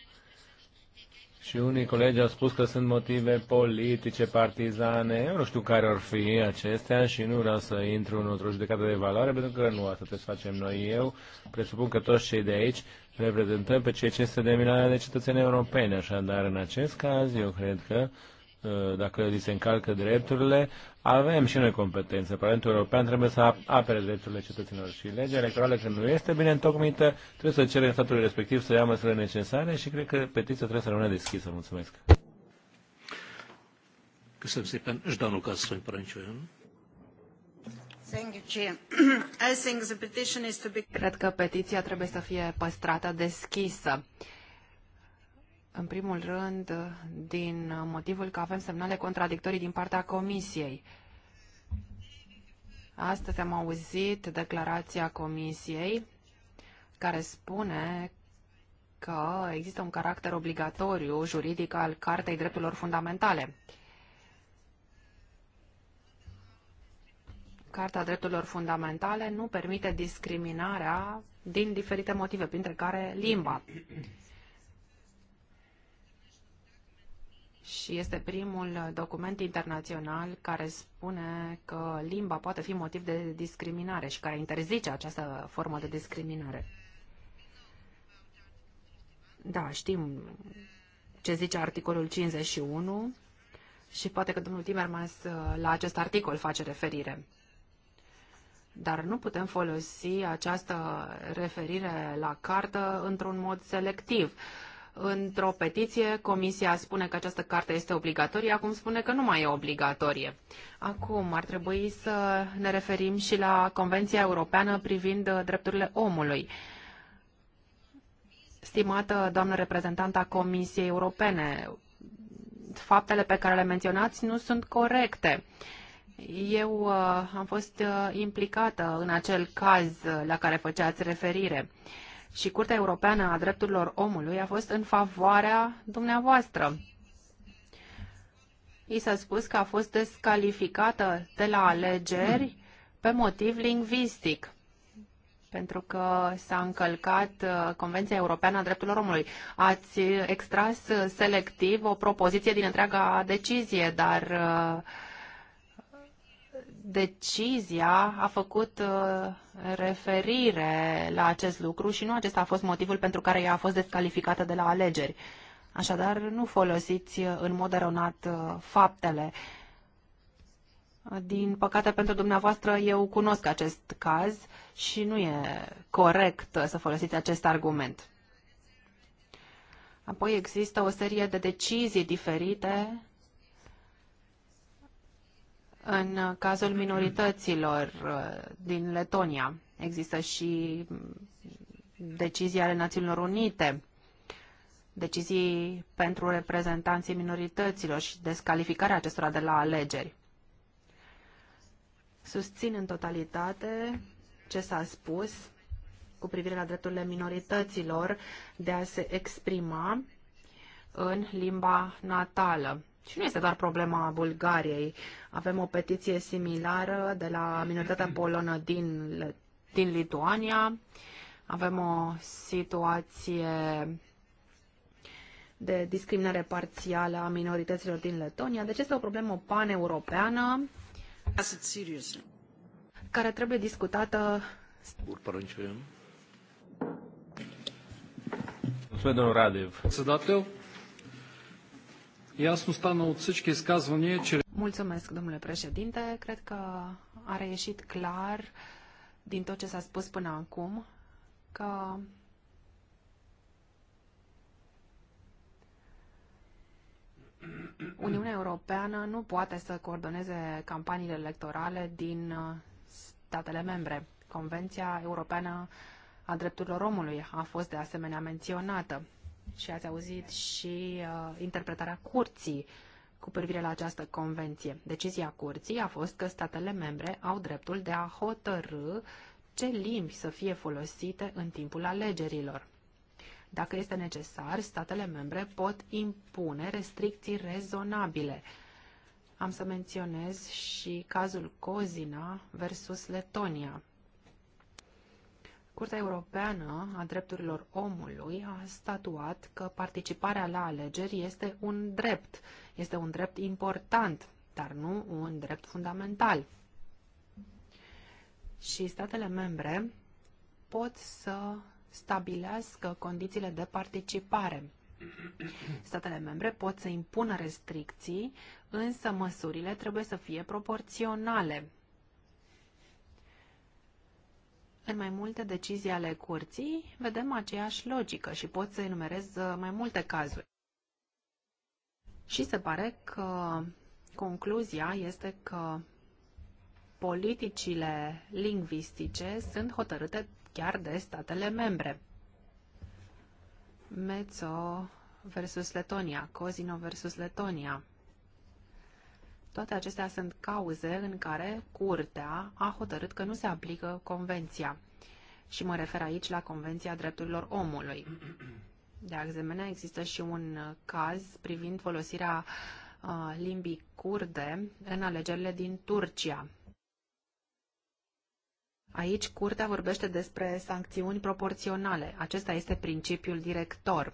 Și unii colegi au spus că sunt motive politice, partizane, eu nu știu care ar fi acestea și nu vreau să intru în o judecată de valoare, pentru că nu asta să facem noi. Eu presupun că toți cei de aici reprezentăm pe cei 500 de milioane de cetățeni europeni, așadar în acest caz eu cred că uh, dacă li se încalcă drepturile, avem și noi competențe. Parlamentul European trebuie să apere drepturile cetățenilor și legea electorală, când nu este bine întocmită, trebuie să cerem statului respectiv să ia măsurile necesare și cred că petiția trebuie să rămână deschisă. Mulțumesc. Cred că petiția trebuie să fie păstrată deschisă. În primul rând, din motivul că avem semnale contradictorii din partea Comisiei. Astăzi am auzit declarația Comisiei care spune că există un caracter obligatoriu juridic al Cartei Drepturilor Fundamentale. Carta Drepturilor Fundamentale nu permite discriminarea din diferite motive, printre care limba. și este primul document internațional care spune că limba poate fi motiv de discriminare și care interzice această formă de discriminare. Da, știm ce zice articolul 51 și poate că domnul Timmermans uh, la acest articol face referire. Dar nu putem folosi această referire la cartă într-un mod selectiv într-o petiție, Comisia spune că această carte este obligatorie, acum spune că nu mai e obligatorie. Acum ar trebui să ne referim și la Convenția Europeană privind uh, drepturile omului. Stimată doamnă reprezentanta Comisiei Europene, faptele pe care le menționați nu sunt corecte. Eu uh, am fost uh, implicată în acel caz la care făceați referire. Uh, și Curtea Europeană a Drepturilor Omului a fost în favoarea dumneavoastră. I s-a spus că a fost descalificată de la alegeri pe motiv lingvistic pentru că s-a încălcat uh, Convenția Europeană a Drepturilor Omului. Ați uh, extras uh, selectiv o propoziție din întreaga decizie, dar uh, decizia a făcut uh, referire la acest lucru și nu acesta a fost motivul pentru care ea a fost descalificată de la alegeri. Așadar, nu folosiți uh, în mod eronat uh, faptele. Din păcate pentru dumneavoastră, eu cunosc acest caz și nu e corect să folosiți acest argument. Apoi există o serie de decizii diferite în cazul minorităților uh, din Letonia există și decizii ale Națiunilor Unite, decizii pentru reprezentanții minorităților și descalificarea acestora de la alegeri. Susțin în totalitate ce s-a spus cu privire la drepturile minorităților de a se exprima în limba natală. Și nu este doar problema Bulgariei. Avem o petiție similară de la minoritatea polonă din, din Lituania. Avem o situație de discriminare parțială a minorităților din Letonia. Deci este o problemă paneuropeană care trebuie discutată. Mulțumesc, domnul Radev. Ясно стана от всички изказвания, че... Mulțumesc, domnule președinte. Cred că a reieșit clar din tot ce s-a spus până acum că Uniunea Europeană nu poate să coordoneze campaniile electorale din statele membre. Convenția Europeană a Drepturilor Omului a fost de asemenea menționată și ați auzit și uh, interpretarea curții cu privire la această convenție. Decizia curții a fost că statele membre au dreptul de a hotărâ ce limbi să fie folosite în timpul alegerilor. Dacă este necesar, statele membre pot impune restricții rezonabile. Am să menționez și cazul Cozina versus Letonia, Curtea Europeană a Drepturilor Omului a statuat că participarea la alegeri este un drept, este un drept important, dar nu un drept fundamental. Și statele membre pot să stabilească condițiile de participare. Statele membre pot să impună restricții, însă măsurile trebuie să fie proporționale În mai multe decizii ale curții vedem aceeași logică și pot să enumerez uh, mai multe cazuri. Și se pare că concluzia este că politicile lingvistice sunt hotărâte chiar de statele membre. Mezzo versus Letonia, Cosino versus Letonia, toate acestea sunt cauze în care curtea a hotărât că nu se aplică convenția. Și mă refer aici la Convenția Drepturilor Omului. De asemenea, există și un caz privind folosirea uh, limbii curde în alegerile din Turcia. Aici, curtea vorbește despre sancțiuni proporționale. Acesta este principiul director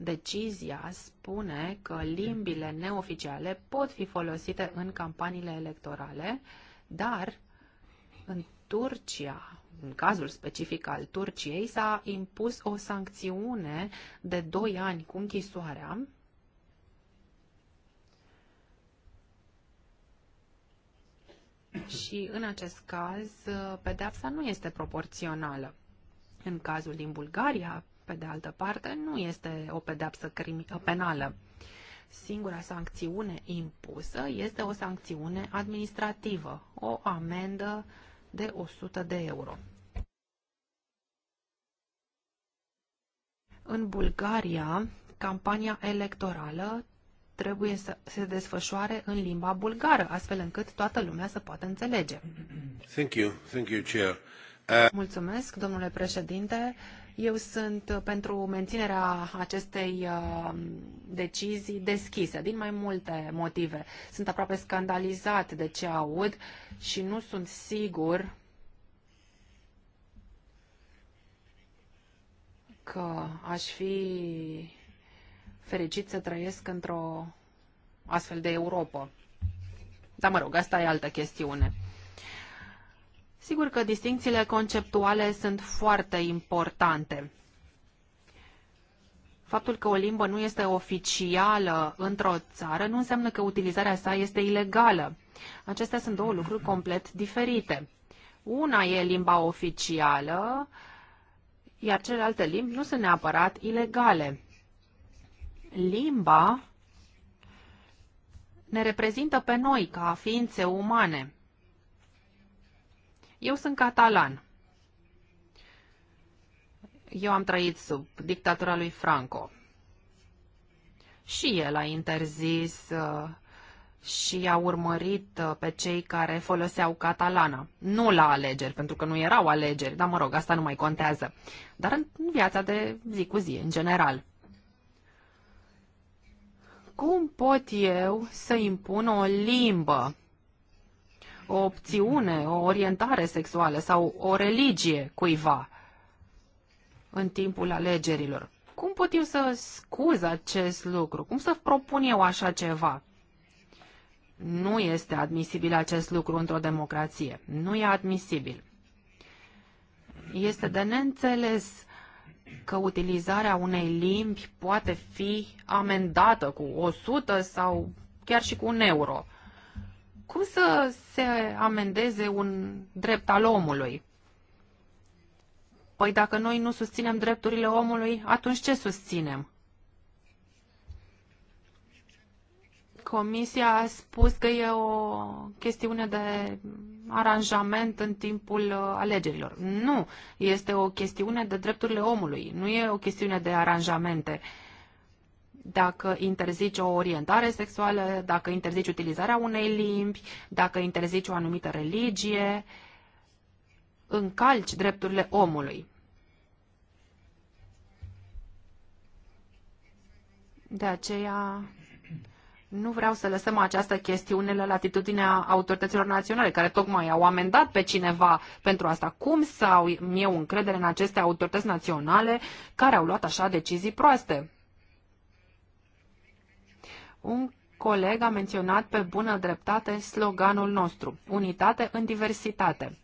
Decizia spune că limbile neoficiale pot fi folosite în campaniile electorale, dar în Turcia, în cazul specific al Turciei, s-a impus o sancțiune de 2 ani cu închisoarea și în acest caz pedeapsa nu este proporțională. În cazul din Bulgaria, pe de altă parte, nu este o pedeapsă penală. Singura sancțiune impusă este o sancțiune administrativă, o amendă de 100 de euro. În Bulgaria, campania electorală trebuie să se desfășoare în limba bulgară, astfel încât toată lumea să poată înțelege. Thank you. Thank you, Chair. Uh... Mulțumesc, domnule președinte. Eu sunt uh, pentru menținerea acestei uh, decizii deschise, din mai multe motive. Sunt aproape scandalizat de ce aud și nu sunt sigur că aș fi fericit să trăiesc într-o astfel de Europa. Dar mă rog, asta e altă chestiune. Sigur că distincțiile conceptuale sunt foarte importante. Faptul că o limbă nu este oficială într-o țară nu înseamnă că utilizarea sa este ilegală. Acestea sunt două lucruri complet diferite. Una e limba oficială, iar celelalte limbi nu sunt neapărat ilegale. Limba ne reprezintă pe noi ca ființe umane. Eu sunt catalan. Eu am trăit sub dictatura lui Franco. Și el a interzis uh, și a urmărit uh, pe cei care foloseau catalana. Nu la alegeri, pentru că nu erau alegeri, dar mă rog, asta nu mai contează. Dar în viața de zi cu zi, în general cum pot eu să impun o limbă o opțiune, o orientare sexuală sau o religie cuiva în timpul alegerilor. Cum pot eu să scuz acest lucru? Cum să propun eu așa ceva? Nu este admisibil acest lucru într-o democrație. Nu e admisibil. Este de neînțeles că utilizarea unei limbi poate fi amendată cu 100 sau chiar și cu un euro. Cum să se amendeze un drept al omului? Păi dacă noi nu susținem drepturile omului, atunci ce susținem? Comisia a spus că e o chestiune de aranjament în timpul uh, alegerilor. Nu, este o chestiune de drepturile omului, nu e o chestiune de aranjamente. Uh, dacă interzici o orientare sexuală, dacă interzici utilizarea unei limbi, dacă interzici o anumită religie, încalci drepturile omului. De aceea nu vreau să lăsăm această chestiune la latitudinea autorităților naționale, care tocmai au amendat pe cineva pentru asta. Cum sau eu încredere în aceste autorități naționale care au luat așa decizii proaste? Un coleg a menționat pe bună dreptate sloganul nostru, unitate în diversitate.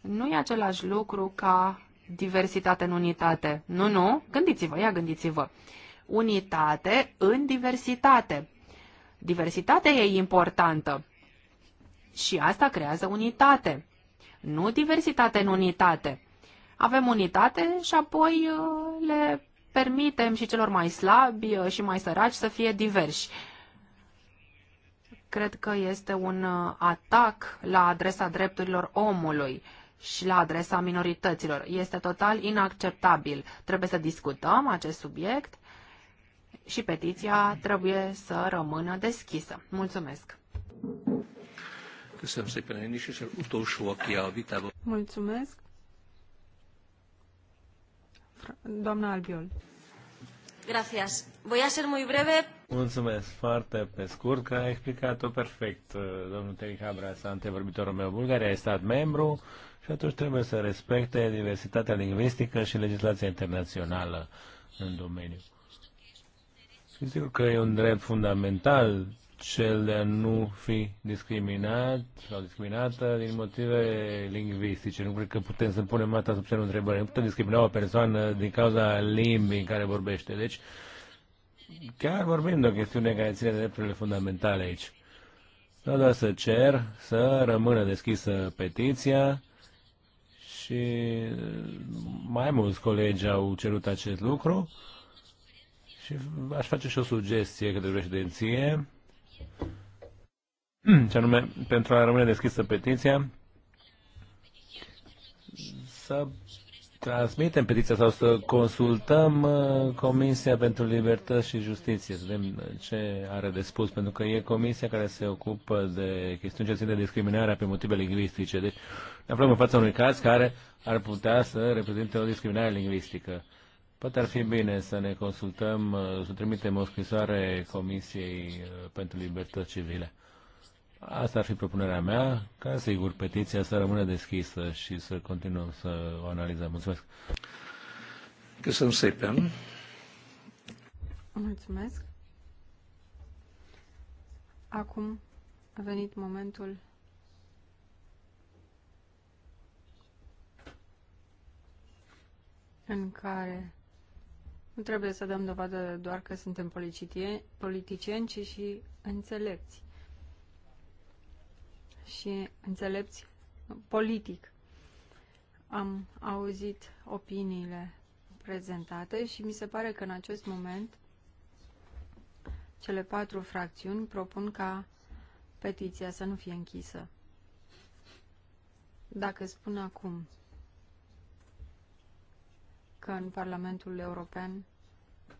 Nu e același lucru ca diversitate în unitate. Nu, nu, gândiți-vă, ia gândiți-vă. Unitate în diversitate. Diversitatea e importantă și asta creează unitate. Nu diversitate în unitate. Avem unitate și apoi uh, le permitem și celor mai slabi uh, și mai săraci să fie diversi. Cred că este un uh, atac la adresa drepturilor omului și la adresa minorităților. Este total inacceptabil. Trebuie să discutăm acest subiect și petiția trebuie să rămână deschisă. Mulțumesc! Mulțumesc! Doamna Albiol. Gracias. Voi a ser muy breve. Mulțumesc foarte pe scurt că a explicat-o perfect uh, domnul Tericabra, antevorbitorul meu. Bulgaria este stat membru și atunci trebuie să respecte diversitatea lingvistică și legislația internațională în domeniu. Și sigur că e un drept fundamental cel de a nu fi discriminat sau discriminată din motive lingvistice. Nu cred că putem să punem asta sub semnul întrebării. Nu putem discrimina o persoană din cauza limbii în care vorbește. Deci, chiar vorbim de o chestiune care ține de drepturile fundamentale aici. Nu doar să cer să rămână deschisă petiția și mai mulți colegi au cerut acest lucru și aș face și o sugestie către președinție Hmm, ce anume pentru a rămâne deschisă petiția, să transmitem petiția sau să consultăm uh, Comisia pentru Libertăți și Justiție, să vedem uh, ce are de spus, pentru că e comisia care se ocupă de chestiuni ce țin de discriminarea pe motive lingvistice. Deci ne aflăm în fața unui caz care ar putea să reprezinte o discriminare lingvistică. Poate ar fi bine să ne consultăm, uh, să trimitem o scrisoare Comisiei uh, pentru Libertăți Civile. Asta ar fi propunerea mea, ca sigur petiția să rămână deschisă și să continuăm să o analizăm. Mulțumesc! Că să începem. Mulțumesc! Acum a venit momentul în care nu trebuie să dăm dovadă doar că suntem politicieni, ci și înțelepți. Și înțelepți politic. Am auzit opiniile prezentate și mi se pare că în acest moment cele patru fracțiuni propun ca petiția să nu fie închisă. Dacă spun acum că în Parlamentul European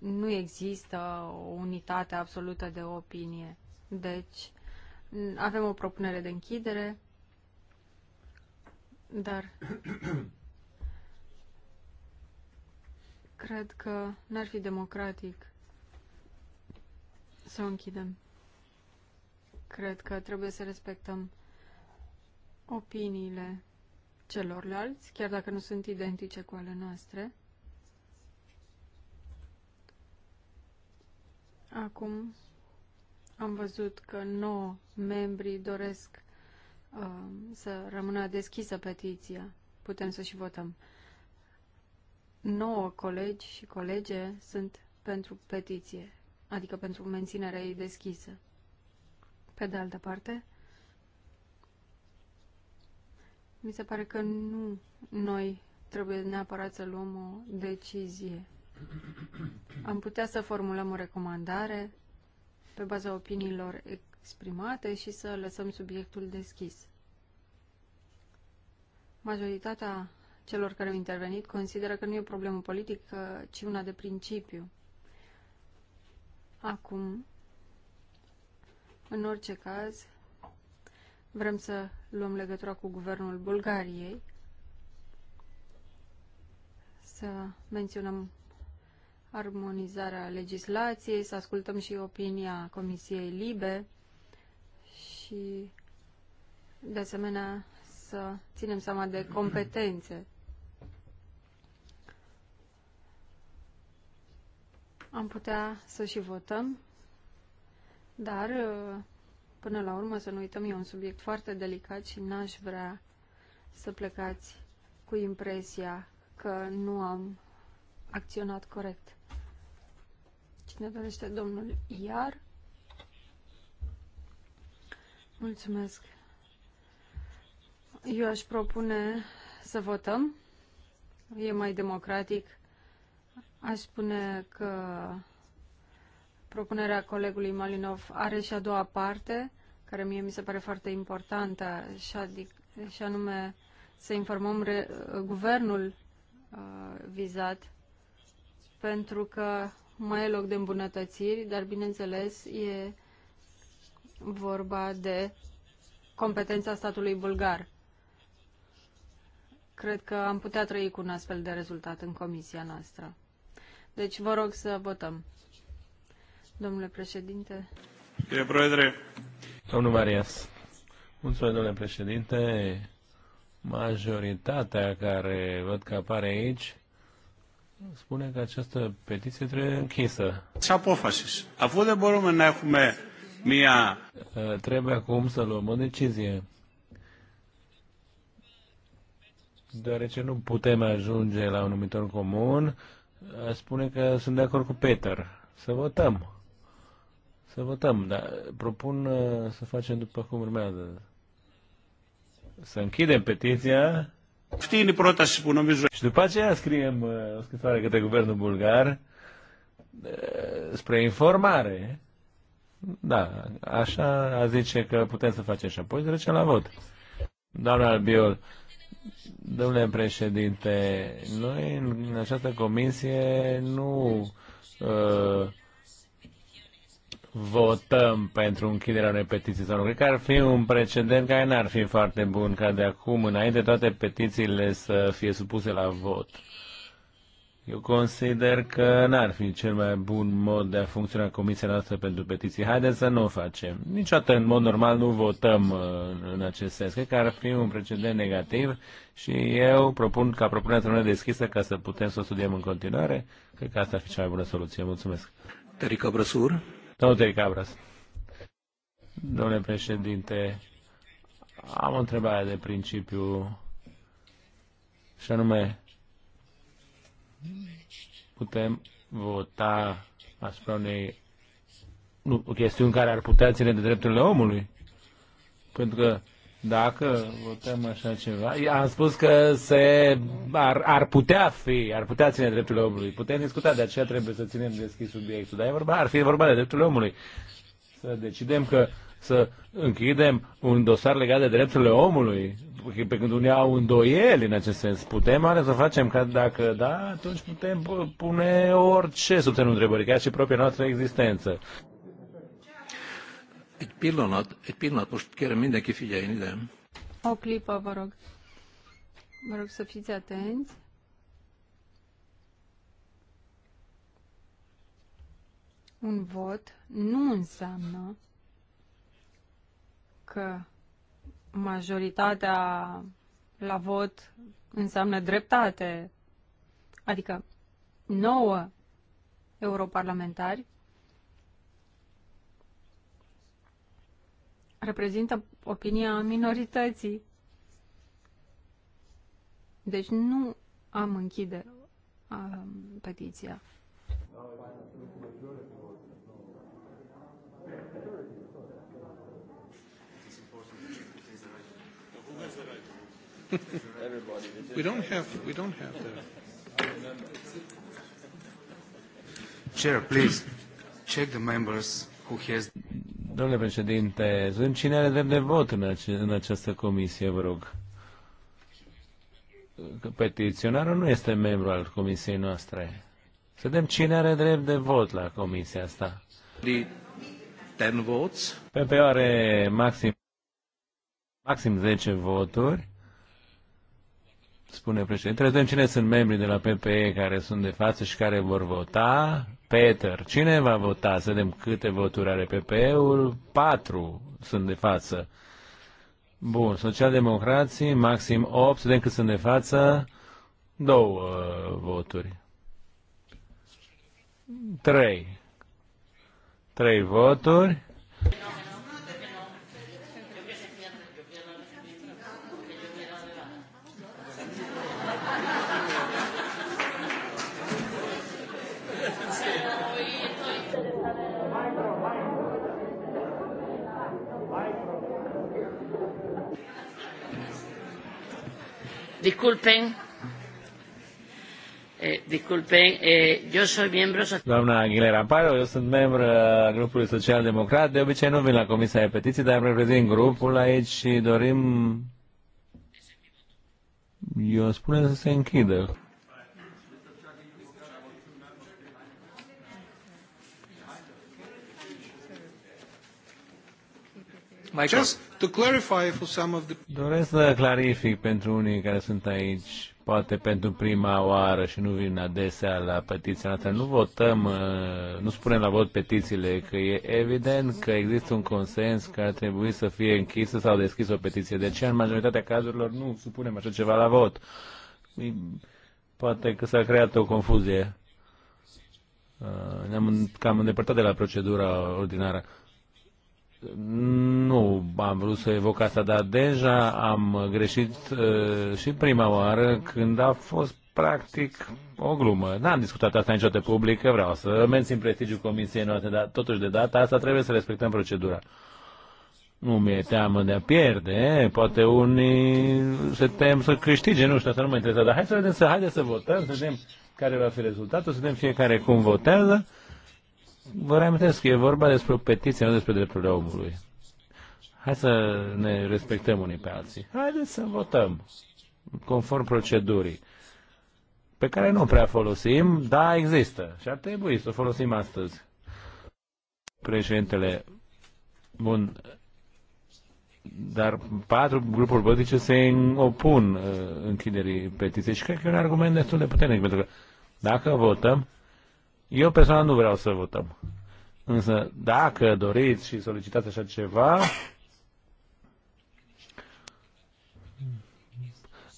nu există o unitate absolută de opinie. Deci, avem o propunere de închidere, dar cred că n-ar fi democratic să o închidem. Cred că trebuie să respectăm opiniile celorlalți, chiar dacă nu sunt identice cu ale noastre. Acum am văzut că nouă membri doresc uh, să rămână deschisă petiția. Putem să și votăm. Nouă colegi și colege sunt pentru petiție, adică pentru menținerea ei deschisă. Pe de altă parte, mi se pare că nu noi trebuie neapărat să luăm o decizie. Am putea să formulăm o recomandare pe baza opiniilor exprimate și să lăsăm subiectul deschis. Majoritatea celor care au intervenit consideră că nu e o problemă politică, ci una de principiu. Acum, în orice caz, vrem să luăm legătura cu guvernul Bulgariei, să menționăm armonizarea legislației, să ascultăm și opinia Comisiei Libe și, de asemenea, să ținem seama de competențe. Am putea să și votăm, dar, până la urmă, să nu uităm, e un subiect foarte delicat și n-aș vrea să plecați cu impresia că nu am acționat corect. Cine dorește? Domnul Iar. Mulțumesc. Eu aș propune să votăm. E mai democratic. Aș spune că propunerea colegului Malinov are și a doua parte, care mie mi se pare foarte importantă, și, adic- și anume să informăm guvernul uh, vizat pentru că mai e loc de îmbunătățiri, dar bineînțeles e vorba de competența statului bulgar. Cred că am putea trăi cu un astfel de rezultat în comisia noastră. Deci vă rog să votăm. Domnule președinte. E proedre. Domnul Marias. Mulțumesc, domnule președinte. Majoritatea care văd că apare aici spune că această petiție trebuie închisă. Ce A fost de bărume ne acume mia... Trebuie acum să luăm o decizie. Deoarece nu putem ajunge la un numitor comun, spune că sunt de acord cu Peter. Să votăm. Să votăm, dar propun să facem după cum urmează. Să închidem petiția Αυτή είναι η πρόταση που νομίζω. Și după aceea scriem uh, o scrisoare către guvernul bulgar uh, spre informare. Da, așa a zice că putem să facem și apoi trecem la vot. Doamna Albiol, domnule președinte, noi în această comisie nu uh, votăm pentru închiderea unei petiții sau nu. Cred că ar fi un precedent care n-ar fi foarte bun ca de acum înainte toate petițiile să fie supuse la vot. Eu consider că n-ar fi cel mai bun mod de a funcționa Comisia noastră pentru petiții. Haideți să nu o facem. Niciodată, în mod normal, nu votăm uh, în acest sens. Cred că ar fi un precedent negativ și eu propun ca propunerea să rămână deschisă ca să putem să o studiem în continuare. Cred că asta ar fi cea mai bună soluție. Mulțumesc. Terica Brăsur. Domnule Tericabras. Domnule președinte, am o întrebare de principiu și anume, putem vota asupra unei nu, chestiuni care ar putea ține de drepturile omului? Pentru că dacă votăm așa ceva. Am spus că se ar, ar putea fi, ar putea ține drepturile omului. Putem discuta, de aceea trebuie să ținem deschis subiectul. Dar e vorba, ar fi vorba de drepturile omului. Să decidem că să închidem un dosar legat de drepturile omului, pe când unii au îndoieli în acest sens. Putem oare să facem ca dacă da, atunci putem pune orice sub semnul întrebării, chiar și propria noastră existență. Egy pillanat, egy pillanat, most kérem mindenki figyeljen ide. O clipă, vă rog. Vă rog să fiți atenți. Un vot nu înseamnă că majoritatea la vot înseamnă dreptate. Adică nouă europarlamentari reprezintă opinia minorității. Deci nu am închide um, petiția. we don't have we don't have the Chair, please check the members who has Domnule președinte, sunt cine are drept de vot în, ace- în această comisie, vă rog. Petiționarul nu este membru al comisiei noastre. Să vedem cine are drept de vot la comisia asta. De 10 votes. PP are maxim, maxim 10 voturi spune președintele. Vedem cine sunt membrii de la PPE care sunt de față și care vor vota. Peter, cine va vota? Să vedem câte voturi are PPE-ul. Patru sunt de față. Bun, socialdemocrații, maxim 8, să vedem cât sunt de față. Două uh, voturi. Trei. Trei voturi. Disculpen. Eh, disculpen, eh, eu sunt membru... Doamna Aguilera Paro, eu sunt membru al grupului social-democrat. De obicei nu vin la Comisia de Petiții, dar reprezint grupul aici și dorim... Eu spune să se închidă. Doresc să clarific pentru unii care sunt aici, poate pentru prima oară și nu vin adesea la petiția noastră. Nu votăm, uh, nu spunem la vot petițiile, că e evident că există un consens că ar trebui să fie închisă sau deschisă o petiție. De ce în majoritatea cazurilor nu supunem așa ceva la vot? Poate că s-a creat o confuzie. Uh, ne-am cam îndepărtat de la procedura ordinară. Nu am vrut să evoc asta, dar deja am greșit uh, și prima oară când a fost practic o glumă. N-am discutat asta niciodată publică, vreau să mențin prestigiul comisiei noastre, dar totuși de data asta trebuie să respectăm procedura. Nu mi-e teamă de a pierde, poate unii se tem să câștige, nu știu, asta nu mă interesează, dar hai să vedem, să, haide să votăm, să vedem care va fi rezultatul, să vedem fiecare cum votează Vă reamintesc că e vorba despre o petiție, nu despre drepturile omului. Hai să ne respectăm unii pe alții. Haideți să votăm conform procedurii pe care nu prea folosim, dar există și ar trebui să o folosim astăzi. Președintele, bun, dar patru grupuri politice se opun uh, închiderii petiției și cred că e un argument destul de puternic, pentru că dacă votăm, eu personal nu vreau să votăm. Însă, dacă doriți și solicitați așa ceva,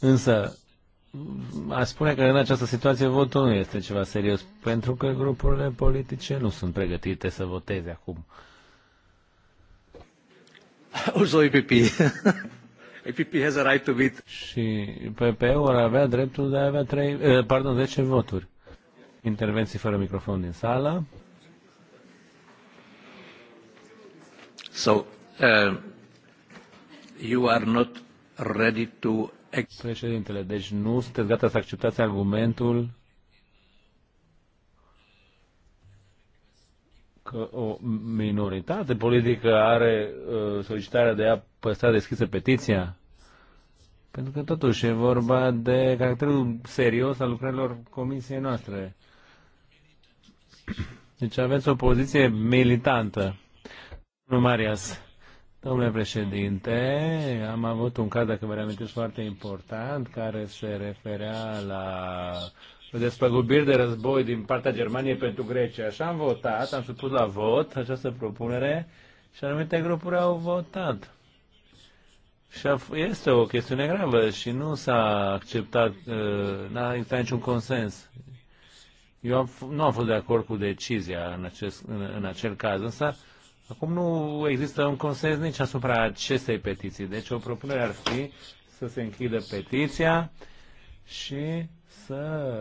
însă, aș spune că în această situație votul nu este ceva serios, pentru că grupurile politice nu sunt pregătite să voteze acum. Also EPP. EPP has a right to vote Și PP-ul ar avea dreptul de a avea 3, eh, pardon, 10 voturi. Intervenții fără microfon din sală. So, uh, you are not ready to... Președintele, deci nu sunteți gata să acceptați argumentul că o minoritate politică are uh, solicitarea de a păstra deschisă petiția? Pentru că totuși e vorba de caracterul serios al lucrărilor comisiei noastre. Deci aveți o poziție militantă. Domnul Marias, domnule președinte, am avut un caz, dacă vă reamintesc, foarte important, care se referea la despăgubiri de război din partea Germaniei pentru Grecia. Așa am votat, am supus la vot această propunere și anumite grupuri au votat. Și este o chestiune gravă și nu s-a acceptat, uh, n-a existat niciun consens. Eu am, nu am fost de acord cu decizia în, acest, în, în acel caz, însă acum nu există un consens nici asupra acestei petiții. Deci o propunere ar fi să se închidă petiția și să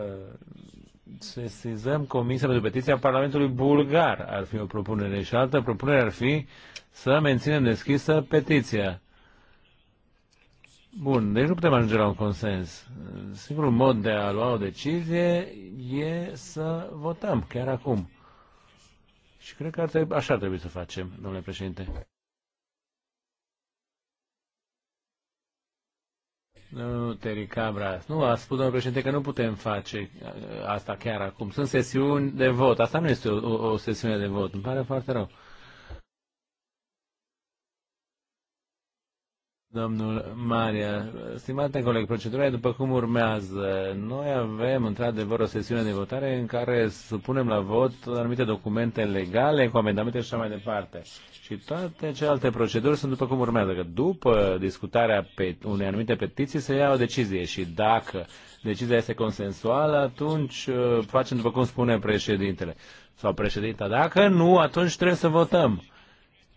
sesizăm Comisia pentru Petiția Parlamentului Bulgar. Ar fi o propunere și altă propunere ar fi să menținem deschisă petiția. Bun, deci nu putem ajunge la un consens. Singurul mod de a lua o decizie e să votăm chiar acum. Și cred că ar trebui, așa ar trebui să facem, domnule președinte. Nu, Teri Cabras, nu, a spus domnul președinte că nu putem face uh, asta chiar acum. Sunt sesiuni de vot, asta nu este o, o, o sesiune de vot, îmi pare foarte rău. Domnul Maria, stimate coleg, procedura după cum urmează. Noi avem într-adevăr o sesiune de votare în care supunem la vot anumite documente legale cu amendamente și așa mai departe. Și toate celelalte proceduri sunt după cum urmează, că după discutarea pe unei anumite petiții se ia o decizie și dacă decizia este consensuală, atunci uh, facem după cum spune președintele sau președinta. Dacă nu, atunci trebuie să votăm.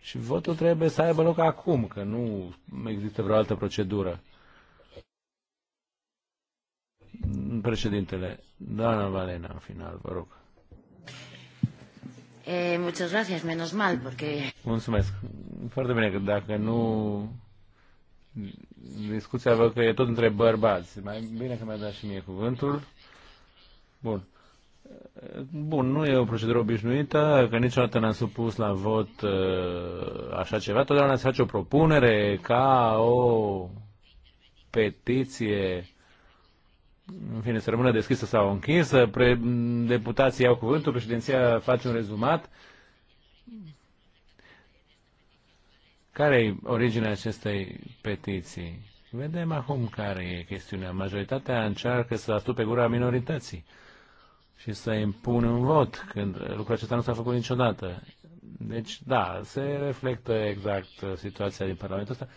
Și votul trebuie să aibă loc acum, că nu există vreo altă procedură. Președintele, doamna Valena, în final, vă rog. Eh, muchas gracias, menos mal, porque... Mulțumesc. Foarte bine că dacă nu... Discuția văd că e tot între bărbați. Mai bine că mi-a dat și mie cuvântul. Bun. Bun, nu e o procedură obișnuită, că niciodată n-am supus la vot uh, așa ceva. Totdeauna se face o propunere ca o petiție în fine, să rămână deschisă sau închisă, pre- deputații iau cuvântul, președinția face un rezumat. Care e originea acestei petiții? Vedem acum care e chestiunea. Majoritatea încearcă să astupe gura minorității și să impună un vot, când lucrul acesta nu s-a făcut niciodată. Deci, da, se reflectă exact uh, situația din Parlamentul ăsta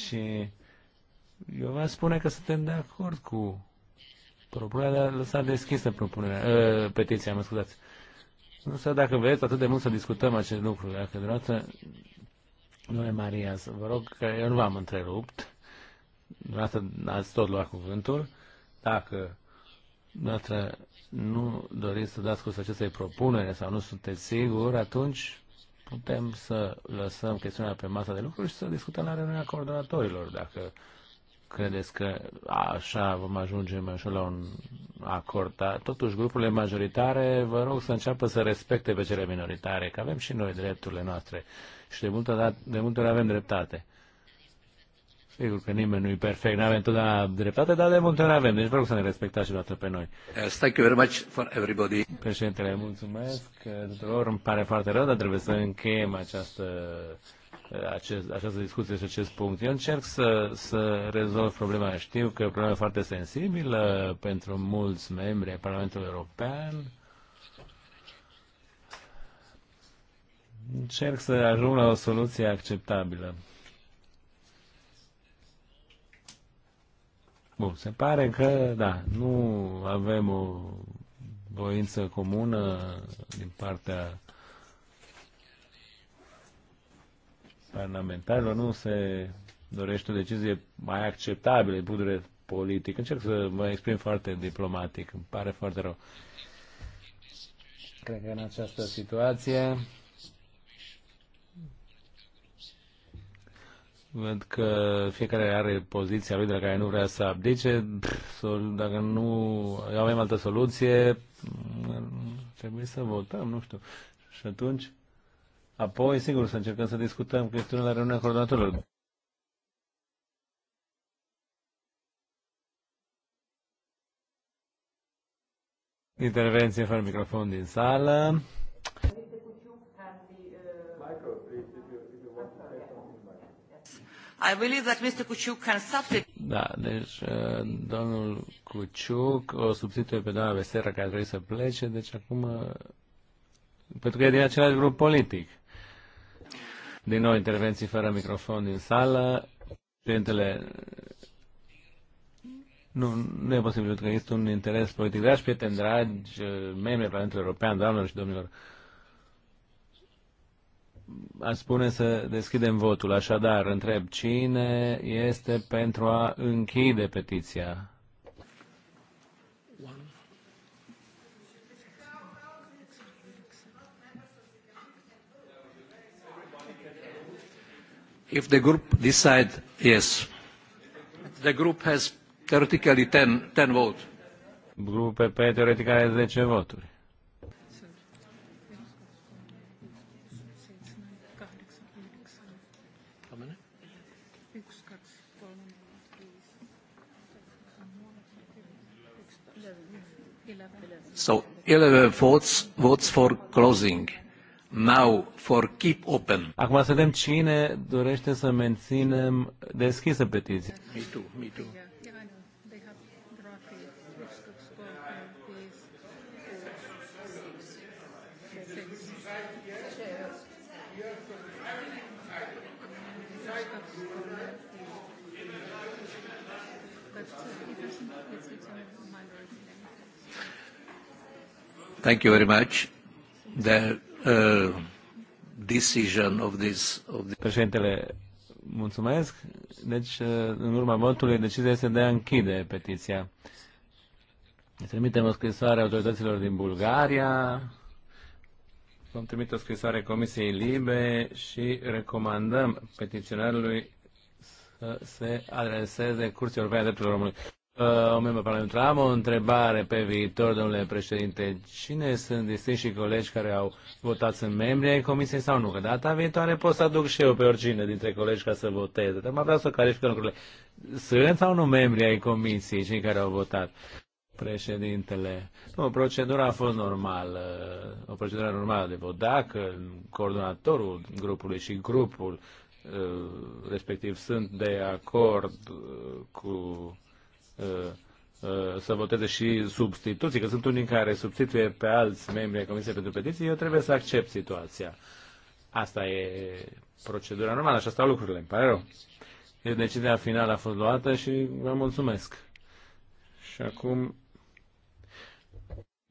și eu vă spune că suntem de acord cu propunerea de a lăsa deschisă propunerea, uh, petiția, mă scuzați. Nu știu dacă vreți atât de mult să discutăm acest lucru, dacă dumneavoastră, domnule Maria, să vă rog că eu nu v-am întrerupt, dumneavoastră ați tot luat cuvântul, dacă dumneavoastră nu doriți să dați curs acestei propunere sau nu sunteți siguri, atunci putem să lăsăm chestiunea pe masa de lucru și să discutăm la reuniunea coordonatorilor, dacă credeți că așa vom ajunge mai ușor la un acord. Dar totuși, grupurile majoritare, vă rog să înceapă să respecte pe cele minoritare, că avem și noi drepturile noastre și de multe, dat, de multe ori avem dreptate. Sigur că nimeni nu e perfect, nu avem întotdeauna dreptate, dar de multe ori avem, deci vreau să ne respectați și dată pe noi. Thank you very much for everybody. Președintele, mulțumesc. Tuturor îmi pare foarte rău, dar trebuie să încheiem această, acest, această discuție și acest punct. Eu încerc să, să rezolv problema. Știu că e o problemă foarte sensibilă pentru mulți membri ai Parlamentului European. Încerc să ajung la o soluție acceptabilă. Bun, se pare că, da, nu avem o voință comună din partea parlamentarilor, nu se dorește o decizie mai acceptabilă din punct de vedere politic. Încerc să mă exprim foarte diplomatic, îmi pare foarte rău. Cred că în această situație Văd că fiecare are poziția lui de la care nu vrea să abdice. Dacă nu avem altă soluție, trebuie să votăm, nu știu. Și atunci, apoi, sigur, să încercăm să discutăm chestiunea la reuniunea coordonatorilor. Intervenție fără microfon din sală. I believe that Mr. Kuciuk can substitute. Da, deci uh, domnul Cuciuc o substituie pe doamna Vesera care trebuie să plece, deci acum, uh, pentru că e din același grup politic. Din nou intervenții fără microfon din sală. Prietele... nu, nu e posibil, pentru că există un interes politic. Dragi prieteni, dragi uh, membri Parlamentului European, doamnelor și domnilor, aș spune să deschidem votul. Așadar, întreb cine este pentru a închide petiția? If the group decide yes, the group has theoretically 10, 10 votes. Grupul PP teoretic are 10 voturi. So 11 votes, votes for closing. Now for keep open. Acum să vedem cine dorește să menținem deschisă petiția. Me too, me too. Yeah. Thank you very much. The uh, decision of this... Of the... Președintele, mulțumesc. Deci, uh, în urma votului, decizia este de a închide petiția. Trimitem o scrisoare autorităților din Bulgaria, vom trimite o scrisoare Comisiei Libe și recomandăm petiționarului să se adreseze Curții Europene a Drepturilor Omului un membru parlamentar. Am o întrebare pe viitor, domnule președinte. Cine sunt distinși colegi care au votat? în membri ai comisiei sau nu? Că data viitoare pot să aduc și eu pe oricine dintre colegi ca să voteze. Dar mă vreau să clarificăm lucrurile. Sunt sau nu membri ai comisiei cei care au votat? Președintele. Nu, procedura a fost normală, o procedură normală de vot. Dacă coordonatorul grupului și grupul uh, respectiv sunt de acord uh, cu Uh, uh, să voteze și substituții, că sunt unii care substituie pe alți membri ai Comisiei pentru Petiții, eu trebuie să accept situația. Asta e procedura normală, așa stau lucrurile, îmi pare rău. Deci decizia finală a fost luată și vă mulțumesc. Și acum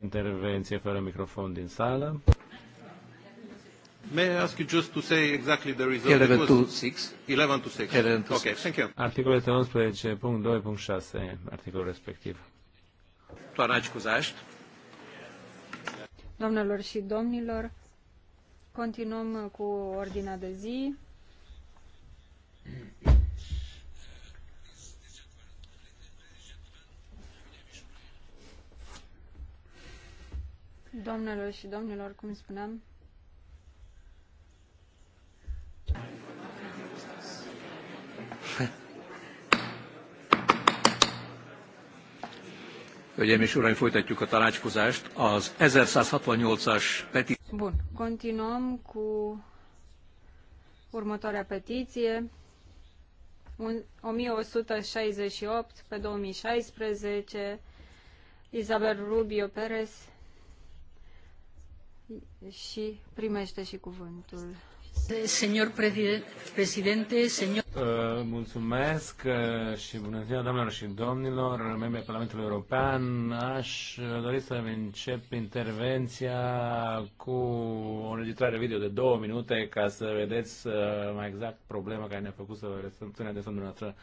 intervenție fără microfon din sală. May I ask you just to say exactly the result? 11 to 6. 11 to 6. 11 to 6. okay, thank you. Articolul este 11.2.6, articolul respectiv. Doamna Cuzaști. Domnilor și domnilor, continuăm cu ordinea de zi. Domnilor și domnilor, cum spuneam, Hölgyeim és Uraim, folytatjuk a tanácskozást. Az 1168-as petíció... Bun, continuăm cu următoarea petiție. 1168 pe 2016, Isabel Rubio Perez și primește și cuvântul. Senor președinte, senor... Mulțumesc eh, și bună ziua, doamnelor și domnilor, membrii Parlamentului European. Aș eh, dori să încep intervenția cu o înregistrare video de două minute ca să vedeți eh, mai exact problema care ne-a făcut să răspundeți de dumneavoastră.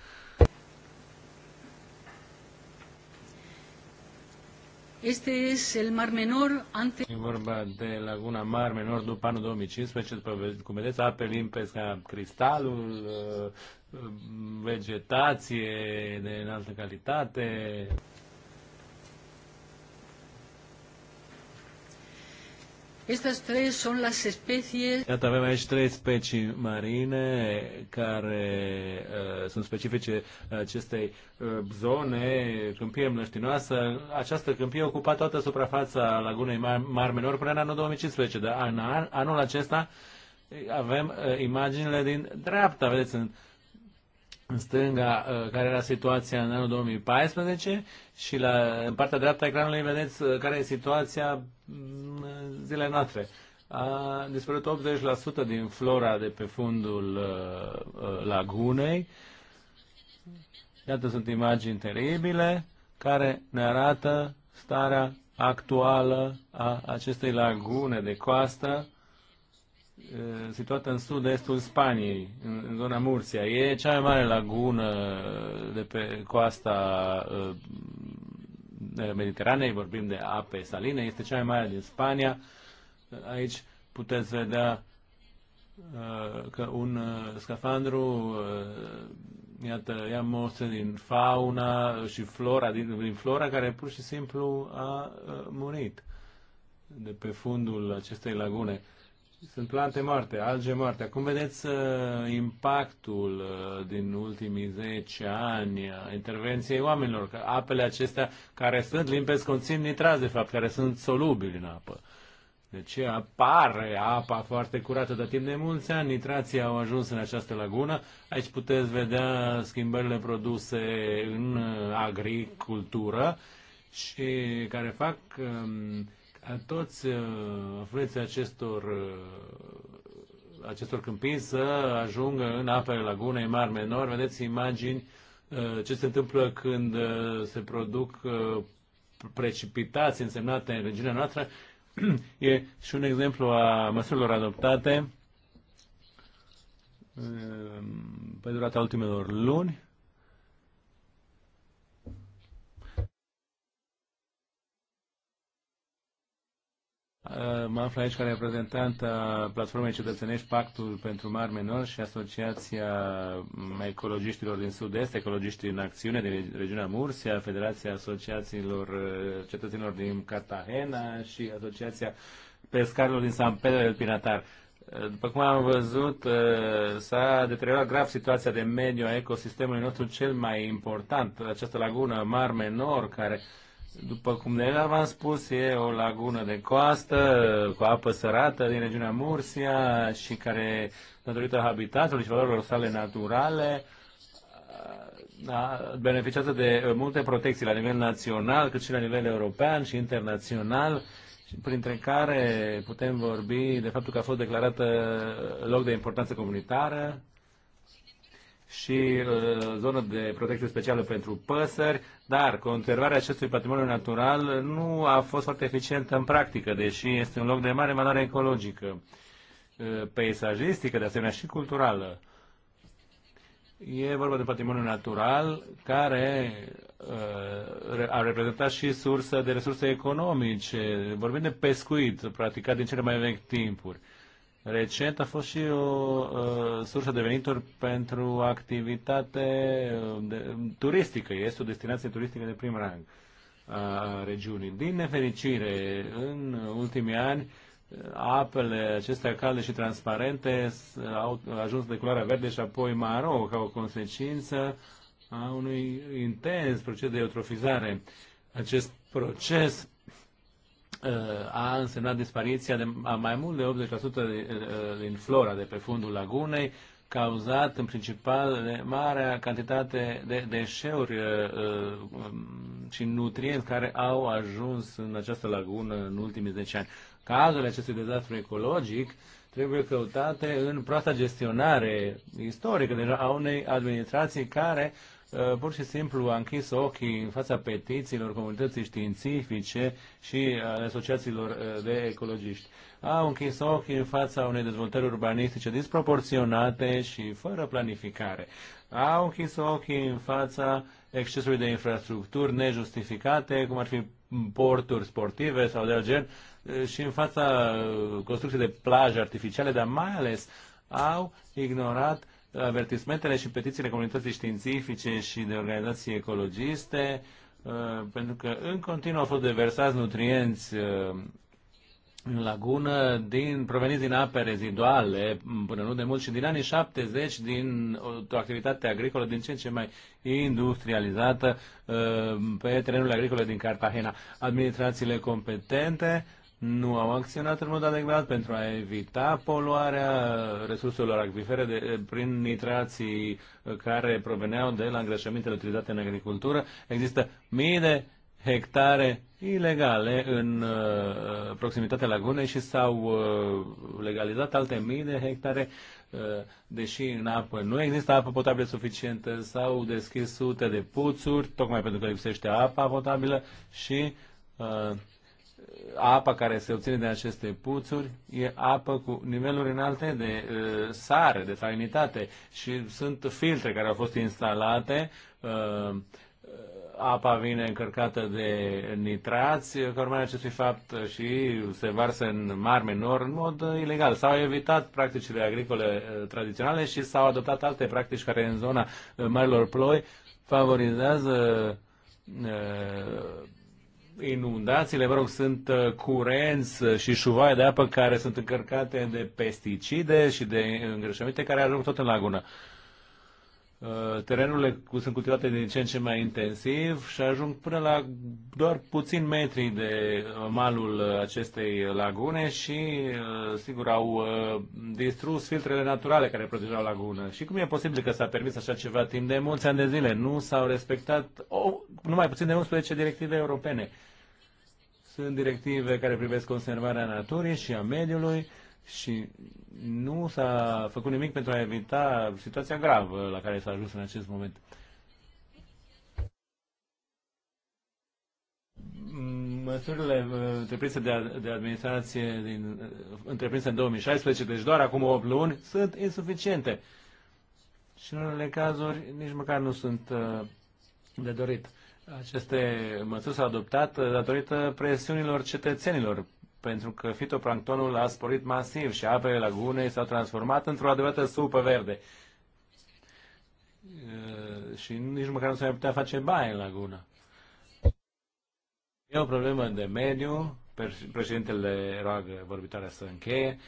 Este es el Mar Menor antes... E vorba de laguna Mar Menor după anul 2015, după, cum vedeți, ape limpezi ca cristalul, uh, uh, vegetație de înaltă calitate. Estas tres son las especies... Iată, avem aici trei specii marine care uh, sunt specifice acestei uh, zone, câmpie mlăștinoasă. Această câmpie ocupa toată suprafața lagunei Mar, Mar Menor până în anul 2015, dar an, anul acesta avem uh, imaginile din dreapta, vedeți, în uh, în stânga uh, care era situația în anul 2014 și la, în partea dreaptă a ecranului vedeți uh, care e situația mm, zilele noastre. A dispărut 80% din flora de pe fundul uh, lagunei. Iată sunt imagini teribile care ne arată starea actuală a acestei lagune de coastă Eh, situată în sud-estul Spaniei, în, în zona Murcia. E cea mai mare lagună de pe coasta eh, Mediteranei, vorbim de ape saline, este cea mai mare din Spania. Aici puteți vedea eh, că un scafandru, iată, ia mostre din fauna și flora, din, din flora care pur și simplu a murit de pe fundul acestei lagune sunt plante moarte, alge moarte. Cum vedeți uh, impactul uh, din ultimii 10 ani a intervenției oamenilor? Că apele acestea care sunt limpezi conțin nitrați, de fapt, care sunt solubili în apă. Deci apare apa foarte curată, dar timp de mulți ani nitrații au ajuns în această lagună. Aici puteți vedea schimbările produse în uh, agricultură și care fac uh, toți afluenții uh, acestor uh, acestor câmpii să ajungă în apele lagunei mari menor. Vedeți imagini uh, ce se întâmplă când se produc precipitații însemnate în regiunea noastră. E și un exemplu a măsurilor adoptate pe durata ultimelor luni Uh, mă aflu aici ca reprezentant a Platformei Cetățenești Pactul pentru Mari Menor și Asociația Ecologiștilor din Sud-Est, Ecologiștii în Acțiune din regiunea Mursia, Federația Asociațiilor uh, Cetățenilor din Cartagena și Asociația Pescarilor din San Pedro del Pinatar. Uh, după cum am văzut, s-a deteriorat grav situația de mediu a ecosistemului nostru cel mai important, această lagună Mar Menor, care după cum deja v-am spus, e o lagună de coastă cu apă sărată din regiunea Mursia și care, datorită habitatului și valorilor sale naturale, da, beneficiază de multe protecții la nivel național, cât și la nivel european și internațional, printre care putem vorbi de faptul că a fost declarată loc de importanță comunitară și uh, zonă de protecție specială pentru păsări, dar conservarea acestui patrimoniu natural nu a fost foarte eficientă în practică, deși este un loc de mare valoare ecologică, uh, peisajistică, de asemenea și culturală. E vorba de patrimoniu natural care uh, a reprezentat și sursă de resurse economice, vorbim de pescuit, practicat din cele mai vechi timpuri. Recent a fost și o uh, sursă de venituri pentru activitate uh, de, um, turistică. Este o destinație turistică de prim rang uh, a regiunii. Din nefericire, în ultimii ani, apele acestea calde și transparente au ajuns de culoarea verde și apoi maro ca o consecință a unui intens proces de eutrofizare. Acest proces Uh, a însemnat dispariția de, a mai mult de 80% uh, din flora de pe fundul lagunei, cauzat în principal de marea cantitate de deșeuri uh, și nutrienți care au ajuns în această lagună în ultimii 10 ani. Cazul acestui dezastru ecologic trebuie căutate în proasta gestionare istorică deja a unei administrații care Uh, pur și simplu a închis ochii în fața petițiilor comunității științifice și ale asociațiilor uh, de ecologiști. Au închis ochii în fața unei dezvoltări urbanistice disproporționate și fără planificare. Au închis ochii în fața excesului de infrastructuri nejustificate, cum ar fi porturi sportive sau de gen, uh, și în fața construcției de plaje artificiale, dar mai ales au ignorat avertismentele și petițiile comunității științifice și de organizații ecologiste, uh, pentru că în continuu au fost deversați nutrienți uh, în lagună din, proveniți din ape reziduale până nu de mult și din anii 70 din o, o activitate agricolă din ce în ce mai industrializată uh, pe terenurile agricole din Cartagena. Administrațiile competente nu au acționat în mod adecvat pentru a evita poluarea resurselor acvifere de, prin nitrații care proveneau de la îngrășămintele utilizate în agricultură. Există mii de hectare ilegale în uh, proximitatea lagunei și s-au uh, legalizat alte mii de hectare, uh, deși în apă nu există apă potabilă suficientă, s-au deschis sute de puțuri, tocmai pentru că lipsește apa potabilă și uh, apa care se obține de aceste puțuri e apă cu niveluri înalte de uh, sare, de salinitate și sunt filtre care au fost instalate. Uh, apa vine încărcată de nitrați, că urmare acestui fapt și se varsă în mari menor în mod ilegal. S-au evitat practicile agricole uh, tradiționale și s-au adoptat alte practici care în zona uh, marilor ploi favorizează uh, inundațiile, vă rog, sunt uh, curenți uh, și șuvaie de apă care sunt încărcate de pesticide și de îngrășăminte care ajung tot în lagună. Uh, terenurile sunt cultivate din ce în ce mai intensiv și ajung până la doar puțin metri de malul acestei lagune și, sigur, au distrus filtrele naturale care protejau laguna. Și cum e posibil că s-a permis așa ceva timp de mulți ani de zile? Nu s-au respectat o, numai puțin de 11 directive europene. Sunt directive care privesc conservarea naturii și a mediului și nu s-a făcut nimic pentru a evita situația gravă la care s-a ajuns în acest moment. măsurile uh, întreprinse de, de administrație din, uh, întreprinse în 2016, deci doar acum 8 luni, sunt insuficiente. Și în unele cazuri nici măcar nu sunt uh, de dorit. Aceste măsuri s-au adoptat datorită presiunilor cetățenilor, pentru că fitoplanctonul a sporit masiv și apele lagunei s-au transformat într-o adevărată supă verde. Uh, și nici măcar nu se mai putea face baie în lagună. E o problemă de mediu, președintele roagă vorbitoarea să încheie.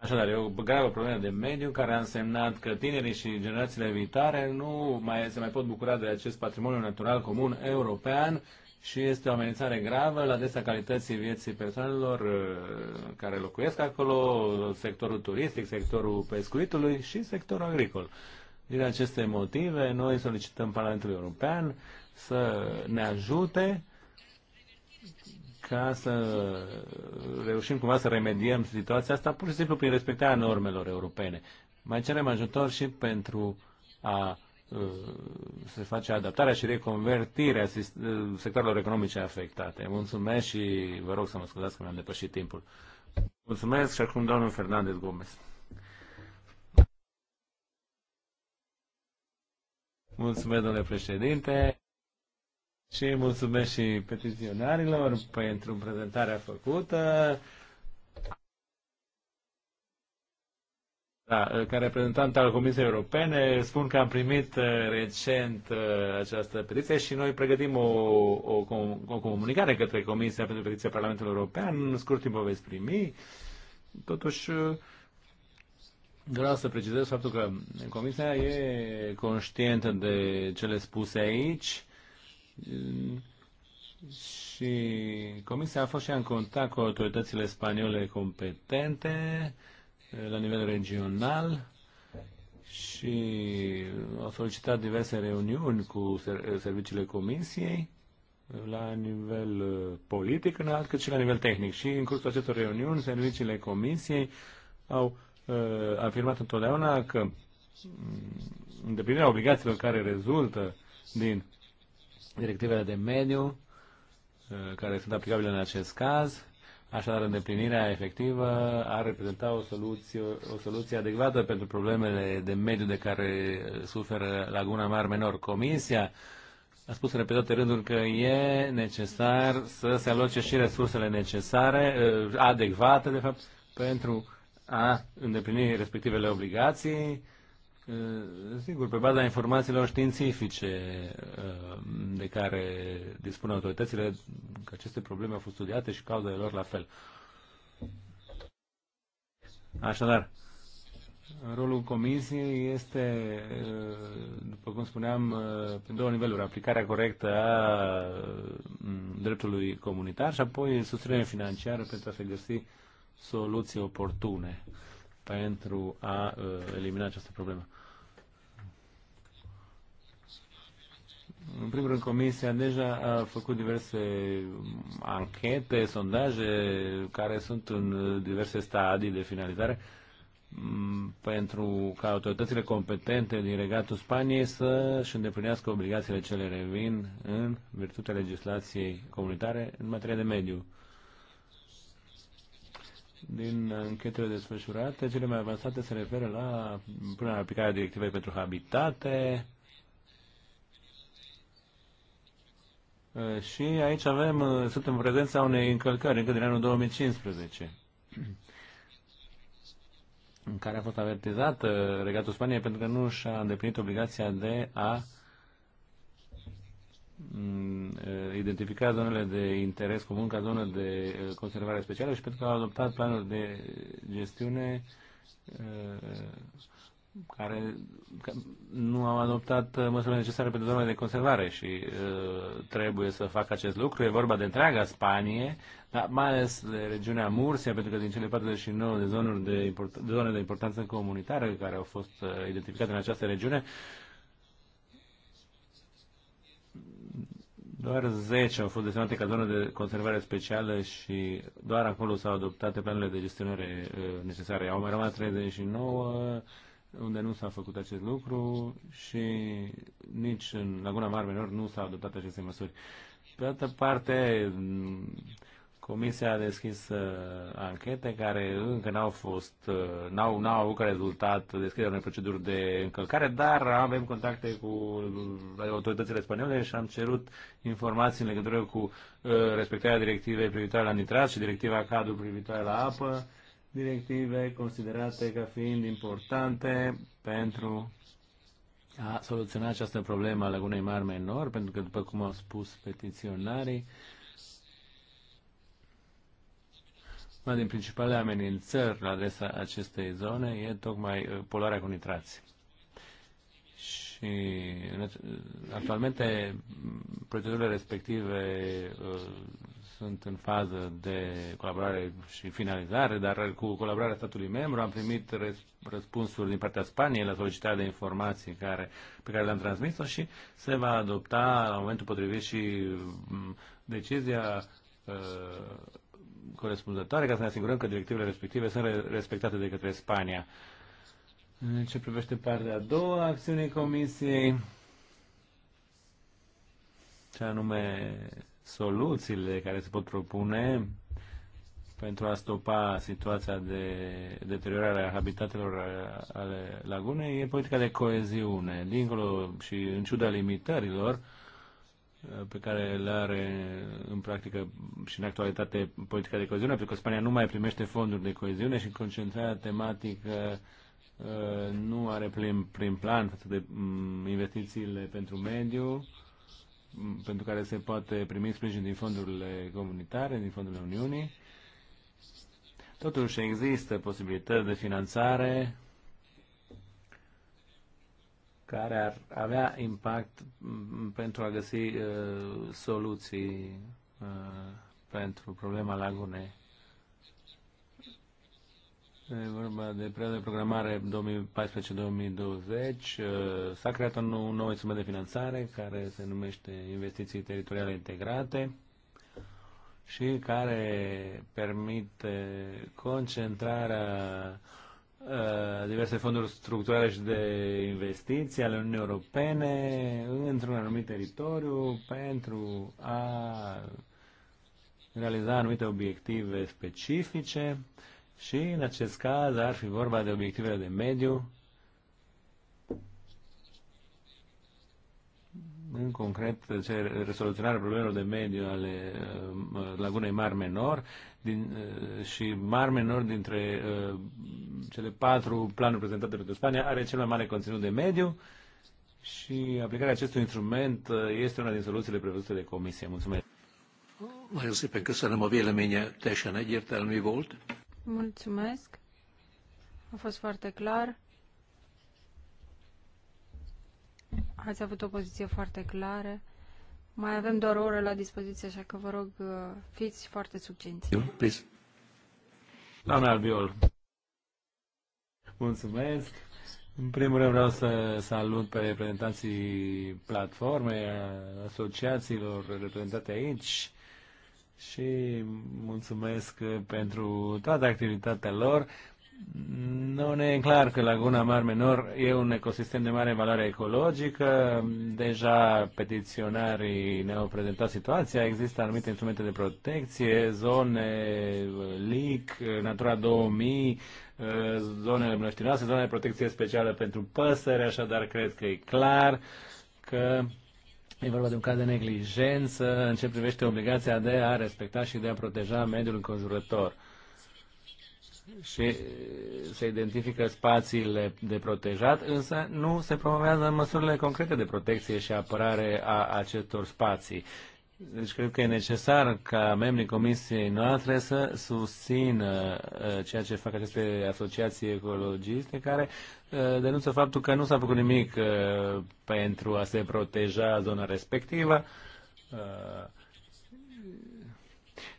Așadar, e o gravă problemă de mediu care a însemnat că tinerii și generațiile viitoare nu mai se mai pot bucura de acest patrimoniu natural comun european și este o amenințare gravă la adresa calității vieții persoanelor uh, care locuiesc acolo, sectorul turistic, sectorul pescuitului și sectorul agricol. Din aceste motive, noi solicităm Parlamentul European să ne ajute ca să reușim cumva să remediem situația asta pur și simplu prin respectarea normelor europene. Mai cerem ajutor și pentru a uh, se face adaptarea și reconvertirea uh, sectorilor economice afectate. Mulțumesc și vă rog să mă scuzați că mi-am depășit timpul. Mulțumesc și acum domnul Fernandez Gomez. Mulțumesc, domnule președinte. Și mulțumesc și petiționarilor pentru prezentarea făcută. Da, ca reprezentant al Comisiei Europene spun că am primit uh, recent uh, această petiție și noi pregătim o, o, o comunicare către Comisia pentru Petiția Parlamentului European. În scurt timp o veți primi. Totuși, uh, vreau să precizez faptul că Comisia e conștientă de cele spuse aici și Comisia a fost și în contact cu autoritățile spaniole competente eh, la nivel regional și a solicitat diverse reuniuni cu serviciile Comisiei la nivel eh, politic în alt cât și la nivel tehnic. Și în cursul acestor reuniuni, serviciile Comisiei au uh, afirmat întotdeauna că mm, îndeplinirea obligațiilor care rezultă din directivele de mediu uh, care sunt aplicabile în acest caz. Așadar, îndeplinirea efectivă ar reprezenta o soluție, o soluție adecvată pentru problemele de mediu de care suferă Laguna Mar Menor. Comisia a spus în repetate rânduri că e necesar să se aloce și resursele necesare, uh, adecvate, de fapt, pentru a îndeplini respectivele obligații Eh, sigur, pe baza informațiilor științifice eh, de care dispun autoritățile, că aceste probleme au fost studiate și cauzele lor la fel. Așadar, rolul comisiei este, eh, după cum spuneam, pe două niveluri. Aplicarea corectă a mm, dreptului comunitar și apoi susținere financiară pentru a se găsi soluții oportune pentru a elimina această problemă. În primul rând, Comisia deja a făcut diverse anchete, sondaje care sunt în diverse stadii de finalizare mm, pentru ca autoritățile competente din regatul Spaniei să-și îndeplinească obligațiile ce le revin în virtutea legislației comunitare în materie de mediu. Din anchetele desfășurate, cele mai avansate se referă la punerea la aplicarea directivei pentru habitate, Eh, și aici avem, eh, suntem în prezența unei încălcări încă din anul 2015 în care a fost avertizat eh, Regatul Spaniei pentru că nu și-a îndeplinit obligația de a mm, identifica zonele de interes comun ca zonă de conservare specială și pentru că au adoptat planuri de gestiune care nu au adoptat uh, măsurile necesare pentru zonele de conservare și uh, trebuie să facă acest lucru. E vorba de întreaga Spanie, dar mai ales de regiunea Mursia, pentru că din cele 49 de, zone de, import- de zone de importanță comunitară care au fost uh, identificate în această regiune, doar 10 au fost desemnate ca zone de conservare specială și doar acolo s-au adoptat planurile de gestionare uh, necesare. Au mai rămas 39 unde nu s-a făcut acest lucru și nici în Laguna Marmelor nu s-au adoptat aceste măsuri. Pe altă parte, Comisia a deschis uh, anchete care încă n-au fost, uh, n-au, n-au avut ca rezultat deschiderea unei proceduri de încălcare, dar avem contacte cu autoritățile spaniole și am cerut informații în legătură cu uh, respectarea directivei privitoare la nitrat și directiva cadru privitoare la apă directive considerate ca fiind importante pentru a soluționa această problemă a lagunei mari menor, pentru că, după cum au spus petiționarii, una din principalele amenințări la adresa acestei zone e tocmai uh, poluarea cu nitrați. Și actualmente procedurile respective uh, sunt în fază de colaborare și finalizare, dar cu colaborarea statului membru am primit răspunsuri din partea Spaniei la solicitarea de informații care, pe care le-am transmis-o și se va adopta la momentul potrivit și mm, decizia uh, corespunzătoare ca să ne asigurăm că directivele respective sunt respectate de către Spania. În ce privește partea a doua acțiunii Comisiei, ce anume soluțiile care se pot propune pentru a stopa situația de deteriorare a habitatelor ale lagunei e politica de coeziune. Dincolo și în ciuda limitărilor uh, pe care le are în practică și în actualitate politica de coeziune, pentru că Spania nu mai primește fonduri de coeziune și concentrarea tematică uh, nu are prim, prim plan față de mm, investițiile pentru mediu pentru care se poate primi sprijin din fondurile comunitare, din fondurile Uniunii. Totuși există posibilități de finanțare care ar avea impact pentru a găsi uh, soluții uh, pentru problema lagunei. E vorba de perioada de programare 2014-2020. Uh, s-a creat un nou, un nou instrument de finanțare care se numește Investiții Teritoriale Integrate și care permite concentrarea uh, diverse fonduri structurale și de investiții ale Uniunii Europene într-un anumit teritoriu pentru a realiza anumite obiective specifice. Uh, și în acest caz ar fi vorba de obiectivele de mediu, în concret ce rezoluționarea problemelor de mediu ale uh, lagunei Mar Menor din, uh, și Mar Menor dintre uh, cele patru planuri prezentate pentru Spania are cel mai mare conținut de mediu și aplicarea acestui instrument uh, este una din soluțiile prevăzute de Comisie. Mulțumesc! Nagyon szépen köszönöm Mulțumesc. A fost foarte clar. Ați avut o poziție foarte clară. Mai avem doar o oră la dispoziție, așa că vă rog, uh, fiți foarte succinți. Please. Albiol. Mulțumesc. În primul rând vreau să salut pe reprezentanții platformei, asociațiilor reprezentate aici și mulțumesc pentru toată activitatea lor. Nu ne e clar că Laguna Mar Menor e un ecosistem de mare valoare ecologică. Deja petiționarii ne-au prezentat situația. Există anumite instrumente de protecție, zone LIC, Natura 2000, zonele mlăștinoase, zone de protecție specială pentru păsări, așadar cred că e clar că E vorba de un caz de neglijență în ce privește obligația de a respecta și de a proteja mediul înconjurător și se identifică spațiile de protejat, însă nu se promovează măsurile concrete de protecție și apărare a acestor spații. Deci cred că e necesar ca membrii comisiei noastre să susțină uh, ceea ce fac aceste asociații ecologiste care uh, denunță faptul că nu s-a făcut nimic uh, pentru a se proteja zona respectivă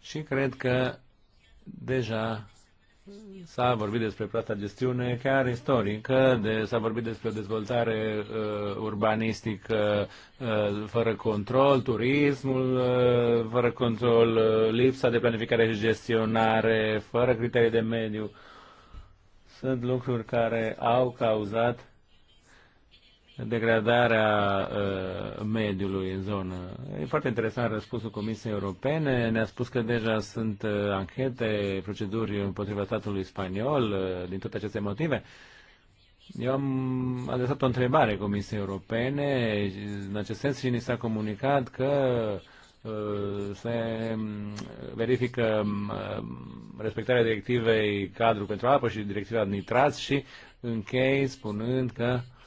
și cred că deja S-a vorbit despre proasta gestiune chiar istorică, de, s-a vorbit despre o dezvoltare uh, urbanistică uh, fără control, turismul uh, fără control, uh, lipsa de planificare și gestionare, fără criterii de mediu. Sunt lucruri care au cauzat degradarea uh, mediului în zonă. E foarte interesant răspunsul Comisiei Europene. Ne-a spus că deja sunt uh, anchete, proceduri împotriva statului spaniol uh, din toate aceste motive. Eu am adresat o întrebare Comisiei Europene în acest sens și ni s-a comunicat că uh, se um, verifică um, respectarea directivei cadru pentru apă și directiva nitrați și închei spunând că uh,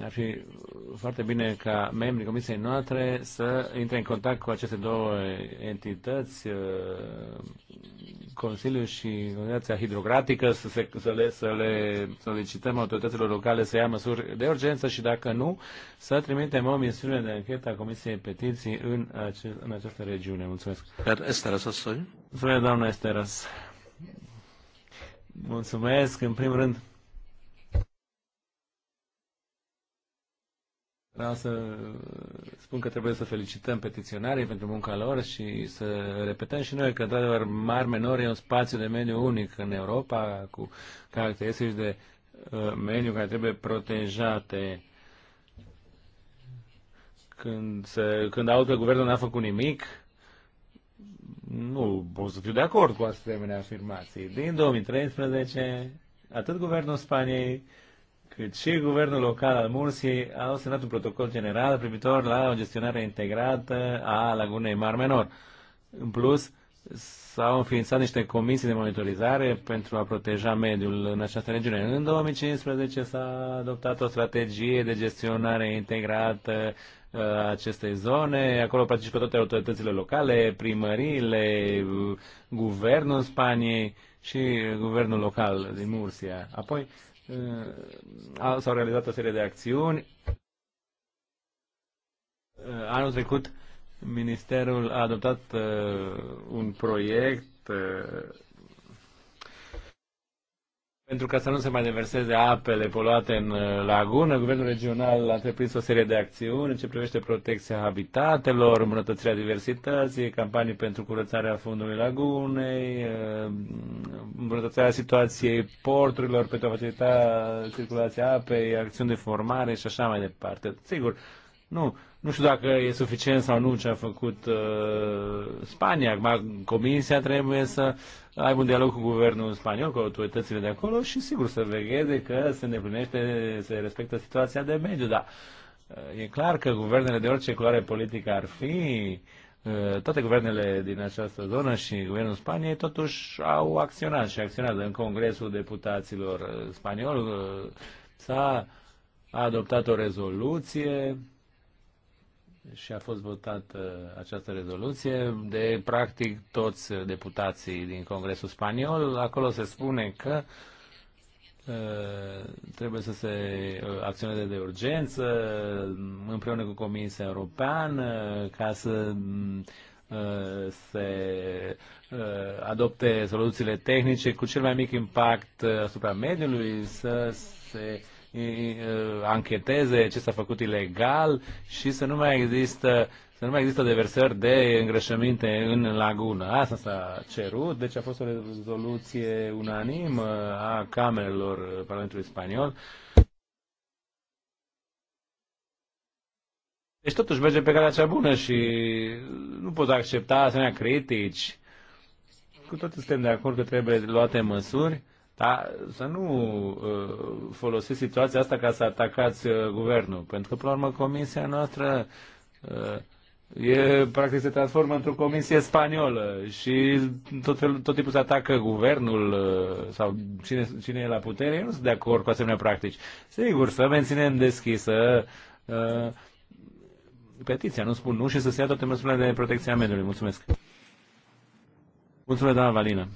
ar fi foarte bine ca membrii Comisiei noastre să intre în contact cu aceste două entități, uh, Consiliul și Organizația Hidrocratică, să, se, să, le, să le solicităm autorităților locale să ia măsuri de urgență și, dacă nu, să trimitem o misiune de anchetă a Comisiei Petiții în, ace, în această regiune. Mulțumesc. Esteras, Mulțumesc, doamna Esteras. Mulțumesc, în primul rând Vreau să spun că trebuie să felicităm petiționarii pentru munca lor și să repetăm și noi că, într-adevăr, Mar Menor e un spațiu de mediu unic în Europa, cu caracteristici de uh, mediu care trebuie protejate. Când, se, când aud că guvernul n-a făcut nimic, nu pot să fiu de acord cu asemenea afirmații. Din 2013, atât guvernul Spaniei, cât și guvernul local al Mursiei au semnat un protocol general privitor la o gestionare integrată a lagunei Mar Menor. În plus, s-au înființat niște comisii de monitorizare pentru a proteja mediul în această regiune. În 2015 s-a adoptat o strategie de gestionare integrată a uh, acestei zone. Acolo participă toate autoritățile locale, primăriile, guvernul Spaniei și guvernul local din Mursia. Apoi Mm, s-au realizat o serie de acțiuni. Uh, anul trecut, Ministerul a adoptat uh, un proiect uh, pentru ca să nu se mai deverseze apele poluate în uh, lagună, Guvernul Regional a întreprins o serie de acțiuni în ce privește protecția habitatelor, îmbunătățirea diversității, campanii pentru curățarea fundului lagunei, uh, îmbunătățirea situației porturilor pentru a facilita circulația apei, acțiuni de formare și așa mai departe. Sigur, nu nu știu dacă e suficient sau nu ce a făcut uh, Spania. Acum, comisia trebuie să aibă un dialog cu guvernul spaniol, cu autoritățile de acolo și, sigur, să vegheze că se îndeplinește, se respectă situația de mediu. Dar uh, e clar că guvernele de orice culoare politică ar fi, uh, toate guvernele din această zonă și guvernul Spaniei totuși au acționat și acționează în Congresul Deputaților uh, Spaniol. Uh, s-a adoptat o rezoluție și a fost votată această rezoluție de practic toți deputații din Congresul Spaniol. Acolo se spune că ă, trebuie să se acționeze de urgență împreună cu Comisia Europeană ca să ă, se ă, adopte soluțiile tehnice cu cel mai mic impact asupra mediului, să se Uh, ancheteze ce s-a făcut ilegal și să nu mai există să nu mai există deversări de îngrășăminte în lagună. Asta s-a cerut, deci a fost o rezoluție unanimă a camerelor Parlamentului Spaniol. Deci totuși merge pe calea cea bună și nu pot accepta asemenea critici. Cu toate suntem de acord că trebuie luate măsuri da, să nu uh, folosiți situația asta ca să atacați uh, guvernul, pentru că, până la urmă, comisia noastră uh, E, practic se transformă într-o comisie spaniolă și tot, fel, tot timpul se atacă guvernul uh, sau cine, cine e la putere. Eu nu sunt de acord cu asemenea practici. Sigur, să menținem deschisă uh, petiția, nu spun nu, și să se ia toate măsurile de protecție a mediului. Mulțumesc. Mulțumesc, doamna Valina.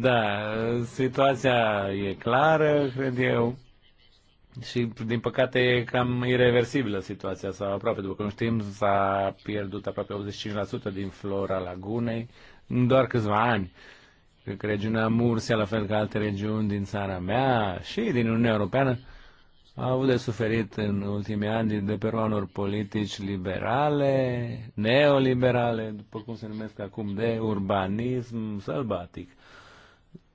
Da, situația e clară, cred eu. Și, din păcate, e cam irreversibilă situația sau aproape. După cum știm, s-a pierdut aproape 85% din flora lagunei în doar câțiva ani. Cred că regiunea Mursia, la fel ca alte regiuni din țara mea și din Uniunea Europeană, au avut de suferit în ultimii ani de pe politici liberale, neoliberale, după cum se numesc acum, de urbanism sălbatic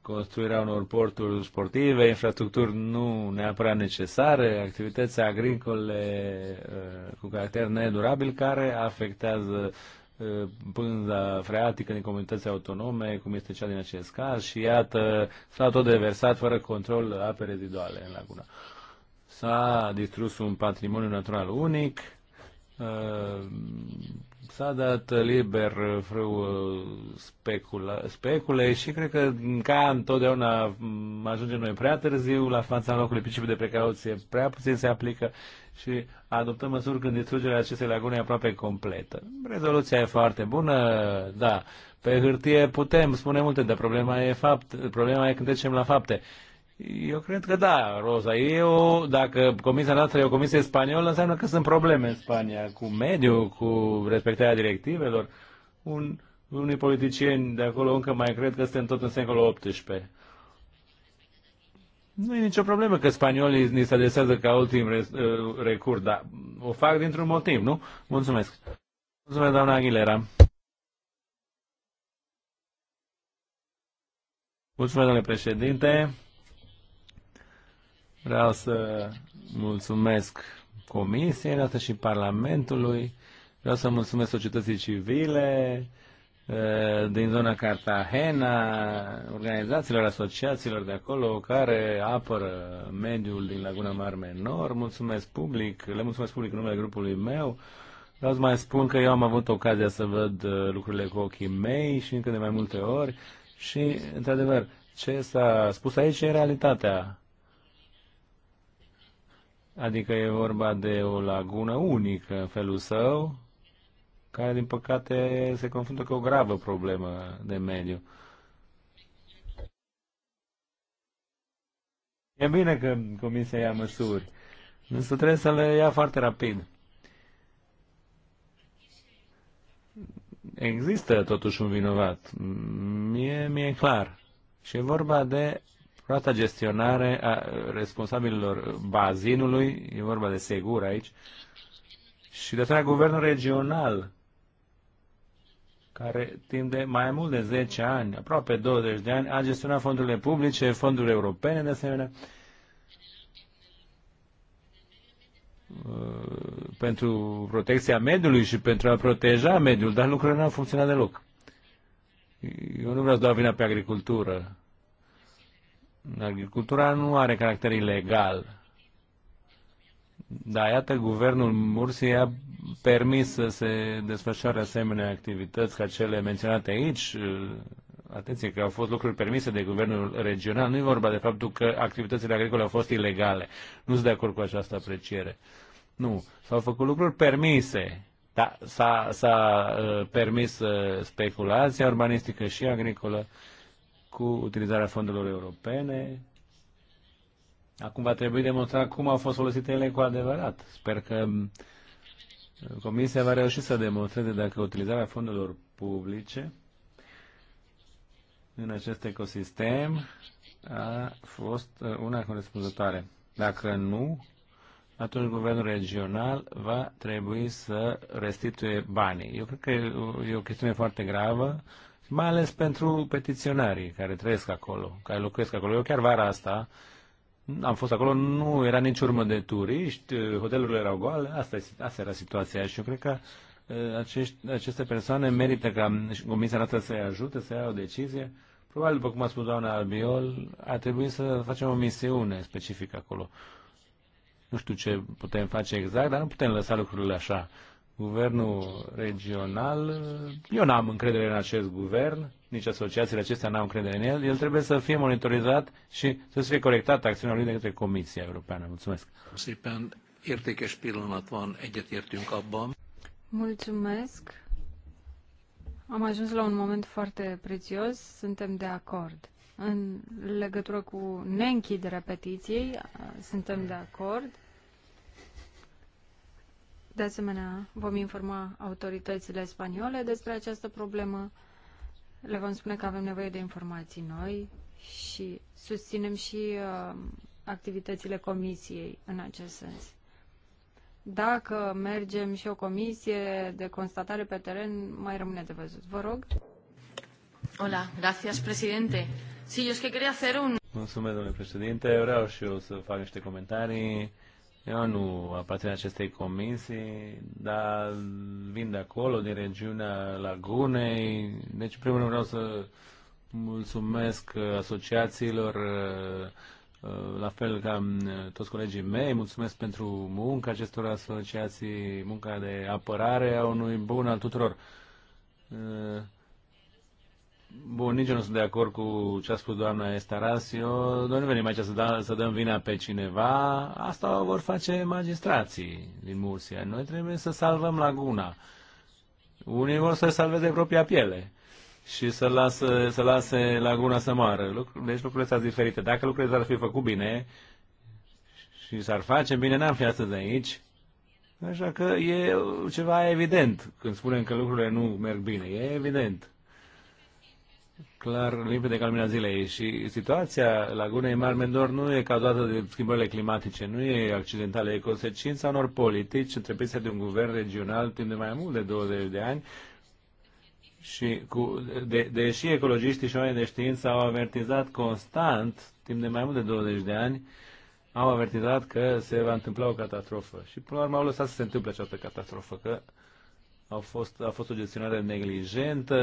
construirea unor porturi sportive, infrastructuri nu neapărat necesare, activități agricole uh, cu caracter nedurabil care afectează uh, pânza freatică din comunități autonome, cum este cea din acest caz, și iată, s-a tot deversat fără control ape reziduale în laguna. S-a distrus un patrimoniu natural unic, uh, s-a dat liber uh, frâu uh, specula, specule și cred că ca întotdeauna mm, ajungem noi prea târziu la fața locului principiul de precauție, prea puțin se aplică și adoptăm măsuri când distrugerea acestei lagune e aproape completă. Rezoluția e foarte bună, da, pe hârtie putem spune multe, dar problema e fapt, problema e când trecem la fapte. Uh, eu cred că da, Rosa. Eu, dacă comisia noastră e o comisie spaniolă, înseamnă că sunt probleme în Spania cu mediul, cu respectarea directivelor. Un, unii politicieni de acolo încă mai cred că suntem tot în secolul XVIII. Nu e nicio problemă că spaniolii ni se adresează ca ultim uh, recurs, dar o fac dintr-un motiv, nu? Mulțumesc. Mulțumesc, doamna Aguilera. Mulțumesc, domnule președinte. Vreau să mulțumesc Comisiei noastre și Parlamentului. Vreau să mulțumesc societății civile eh, din zona Cartagena, organizațiilor, asociațiilor de acolo care apără mediul din Laguna Mar Menor. Mulțumesc public, le mulțumesc public în numele grupului meu. Vreau să mai spun că eu am avut ocazia să văd eh, lucrurile cu ochii mei și încă de mai multe ori și, într-adevăr, ce s-a spus aici e realitatea. Adică e vorba de o lagună unică în felul său, care din păcate se confruntă cu o gravă problemă de mediu. E bine că Comisia ia măsuri, însă trebuie să le ia foarte rapid. Există totuși un vinovat. Mie mi-e clar. Și e vorba de proasta gestionare a responsabililor bazinului, e vorba de sigur aici, și de asemenea guvernul regional, care timp de mai mult de 10 ani, aproape 20 de ani, a gestionat fondurile publice, fonduri europene de asemenea, uh, pentru protecția mediului și pentru a proteja mediul, dar lucrurile nu au funcționat deloc. Eu nu vreau să dau vina pe agricultură agricultura nu are caracter ilegal. Dar iată, guvernul Mursiei a permis să se desfășoare asemenea activități ca cele menționate aici. Atenție că au fost lucruri permise de guvernul regional. Nu e vorba de faptul că activitățile agricole au fost ilegale. Nu sunt de acord cu această apreciere. Nu. S-au făcut lucruri permise. Da, s-a, s-a uh, permis uh, speculația urbanistică și agricolă. Uh, cu utilizarea fondurilor europene. Acum va trebui demonstrat cum au fost folosite ele cu adevărat. Sper că mm, Comisia va reuși să demonstreze dacă utilizarea fondurilor publice în acest ecosistem a fost uh, una corespunzătoare. Dacă nu, atunci guvernul regional va trebui să restituie banii. Eu cred că e o chestiune foarte gravă mai ales pentru petiționarii care trăiesc acolo, care locuiesc acolo. Eu chiar vara asta am fost acolo, nu era nici urmă de turiști, hotelurile erau goale, asta, e, asta era situația și eu cred că uh, acești, aceste persoane merită ca comisia noastră să-i ajute, să ia o decizie. Probabil, după cum a spus doamna Albiol, ar trebui să facem o misiune specifică acolo. Nu știu ce putem face exact, dar nu putem lăsa lucrurile așa guvernul regional, eu n-am încredere în acest guvern, nici asociațiile acestea n-au încredere în el, el trebuie să fie monitorizat și să fie corectată acțiunea lui de către Comisia Europeană. Mulțumesc! Szépen értékes pillanat egyetértünk abban. Mulțumesc! Am ajuns la un moment foarte prețios, suntem de acord. În legătură cu neînchiderea petiției, suntem de acord. De asemenea, vom informa autoritățile spaniole despre această problemă, le vom spune că avem nevoie de informații noi și susținem și uh, activitățile comisiei în acest sens. Dacă mergem și o comisie de constatare pe teren, mai rămâne de văzut. Vă rog. Hola, gracias, presidente. Sí, yo es que quería hacer un... Mulțumesc, domnule președinte. Vreau și eu să fac niște comentarii eu nu aparțin acestei comisii, dar vin de acolo, din regiunea Lagunei. Deci, primul rând, vreau să mulțumesc asociațiilor, la fel ca mm, toți colegii mei, mulțumesc pentru munca acestor asociații, munca de apărare a unui bun al tuturor. Bun, nici eu nu sunt de acord cu ce a spus doamna Estarasio. Noi nu venim aici să, da, să dăm vina pe cineva. Asta o vor face magistrații din Mursia. Noi trebuie să salvăm laguna. Unii vor să salveze propria piele și să lasă, să lase laguna să moară. Deci lucrurile sunt diferite. Dacă lucrurile s-ar fi făcut bine și s-ar face bine, n-am fi astăzi aici. Așa că e ceva evident când spunem că lucrurile nu merg bine. E evident clar limpede ca lumina zilei și situația lagunei Mar Mendor nu e cauzată de schimbările climatice, nu e accidentală, e consecința unor politici întreprinse de un guvern regional timp de mai mult de 20 de ani și cu, de, deși ecologiștii și oamenii de știință au avertizat constant, timp de mai mult de 20 de ani, au avertizat că se va întâmpla o catastrofă. Și până la urmă au lăsat să se întâmple această catastrofă, că au fost, a fost o gestionare neglijentă,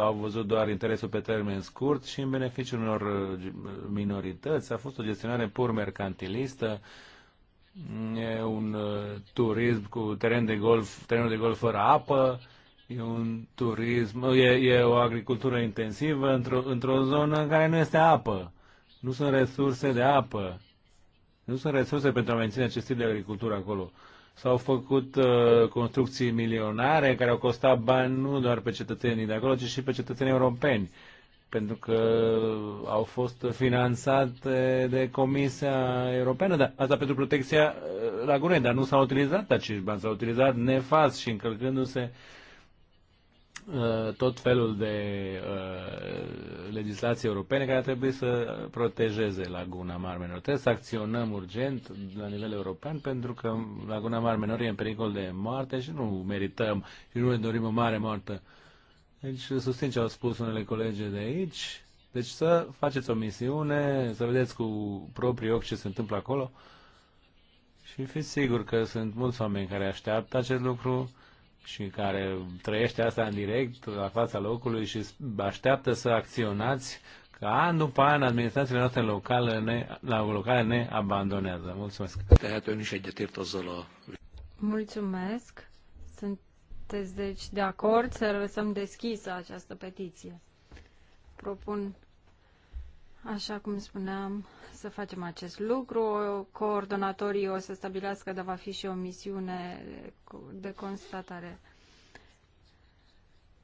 au văzut doar interesul pe termen scurt și în beneficiul unor uh, minorități. A fost o gestionare pur mercantilistă, e un uh, turism cu teren de golf, terenul de golf fără apă, e un turism, e, e o agricultură intensivă într-o, într-o zonă în care nu este apă. Nu sunt resurse de apă. Nu sunt resurse pentru a menține acest tip de agricultură acolo. Uh, S-au făcut uh, construcții milionare care au costat bani nu doar pe cetățenii de acolo, ci și pe cetățenii europeni, pentru că au fost finanțate de Comisia Europeană, dar asta pentru protecția uh, lagunei, dar nu s-au utilizat acești bani, s-au utilizat nefas și încălcându-se uh, Uh, tot felul de uh, legislații europene care trebuie să protejeze Laguna Mar Menor. Trebuie să acționăm urgent la nivel european pentru că Laguna Mar Menor e în pericol de moarte și nu merităm și nu ne dorim o mare moartă. Deci susțin ce au spus unele colege de aici. Deci să faceți o misiune, să vedeți cu proprii ochi ce se întâmplă acolo și fiți sigur că sunt mulți oameni care așteaptă acest lucru și care trăiește asta în direct la fața locului și așteaptă să acționați că an după an administrațiile noastre locale ne, la locale ne abandonează. Mulțumesc. Mulțumesc. Sunteți deci de acord să lăsăm deschisă această petiție. Propun Așa cum spuneam, să facem acest lucru. Coordonatorii o să stabilească dacă va fi și o misiune de constatare.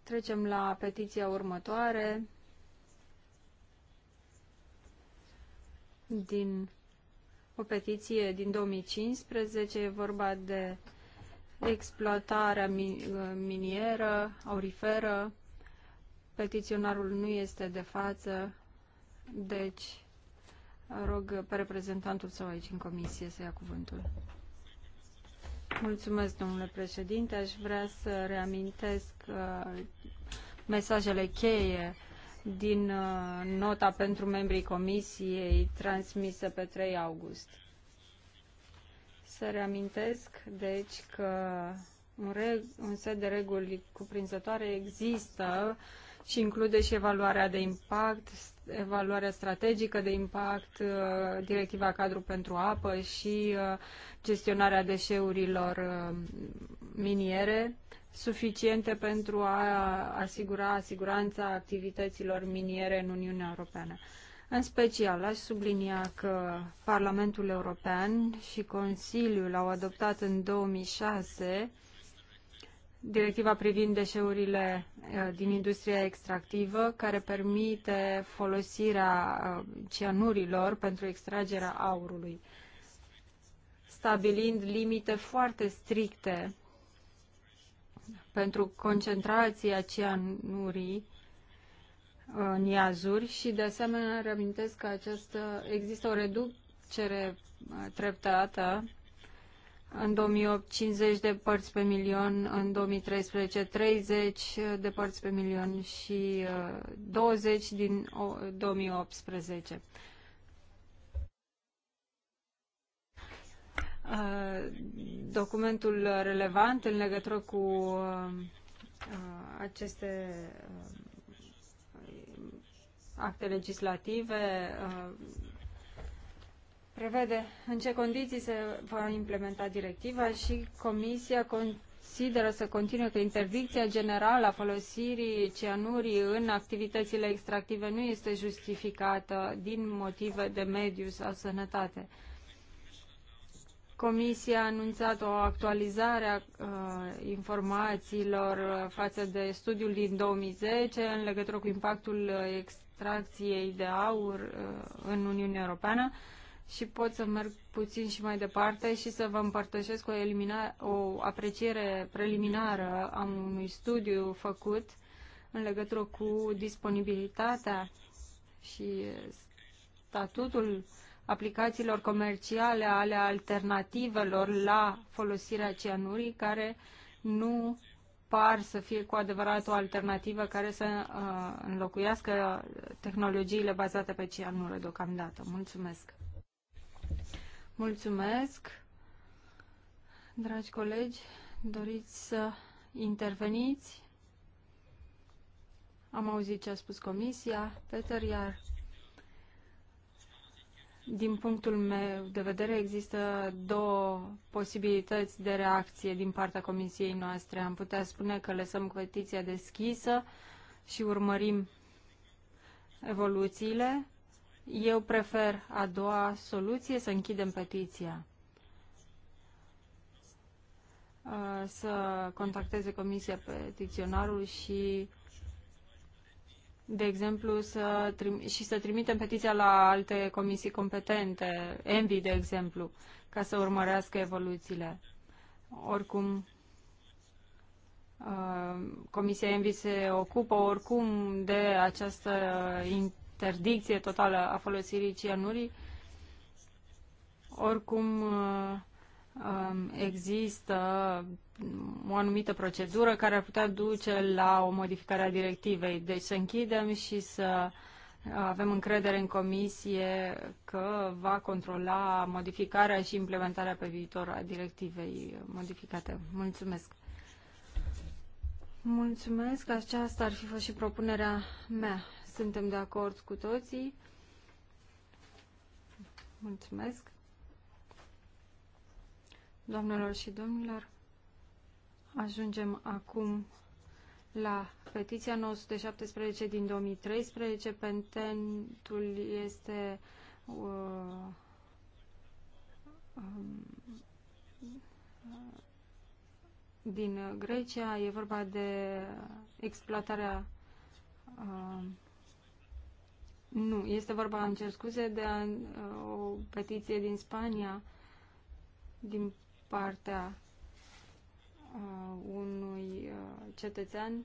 Trecem la petiția următoare din o petiție din 2015, e vorba de exploatarea minieră, auriferă. Petiționarul nu este de față, deci, rog pe reprezentantul său aici în comisie să ia cuvântul. Mulțumesc, domnule președinte. Aș vrea să reamintesc uh, mesajele cheie din uh, nota pentru membrii comisiei transmisă pe 3 august. Să reamintesc, deci, că un, un set de reguli cuprinzătoare există uh, și include și evaluarea de impact, evaluarea strategică de impact, uh, directiva cadru pentru apă și uh, gestionarea deșeurilor uh, miniere suficiente pentru a asigura siguranța activităților miniere în Uniunea Europeană. În special, aș sublinia că Parlamentul European și Consiliul au adoptat în 2006 directiva privind deșeurile uh, din industria extractivă, care permite folosirea uh, cianurilor pentru extragerea aurului, stabilind limite foarte stricte pentru concentrația cianurii uh, în iazuri și de asemenea reamintesc că această, există o reducere treptată în 2008 50 de părți pe milion, în 2013 30 de părți pe milion și 20 uh, din 2018. Uh, documentul relevant în legătură cu uh, aceste acte legislative prevede în ce condiții se va implementa directiva și Comisia consideră să continue că interdicția generală a folosirii cianurii în activitățile extractive nu este justificată din motive de mediu sau sănătate. Comisia a anunțat o actualizare a uh, informațiilor față de studiul din 2010 în legătură cu impactul extracției de aur uh, în Uniunea Europeană. Uh, și pot să merg puțin și mai departe și să vă împărtășesc o, elimina- o apreciere preliminară a unui studiu făcut în legătură cu disponibilitatea și statutul aplicațiilor comerciale ale alternativelor la folosirea cianurii care nu par să fie cu adevărat o alternativă care să uh, înlocuiască tehnologiile bazate pe cianură deocamdată. Mulțumesc! Mulțumesc. Dragi colegi, doriți să interveniți? Am auzit ce a spus comisia. Peter, iar din punctul meu de vedere există două posibilități de reacție din partea comisiei noastre. Am putea spune că lăsăm petiția deschisă și urmărim evoluțiile eu prefer a doua soluție, să închidem petiția, uh, să contacteze comisia petiționarul și, de exemplu, să trim- și să trimitem petiția la alte comisii competente, ENVI, de exemplu, ca să urmărească evoluțiile. Oricum, uh, Comisia Envi se ocupă oricum de această interdicție totală a folosirii cianurii. Oricum, um, există o anumită procedură care ar putea duce la o modificare a directivei. Deci să închidem și să avem încredere în comisie că va controla modificarea și implementarea pe viitor a directivei modificate. Mulțumesc! Mulțumesc! Aceasta ar fi fost și propunerea mea. Suntem de acord cu toții. Mulțumesc. Doamnelor și domnilor, ajungem acum la petiția 917 din 2013. Pententul este uh, um, din Grecia. E vorba de exploatarea uh, nu, este vorba, în cer scuze, de o petiție din Spania, din partea uh, unui uh, cetățean uh,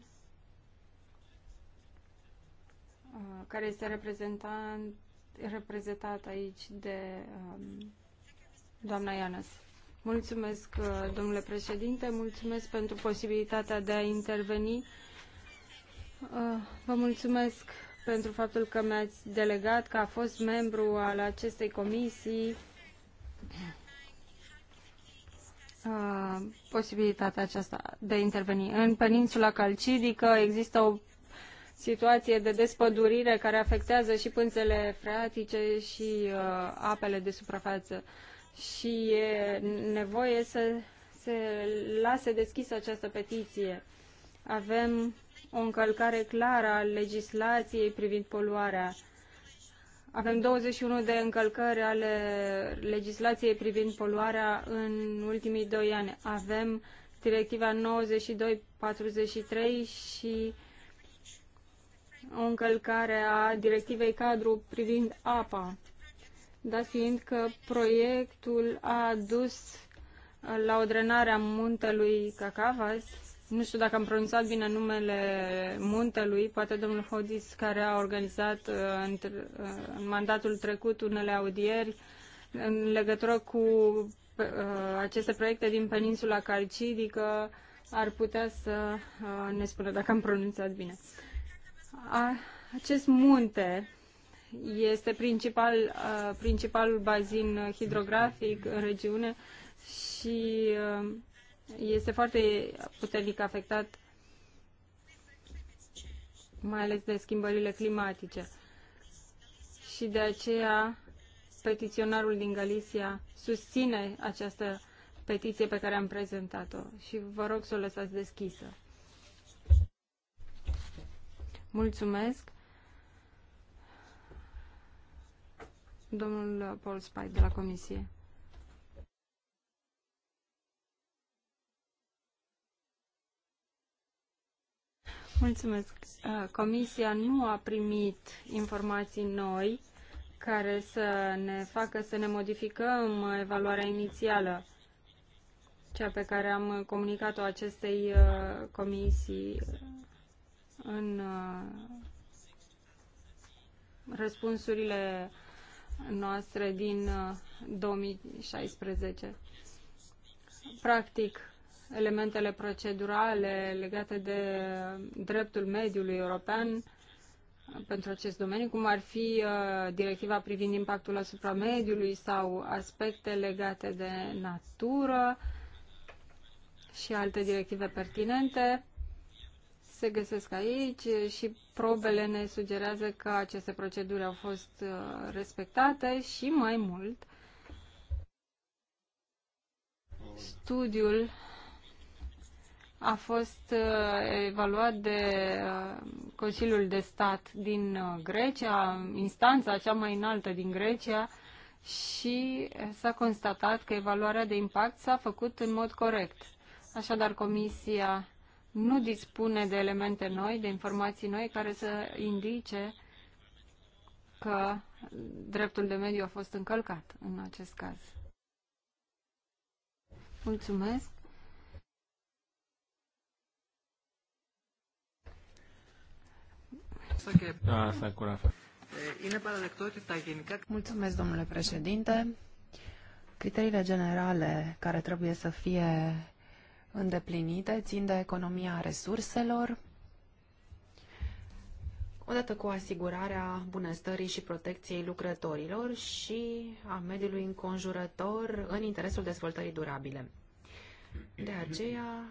care este reprezentat, reprezentat aici de um, doamna Ianas. Mulțumesc, domnule președinte, mulțumesc pentru posibilitatea de a interveni. Uh, vă mulțumesc pentru faptul că mi-ați delegat că a fost membru al acestei comisii posibilitatea aceasta de a interveni. În peninsula calcidică există o situație de despădurire care afectează și pânzele freatice și uh, apele de suprafață. Și e nevoie să se lase deschisă această petiție. Avem o încălcare clară a legislației privind poluarea. Avem 21 de încălcări ale legislației privind poluarea în ultimii doi ani. Avem directiva 92-43 și o încălcare a directivei cadru privind apa, dat fiind că proiectul a dus la o drenare a muntelui Cacavas nu știu dacă am pronunțat bine numele muntelui, poate domnul Hodis, care a organizat uh, uh, în, mandatul trecut unele audieri în legătură cu uh, aceste proiecte din peninsula calcidică, ar putea să ne spună dacă am pronunțat bine. Acest munte este principal, principalul bazin hidrografic în regiune și este foarte puternic afectat mai ales de schimbările climatice. Și de aceea petiționarul din Galicia susține această petiție pe care am prezentat-o și vă rog să o lăsați deschisă. Mulțumesc. Domnul Paul Spide, de la Comisie. Mulțumesc. Comisia nu a primit informații noi care să ne facă să ne modificăm evaluarea inițială, cea pe care am comunicat-o acestei comisii în răspunsurile noastre din 2016. Practic, elementele procedurale legate de dreptul mediului european pentru acest domeniu, cum ar fi uh, directiva privind impactul asupra mediului sau aspecte legate de natură și alte directive pertinente se găsesc aici și probele ne sugerează că aceste proceduri au fost uh, respectate și mai mult studiul a fost uh, evaluat de uh, Consiliul de Stat din uh, Grecia, instanța cea mai înaltă din Grecia, și s-a constatat că evaluarea de impact s-a făcut în mod corect. Așadar, Comisia nu dispune de elemente noi, de informații noi, care să indice că dreptul de mediu a fost încălcat în acest caz. Mulțumesc. Mulțumesc, domnule președinte. Criteriile generale care trebuie să fie îndeplinite țin de economia resurselor, odată cu asigurarea bunăstării și protecției lucrătorilor și a mediului înconjurător în interesul dezvoltării durabile. De aceea,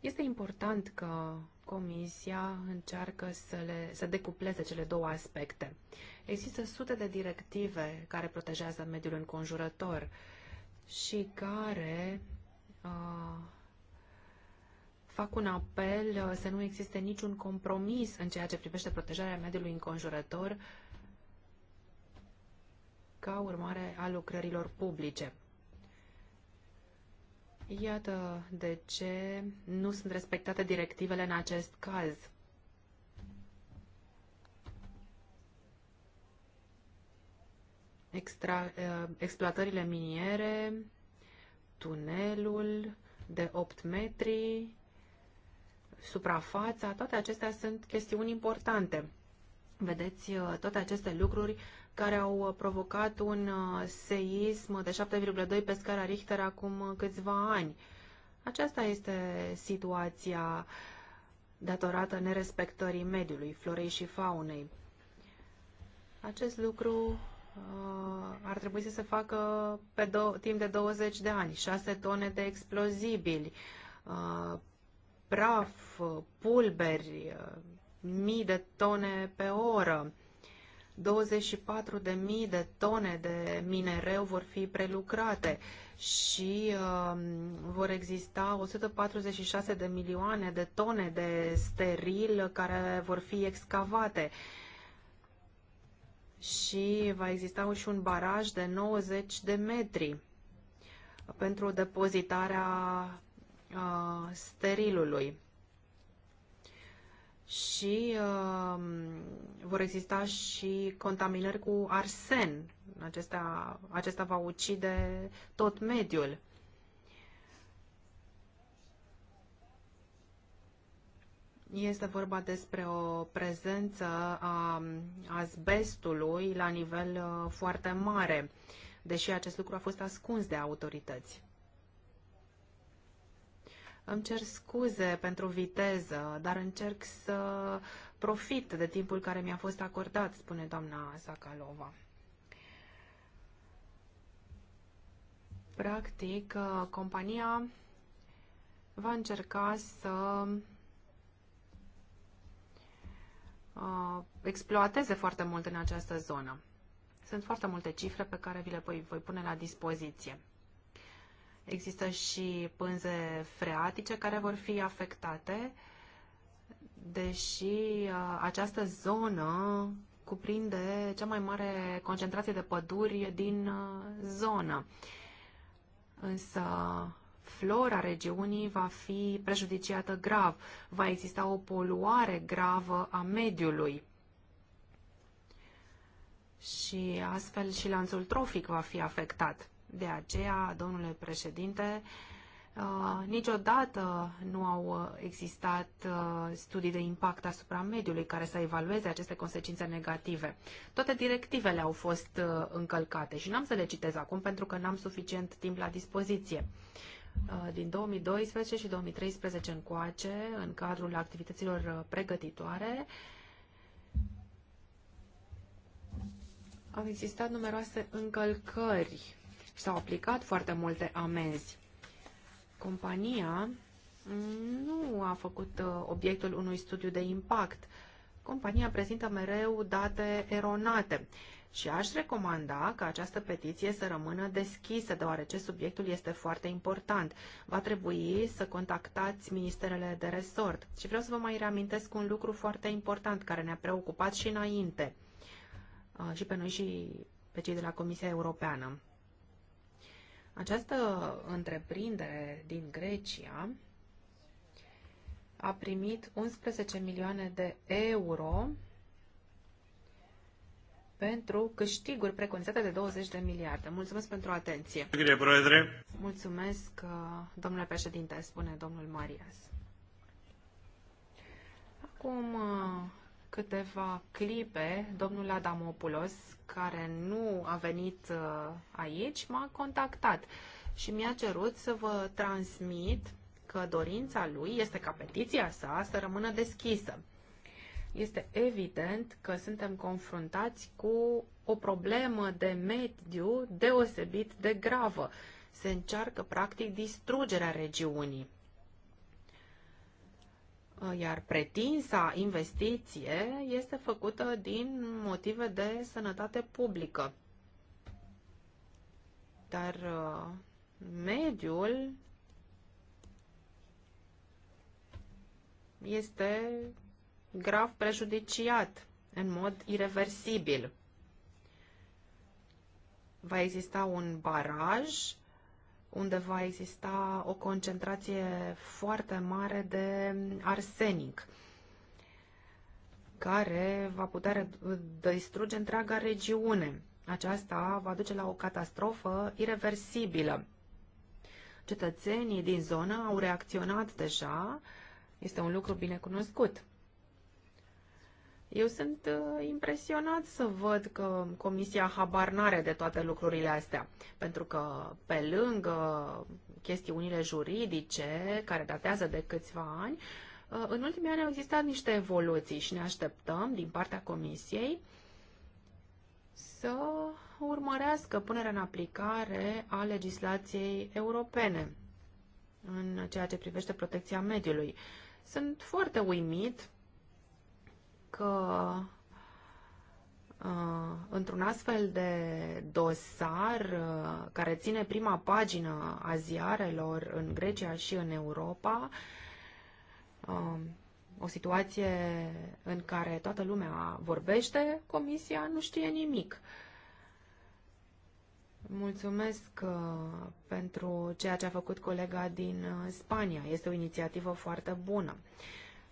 este important că Comisia încearcă să, le, să decupleze cele două aspecte. Există sute de directive care protejează mediul înconjurător și care uh, fac un apel uh, să nu existe niciun compromis în ceea ce privește protejarea mediului înconjurător ca urmare a lucrărilor publice. Iată de ce nu sunt respectate directivele în acest caz. Extra, uh, exploatările miniere, tunelul de 8 metri, suprafața, toate acestea sunt chestiuni importante. Vedeți, uh, toate aceste lucruri care au uh, provocat un uh, seism de 7,2 pe scara Richter acum uh, câțiva ani. Aceasta este situația datorată nerespectării mediului, florei și faunei. Acest lucru ar trebui să se facă pe timp de 20 de ani. 6 tone de explozibili, praf, pulberi, mii de tone pe oră. 24.000 de de tone de minereu vor fi prelucrate și uh, vor exista 146 de milioane de tone de steril care vor fi excavate. Și va exista și un baraj de 90 de metri pentru depozitarea uh, sterilului și uh, vor exista și contaminări cu arsen. Acesta, acesta va ucide tot mediul. Este vorba despre o prezență a asbestului la nivel uh, foarte mare, deși acest lucru a fost ascuns de autorități. Îmi cer scuze pentru viteză, dar încerc să profit de timpul care mi-a fost acordat, spune doamna Sakalova. Practic, compania va încerca să uh, exploateze foarte mult în această zonă. Sunt foarte multe cifre pe care vi le voi, voi pune la dispoziție. Există și pânze freatice care vor fi afectate, deși uh, această zonă cuprinde cea mai mare concentrație de păduri din uh, zonă. Însă flora regiunii va fi prejudiciată grav, va exista o poluare gravă a mediului și astfel și lanțul trofic va fi afectat. De aceea, domnule președinte, uh, niciodată nu au existat uh, studii de impact asupra mediului care să evalueze aceste consecințe negative. Toate directivele au fost uh, încălcate și n-am să le citez acum pentru că n-am suficient timp la dispoziție din 2012 și 2013 încoace, în cadrul activităților pregătitoare, au existat numeroase încălcări S-au aplicat foarte multe amenzi. Compania nu a făcut uh, obiectul unui studiu de impact. Compania prezintă mereu date eronate și aș recomanda ca această petiție să rămână deschisă, deoarece subiectul este foarte important. Va trebui să contactați ministerele de resort. Și vreau să vă mai reamintesc un lucru foarte important care ne-a preocupat și înainte, uh, și pe noi și pe cei de la Comisia Europeană. Această întreprindere din Grecia a primit 11 milioane de euro pentru câștiguri preconizate de 20 de miliarde. Mulțumesc pentru atenție. Mulțumesc, uh, domnule președinte, spune domnul Marias. Acum uh, câteva clipe, domnul Adamopoulos, care nu a venit uh, aici, m-a contactat și mi-a cerut să vă transmit că dorința lui este ca petiția sa să rămână deschisă. Este evident că suntem confruntați cu o problemă de mediu deosebit de gravă. Se încearcă practic distrugerea regiunii iar pretinsa investiție este făcută din motive de sănătate publică. Dar uh, mediul este grav prejudiciat în mod irreversibil. Va exista un baraj unde va exista o concentrație foarte mare de arsenic care va putea distruge întreaga regiune. Aceasta va duce la o catastrofă irreversibilă. Cetățenii din zonă au reacționat deja, este un lucru bine cunoscut. Eu sunt uh, impresionat să văd că Comisia habar n-are de toate lucrurile astea, pentru că pe lângă chestiunile juridice care datează de câțiva ani, uh, în ultimii ani au existat niște evoluții și ne așteptăm din partea Comisiei să urmărească punerea în aplicare a legislației europene în ceea ce privește protecția mediului. Sunt foarte uimit că uh, într-un astfel de dosar uh, care ține prima pagină a ziarelor în Grecia și în Europa, um, o situație în care toată lumea vorbește, Comisia nu știe nimic. Mulțumesc uh, pentru ceea ce a făcut colega din Spania. Este o inițiativă foarte bună.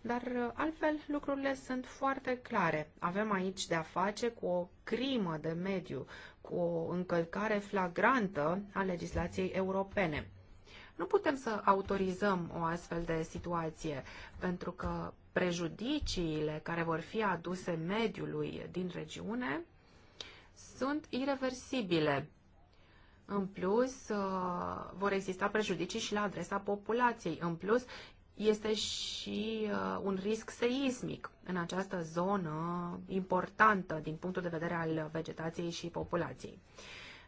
Dar uh, altfel lucrurile sunt foarte clare. Avem aici de a face cu o crimă de mediu, cu o încălcare flagrantă a legislației europene. Nu putem să autorizăm o astfel de situație, pentru că prejudiciile care vor fi aduse mediului din regiune sunt irreversibile. În plus, uh, vor exista prejudicii și la adresa populației. În plus, este și uh, un risc seismic în această zonă importantă din punctul de vedere al vegetației și populației.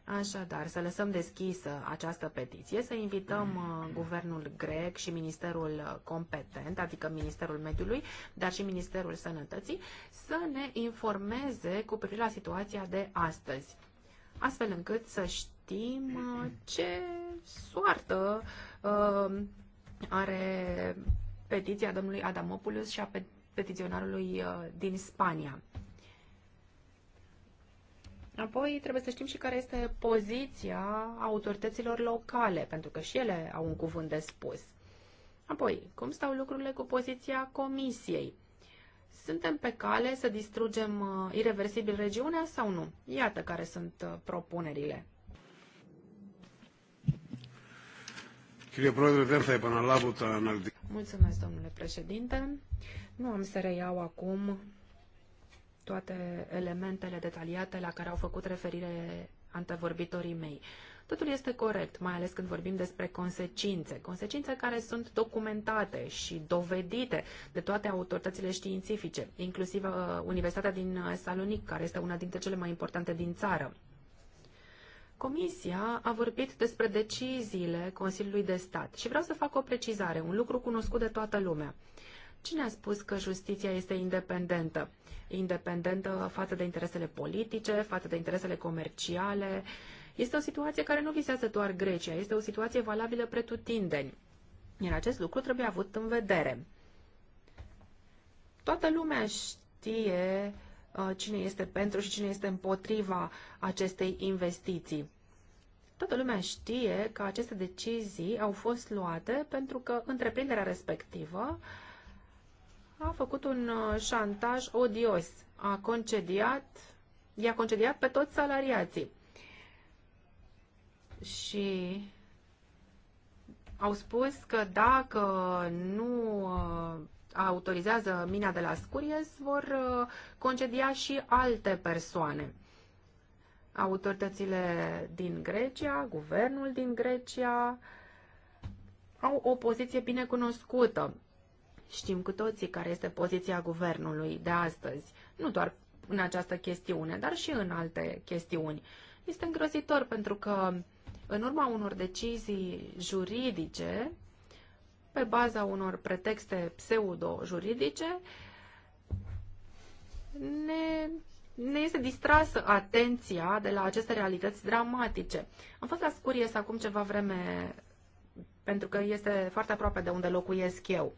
Așadar, să lăsăm deschisă această petiție, să invităm uh, guvernul grec și ministerul competent, adică Ministerul Mediului, dar și Ministerul Sănătății, să ne informeze cu privire la situația de astăzi, astfel încât să știm uh, ce soartă uh, are petiția domnului Adamopoulos și a petiționarului uh, din Spania. Apoi trebuie să știm și care este poziția autorităților locale, pentru că și ele au un cuvânt de spus. Apoi, cum stau lucrurile cu poziția comisiei? Suntem pe cale să distrugem uh, irreversibil regiunea sau nu? Iată care sunt uh, propunerile. Mulțumesc, domnule președinte. Nu am să reiau acum toate elementele detaliate la care au făcut referire antevorbitorii mei. Totul este corect, mai ales când vorbim despre consecințe. Consecințe care sunt documentate și dovedite de toate autoritățile științifice, inclusiv uh, Universitatea din Salonic, care este una dintre cele mai importante din țară. Comisia a vorbit despre deciziile Consiliului de Stat și vreau să fac o precizare, un lucru cunoscut de toată lumea. Cine a spus că justiția este independentă? Independentă față de interesele politice, față de interesele comerciale. Este o situație care nu visează doar Grecia, este o situație valabilă pretutindeni. Iar acest lucru trebuie avut în vedere. Toată lumea știe uh, cine este pentru și cine este împotriva acestei investiții. Toată lumea știe că aceste decizii au fost luate pentru că întreprinderea respectivă a făcut un uh, șantaj odios. A concediat, i-a concediat pe toți salariații. Și au spus că dacă nu uh, autorizează mina de la Scuries, vor uh, concedia și alte persoane autoritățile din Grecia, guvernul din Grecia, au o poziție bine cunoscută. Știm cu toții care este poziția guvernului de astăzi, nu doar în această chestiune, dar și în alte chestiuni. Este îngrozitor pentru că, în urma unor decizii juridice, pe baza unor pretexte pseudo-juridice, ne ne este distrasă atenția de la aceste realități dramatice. Am fost la Scuries acum ceva vreme, pentru că este foarte aproape de unde locuiesc eu.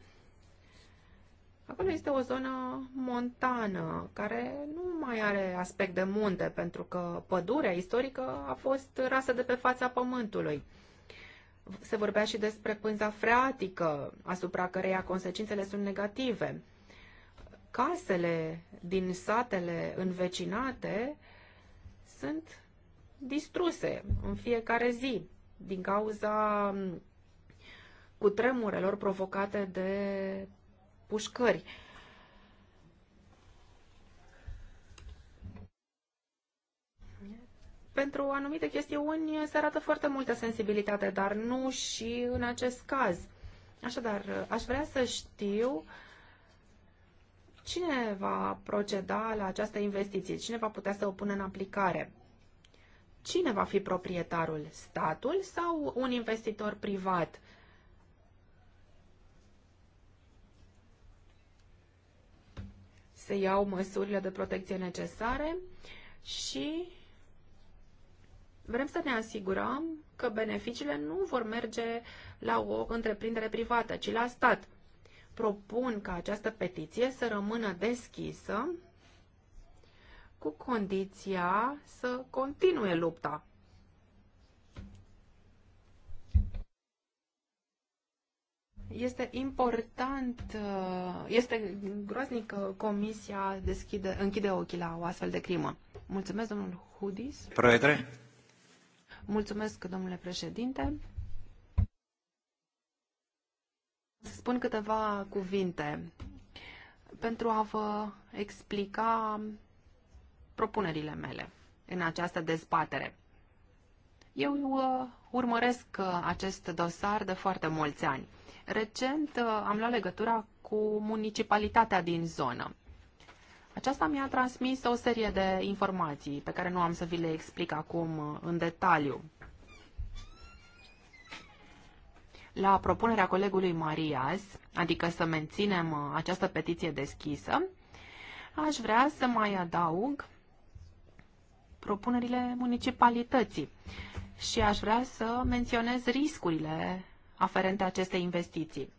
Acolo este o zonă montană care nu mai are aspect de munte, pentru că pădurea istorică a fost rasă de pe fața pământului. Se vorbea și despre pânza freatică, asupra căreia consecințele sunt negative casele din satele învecinate sunt distruse în fiecare zi din cauza mm, cutremurelor provocate de pușcări. Pentru anumite chestiuni se arată foarte multă sensibilitate, dar nu și în acest caz. Așadar, aș vrea să știu uh, Cine va proceda la această investiție? Cine va putea să o pună în aplicare? Cine va fi proprietarul? Statul sau un investitor privat? Se iau măsurile de protecție necesare și vrem să ne asigurăm că beneficiile nu vor merge la o întreprindere privată, ci la stat propun ca această petiție să rămână deschisă cu condiția să continue lupta. Este important, uh, este groaznic că comisia deschide, închide ochii la o astfel de crimă. Mulțumesc, domnul Hudis. Proedre. Mulțumesc, domnule președinte. spun câteva cuvinte pentru a vă explica propunerile mele în această dezbatere. Eu uh, urmăresc uh, acest dosar de foarte mulți ani. Recent uh, am luat legătura cu municipalitatea din zonă. Aceasta mi-a transmis o serie de informații pe care nu am să vi le explic acum în detaliu. la propunerea colegului Marias, adică să menținem uh, această petiție deschisă, aș vrea să mai adaug propunerile municipalității și aș vrea să menționez riscurile aferente acestei investiții.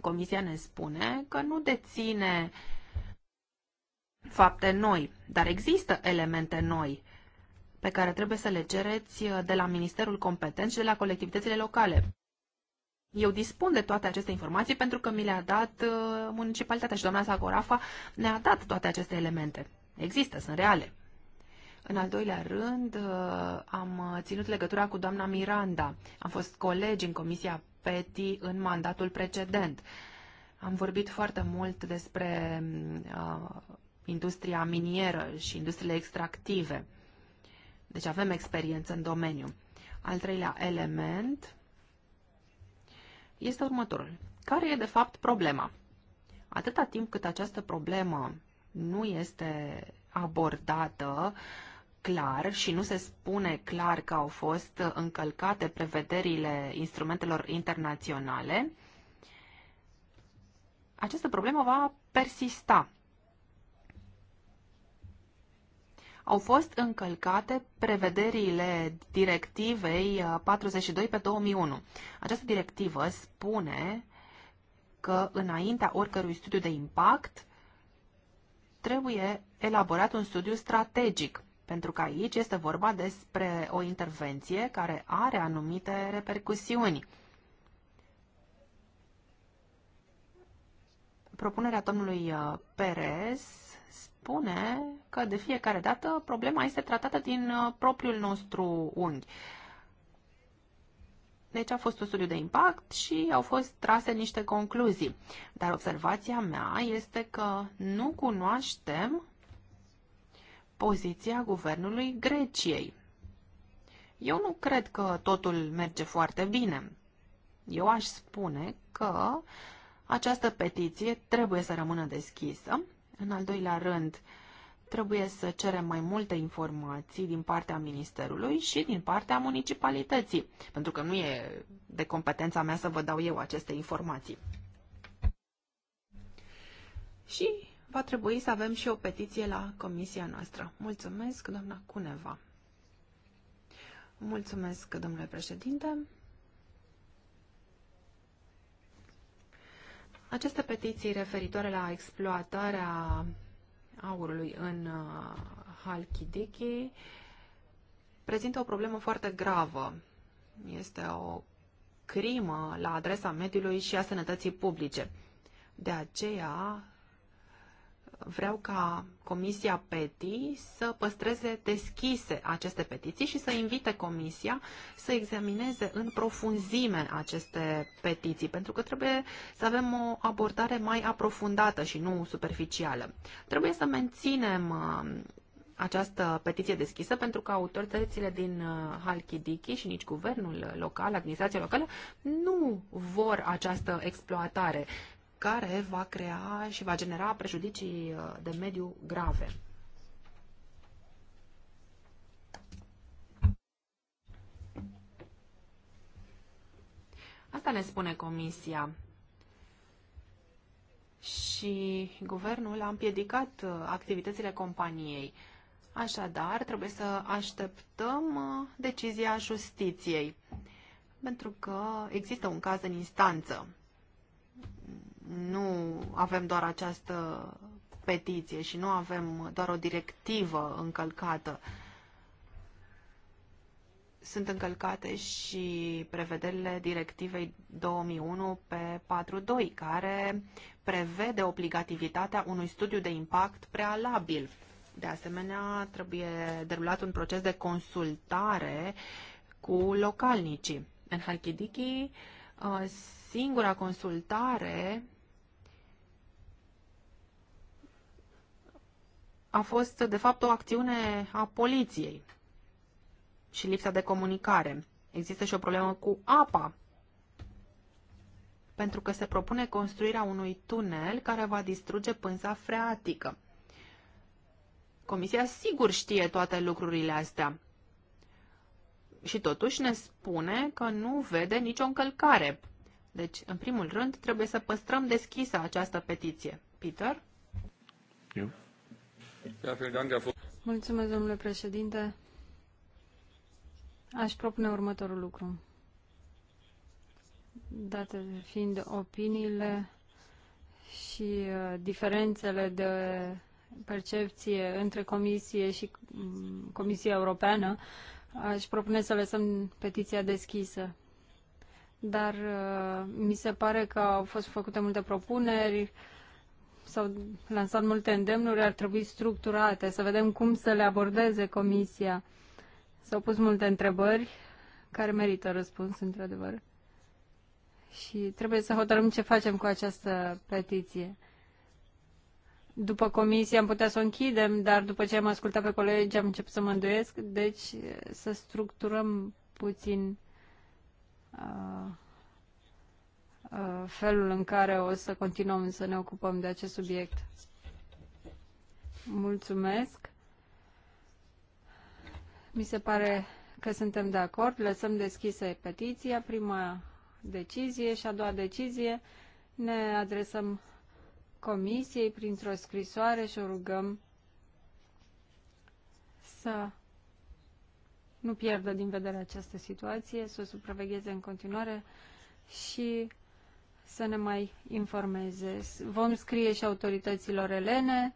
Comisia ne spune că nu deține fapte noi, dar există elemente noi pe care trebuie să le cereți uh, de la Ministerul Competent și de la colectivitățile locale. Eu dispun de toate aceste informații pentru că mi le-a dat uh, municipalitatea și doamna Zagorafa ne-a dat toate aceste elemente. Există, sunt reale. În al doilea rând, uh, am ținut legătura cu doamna Miranda. Am fost colegi în Comisia PETI în mandatul precedent. Am vorbit foarte mult despre uh, industria minieră și industriile extractive. Deci avem experiență în domeniu. Al treilea element este următorul. Care e, de fapt, problema? Atâta timp cât această problemă nu este abordată clar și nu se spune clar că au fost încălcate prevederile instrumentelor internaționale, această problemă va persista au fost încălcate prevederile directivei 42 uh, pe 2001. Această directivă spune că înaintea oricărui studiu de impact trebuie elaborat un studiu strategic, pentru că aici este vorba despre o intervenție care are anumite repercusiuni. Propunerea domnului uh, Perez spune că de fiecare dată problema este tratată din uh, propriul nostru unghi. Deci a fost un studiu de impact și au fost trase niște concluzii. Dar observația mea este că nu cunoaștem poziția guvernului Greciei. Eu nu cred că totul merge foarte bine. Eu aș spune că această petiție trebuie să rămână deschisă în al doilea rând, trebuie să cerem mai multe informații din partea Ministerului și din partea municipalității, pentru că nu e de competența mea să vă dau eu aceste informații. Și va trebui să avem și o petiție la comisia noastră. Mulțumesc, doamna Cuneva. Mulțumesc, domnule președinte. Aceste petiții referitoare la exploatarea aurului în uh, Halkidiki prezintă o problemă foarte gravă. Este o crimă la adresa mediului și a sănătății publice. De aceea vreau ca Comisia PETI să păstreze deschise aceste petiții și să invite Comisia să examineze în profunzime aceste petiții, pentru că trebuie să avem o abordare mai aprofundată și nu superficială. Trebuie să menținem uh, această petiție deschisă pentru că autoritățile din uh, Halkidiki și nici guvernul local, administrația locală, nu vor această exploatare care va crea și va genera prejudicii uh, de mediu grave. Asta ne spune Comisia. Și guvernul a împiedicat uh, activitățile companiei. Așadar, trebuie să așteptăm uh, decizia justiției, pentru că există un caz în instanță nu avem doar această petiție și nu avem doar o directivă încălcată. Sunt încălcate și prevederile directivei 2001 pe 42, care prevede obligativitatea unui studiu de impact prealabil. De asemenea, trebuie derulat un proces de consultare cu localnicii. În Halkidiki, singura consultare a fost, de fapt, o acțiune a poliției și lipsa de comunicare. Există și o problemă cu apa, pentru că se propune construirea unui tunel care va distruge pânza freatică. Comisia sigur știe toate lucrurile astea. Și totuși ne spune că nu vede nicio încălcare. Deci, în primul rând, trebuie să păstrăm deschisă această petiție. Peter? Eu? Mulțumesc, domnule președinte. Aș propune următorul lucru. Date fiind opiniile și uh, diferențele de percepție între Comisie și mm, Comisia Europeană, aș propune să lăsăm petiția deschisă. Dar uh, mi se pare că au fost făcute multe propuneri, s-au lansat multe îndemnuri, ar trebui structurate, să vedem cum să le abordeze comisia. S-au pus multe întrebări care merită răspuns, într-adevăr. Și trebuie să hotărâm ce facem cu această petiție. După comisie am putea să o închidem, dar după ce am ascultat pe colegi am început să mă îndoiesc, deci să structurăm puțin uh, Uh, felul în care o să continuăm să ne ocupăm de acest subiect. Mulțumesc. Mi se pare că suntem de acord. Lăsăm deschisă petiția, prima decizie și a doua decizie. Ne adresăm comisiei printr-o scrisoare și o rugăm să nu pierdă din vedere această situație, să o supravegheze în continuare și să ne mai informeze. Vom scrie și autorităților elene,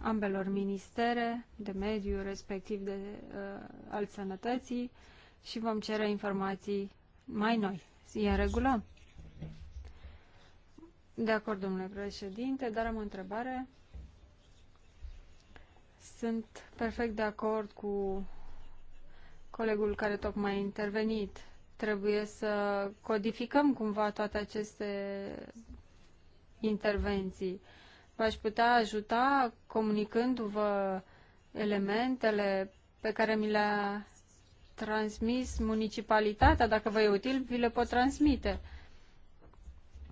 ambelor ministere, de mediu, respectiv de uh, al sănătății și vom cere informații mai noi. E în regulă? De acord, domnule președinte, dar am o întrebare. Sunt perfect de acord cu colegul care tocmai a intervenit Trebuie să codificăm cumva toate aceste intervenții. V-aș putea ajuta comunicându-vă elementele pe care mi le-a transmis municipalitatea. Dacă vă e util, vi le pot transmite.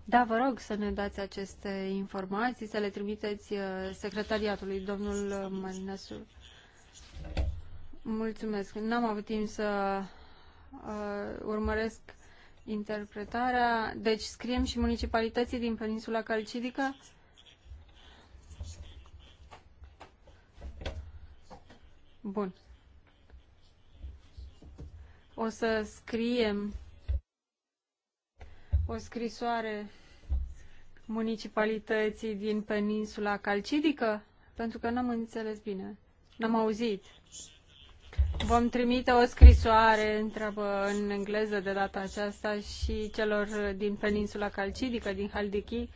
Da, vă rog să ne dați aceste informații, să le trimiteți uh, secretariatului, domnul Marinasul. Mulțumesc. N-am avut timp să uh, urmăresc interpretarea. Deci scriem și municipalității din peninsula calcidică. Bun. O să scriem o scrisoare municipalității din peninsula calcidică, pentru că n-am înțeles bine. N-am auzit. Vom trimite o scrisoare, întreabă în engleză de data aceasta, și celor din peninsula calcidică, din Haldiki,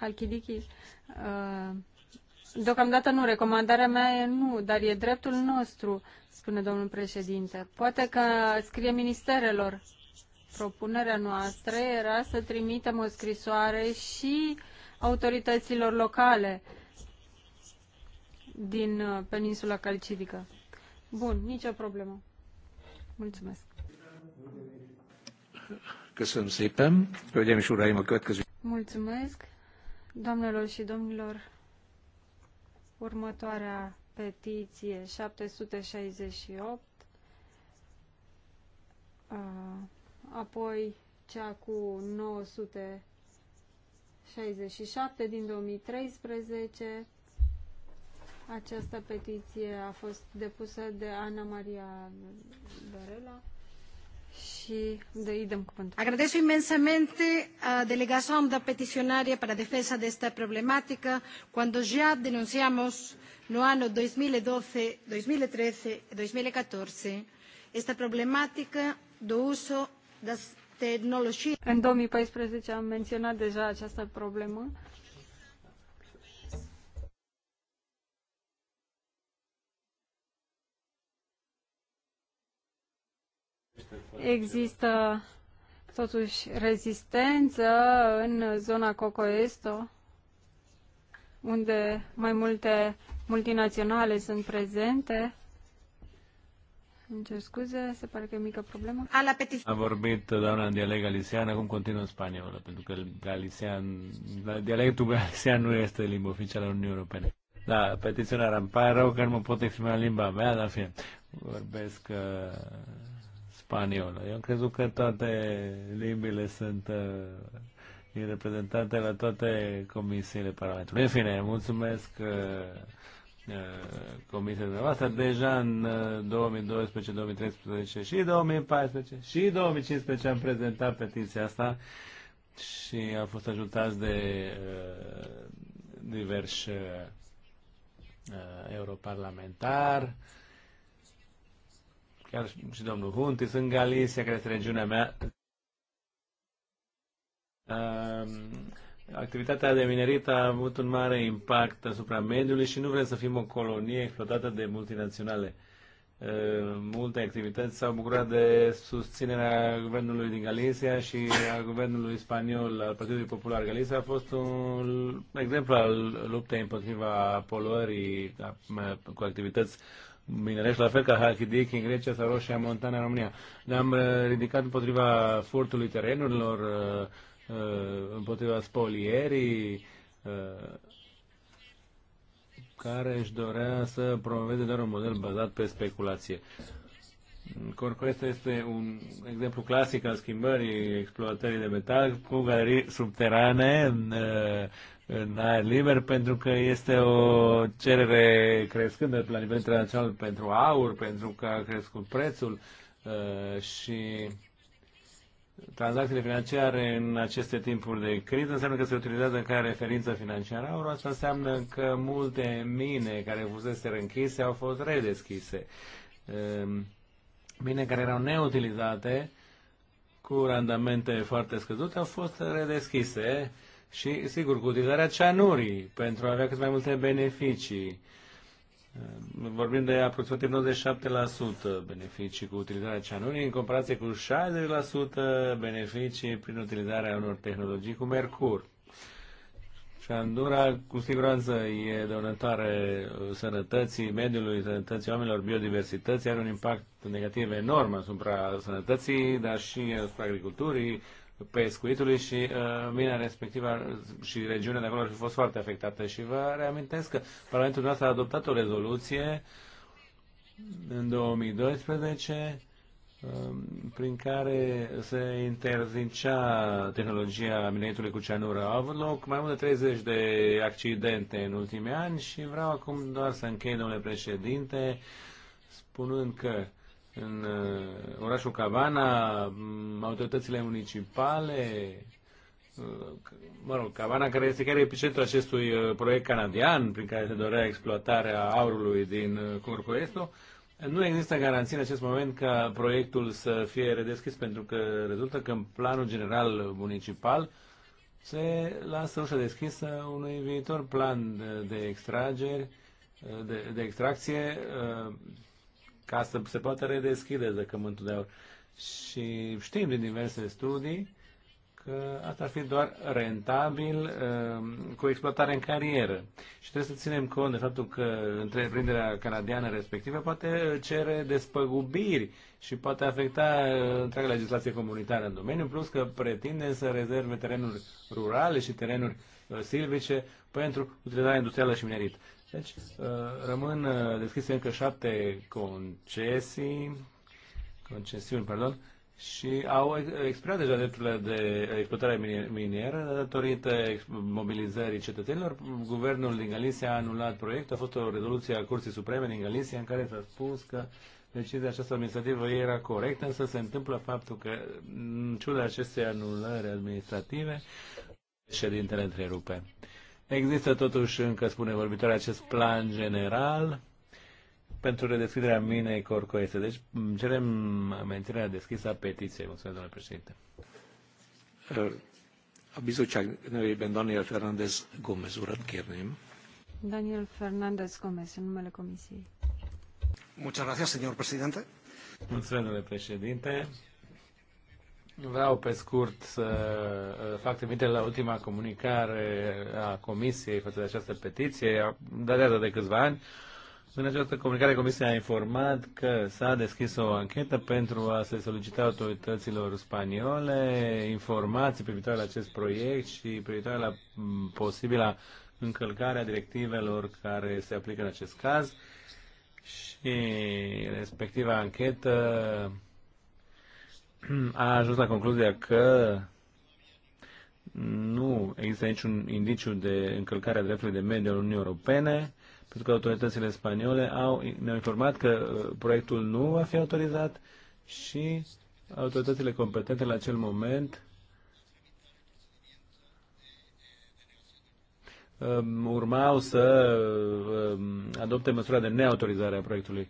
Halkidiki. Uh, deocamdată nu, recomandarea mea e nu, dar e dreptul nostru, spune domnul președinte. Poate că scrie ministerelor. Propunerea noastră era să trimitem o scrisoare și autorităților locale din uh, peninsula calcidică. Bun, nicio problemă. Mulțumesc. Köszönöm szépen. Hölgyeim és uraim, a következő... Mulțumesc. Doamnelor și domnilor, următoarea petiție 768, uh, apoi cea cu 967 din 2013, această petiție a fost depusă de Ana Maria Dorela și de idem cuvântul. Agradezco imensamente a delegación da peticionaria para defensa de esta problemática cuando ya denunciamos no ano 2012, 2013 e 2014 esta problemática do uso das tehnologie. În 2014 am menționat deja această problemă Există totuși rezistență în zona Cocoesto, unde mai multe multinaționale sunt prezente. Îmi cer scuze, se pare că e mică problemă. A, la A vorbit doamna în dialect galician, acum continuă în spaniolă, pentru că galician, da, dialectul galician nu este limba oficială a Uniunii Europene. Da, petiționar, îmi pare rău că nu mă pot exprima limba mea, dar fie, vorbesc uh, spaniolă. Eu am crezut că toate limbile sunt uh, reprezentate la toate comisiile Parlamentului. În fine, mulțumesc uh, uh, comisiile dumneavoastră. Deja în uh, 2012, 2013 și 2014 și 2015 am prezentat petiția asta și am fost ajutați de uh, diversi uh, europarlamentari chiar și domnul Huntis în Galicia, cred că regiunea mea. Activitatea de minerit a avut un mare impact asupra mediului și nu vrem să fim o colonie explodată de multinaționale. Multe activități s-au bucurat de susținerea guvernului din Galicia și a guvernului spaniol al Partidului Popular. Galicia a fost un exemplu al luptei împotriva poluării da, cu activități minerești, la fel ca Halkidiki în Grecia sau Roșia Montana în România. Ne-am uh, ridicat împotriva furtului terenurilor, uh, uh, împotriva spolierii, care își dorea să promoveze doar un model bazat pe speculație. Corcoesta este un exemplu clasic al schimbării exploatării de metal cu galerii subterane în aer liber pentru că este o cerere crescândă la nivel internațional pentru aur, pentru că a crescut prețul uh, și tranzacțiile financiare în aceste timpuri de criză înseamnă că se utilizează ca referință financiară aur, asta înseamnă că multe mine care fusese închise au fost redeschise. Um, mine care erau neutilizate cu randamente foarte scăzute au fost redeschise și, sigur, cu utilizarea ceanurii pentru a avea cât mai multe beneficii. Ehm, vorbim de aproximativ 97% beneficii cu utilizarea ceanurii în comparație cu 60% beneficii prin utilizarea unor tehnologii cu mercur. Și cu siguranță, e dăunătoare uh, sănătății mediului, sănătății oamenilor, biodiversității, are un impact negativ enorm asupra sănătății, dar și asupra agriculturii, pescuitului și uh, mina respectivă și regiunea de acolo ar fi fost foarte afectată. Și vă reamintesc că Parlamentul nostru a adoptat o rezoluție în 2012 um, prin care se interzicea tehnologia mineritului cu ceanură. Au avut loc mai mult de 30 de accidente în ultimii ani și vreau acum doar să închei, domnule președinte, spunând că în uh, orașul Cabana, mm, autoritățile municipale, uh, mă rog, Cabana care este chiar epicentrul acestui uh, proiect canadian prin care se dorea exploatarea aurului din Corcoesto, nu există garanție în acest moment ca proiectul să fie redeschis pentru că rezultă că în planul general municipal se lasă ușa deschisă unui viitor plan de, de extrageri, de, de extracție ca să se poată redeschide zăcământul de aur. Și știm din diverse studii că asta ar fi doar rentabil um, cu exploatare în carieră. Și trebuie să ținem cont de faptul că întreprinderea canadiană respectivă poate cere despăgubiri și poate afecta uh, întreaga legislație comunitară în domeniu, plus că pretinde să rezerve terenuri rurale și terenuri uh, silvice pentru utilizarea industrială și minerit. Deci uh, rămân uh, deschise încă șapte concesii, concesiuni, pardon, și au expirat deja drepturile de exploatare minieră datorită mobilizării cetățenilor. Guvernul din Galicia a anulat proiectul. A fost o rezoluție a Curții Supreme din Galicia în care s-a spus că decizia această administrativă era corectă, însă se întâmplă faptul că, în ciuda acestei anulări administrative, ședintele întrerupe. Există totuși încă, spune vorbitoare, acest plan general pentru redeschiderea minei Corcoese. Deci cerem menținerea deschisă a petiției. Mulțumesc, domnule președinte. Uh, Daniel Fernández Gómez urat Daniel Fernández Gómez, în numele Comisiei. Muchas gracias, señor presidente. Mulțumesc, domnule președinte. Vreau pe scurt să uh, fac trimitere la ultima comunicare a Comisiei față de această petiție, datează de câțiva ani. În această comunicare, Comisia a informat că s-a deschis o anchetă pentru a se solicita autorităților spaniole informații privitoare la acest proiect și privitoare la posibila încălcare a directivelor care se aplică în acest caz și respectiva anchetă a ajuns la concluzia că nu există niciun indiciu de încălcare a dreptului de mediu al Uniunii Europene, pentru că autoritățile spaniole au, ne-au informat că uh, proiectul nu va fi autorizat și autoritățile competente la acel moment um, urmau să um, adopte măsura de neautorizare a proiectului.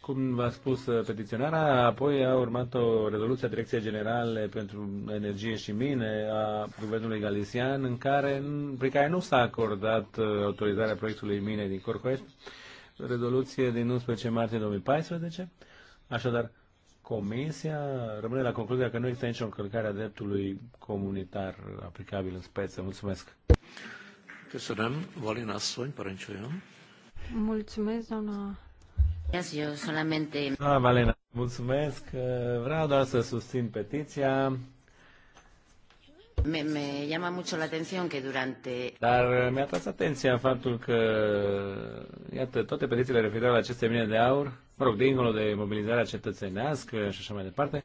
Cum v-a spus uh, petiționarea, apoi a urmat o rezoluție a Direcției Generale pentru Energie și Mine a Guvernului Galician, în care, prin care nu s-a acordat uh, autorizarea proiectului mine din Corcoești, rezoluție din 11 martie 2014. Așadar, Comisia rămâne la concluzia că nu există nicio încălcare a dreptului comunitar aplicabil în speță. Mulțumesc! Mulțumesc, doamna eu solamente... Ah, Valena, mulțumesc. Vreau doar să susțin petiția. Me, me llama mucho la atención que durante... Dar mi-a tras atenția faptul că, iată, toate petițiile referitoare la aceste mine de aur, mă rog, dincolo de mobilizarea cetățenească și așa mai departe,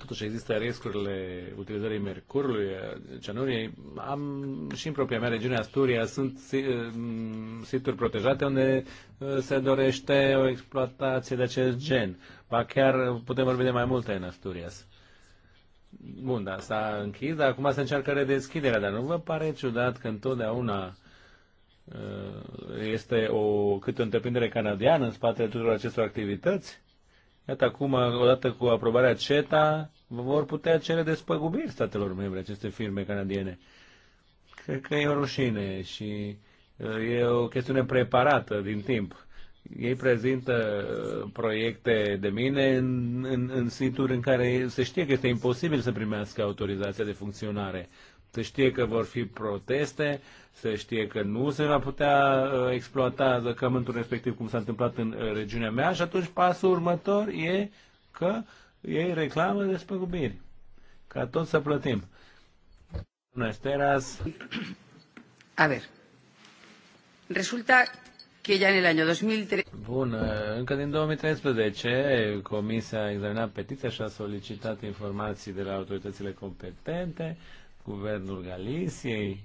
Totuși există riscurile utilizării mercurului, cianuriei. Am și în propria mea regiune Asturia sunt eh, situri protejate unde eh, se dorește o exploatație de acest gen. Ba chiar putem vorbi de mai multe în Asturia. Bun, da, s-a închis, dar acum se încearcă redeschiderea, dar nu vă pare ciudat că întotdeauna eh, este o, cât o întreprindere canadiană în spatele tuturor acestor activități? Iată acum, odată cu aprobarea CETA, vor putea cere despăgubiri statelor membre aceste firme canadiene. Cred că e o rușine și uh, e o chestiune preparată din timp. Ei prezintă uh, proiecte de mine în, în, în situri în care se știe că este imposibil să primească autorizația de funcționare. Se știe că vor fi proteste, se știe că nu se va putea uh, exploata zăcământul respectiv cum s-a întâmplat în uh, regiunea mea și atunci pasul următor e că ei reclamă despăgubiri. Ca tot să plătim. Bună, Steras. A ver. Resulta că ya en el año 2003... Bun, uh, încă din 2013 Comisia a examinat petiția și a solicitat informații de la autoritățile competente guvernul Galiciei,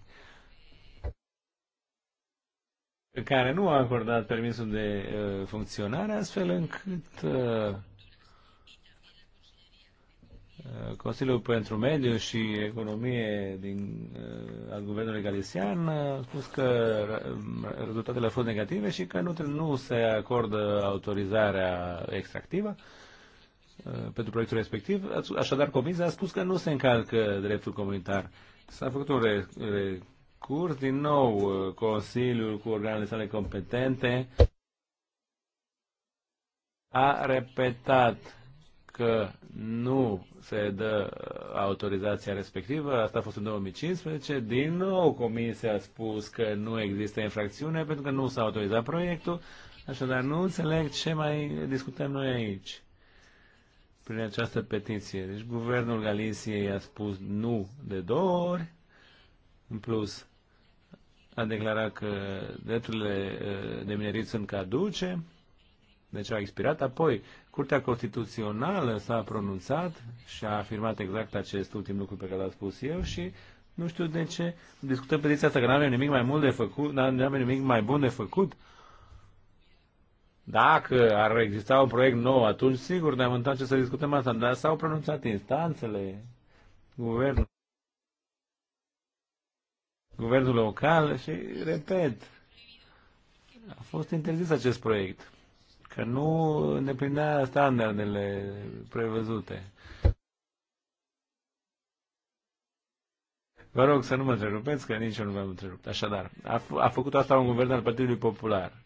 care nu a acordat permisul de uh, funcționare, astfel încât uh, uh, Consiliul pentru Mediu și Economie din, uh, al Guvernului Galician a spus că uh, rezultatele au fost negative și că nu, nu se acordă autorizarea extractivă. Uh, Uh, pentru proiectul respectiv. Așadar, Comisia a spus că nu se încalcă dreptul comunitar. S-a făcut un recurs, din nou, uh, Consiliul cu organele sale competente a repetat că nu se dă uh, autorizația respectivă, asta a fost în 2015, din nou Comisia a spus că nu există infracțiune pentru că nu s-a autorizat proiectul, așadar nu înțeleg ce mai discutăm noi aici prin această petiție. Deci guvernul Galiciei a spus nu de două ori, în plus a declarat că drepturile ă, de minerit sunt caduce, deci a expirat. Apoi, Curtea Constituțională s-a pronunțat și a afirmat exact acest ultim lucru pe care l-a spus eu și nu știu de ce discutăm petiția asta, că nu avem nimic mai mult de făcut, nu avem nimic mai bun de făcut. Uh, dacă ar exista un proiect nou, atunci sigur ne-am întoarce să discutăm asta, dar s-au pronunțat instanțele, guvernul, guvernul local și, repet, a fost interzis acest proiect, că nu îndeplinea standardele prevăzute. Vă rog să nu mă întrerupeți, că nici eu nu v-am întrerupt. Așadar, a, a făcut asta un guvern al Partidului Popular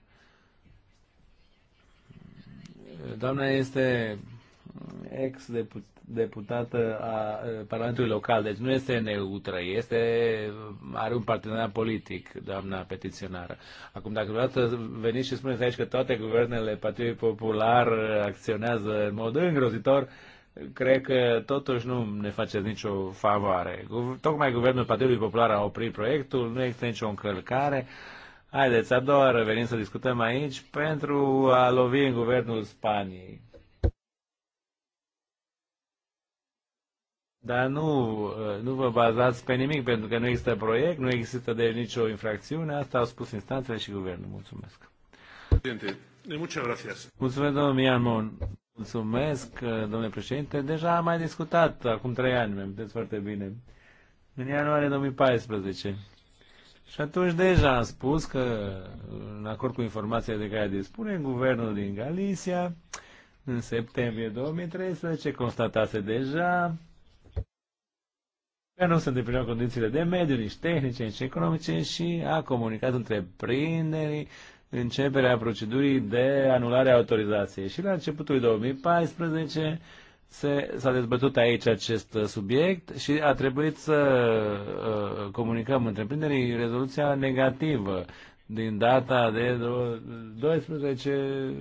Doamna este ex-deputată a eh, Parlamentului Local, deci nu este neutră, este, are un partenerat politic, doamna petiționară. Acum, dacă să veniți și spuneți aici că toate guvernele Partidului Popular eh, acționează în mod îngrozitor, cred că totuși nu ne faceți nicio favoare. Tocmai Guvernul Partidului Popular a oprit proiectul, nu există nicio încălcare, uh, Haideți, a doua oară venim să discutăm aici pentru a lovi în guvernul Spaniei. Dar nu, nu vă bazați pe nimic, pentru că nu există proiect, nu există de nicio infracțiune. Asta au spus instanțele și guvernul. Mulțumesc. Mulțumesc, domnul Mian Mon. Mulțumesc, domnule președinte. Deja am mai discutat acum trei ani, mi-am foarte bine. În ianuarie 2014. Și atunci deja am spus că, în acord cu informația de care dispune, guvernul din Galicia, în septembrie 2013, constatase deja că nu se îndeplineau condițiile de mediu, nici tehnice, nici economice și a comunicat întreprinderii începerea procedurii de anulare a autorizației. Și la începutul 2014, se, s-a dezbătut aici acest uh, subiect și a trebuit să uh, comunicăm întreprinderii rezoluția negativă din data de 12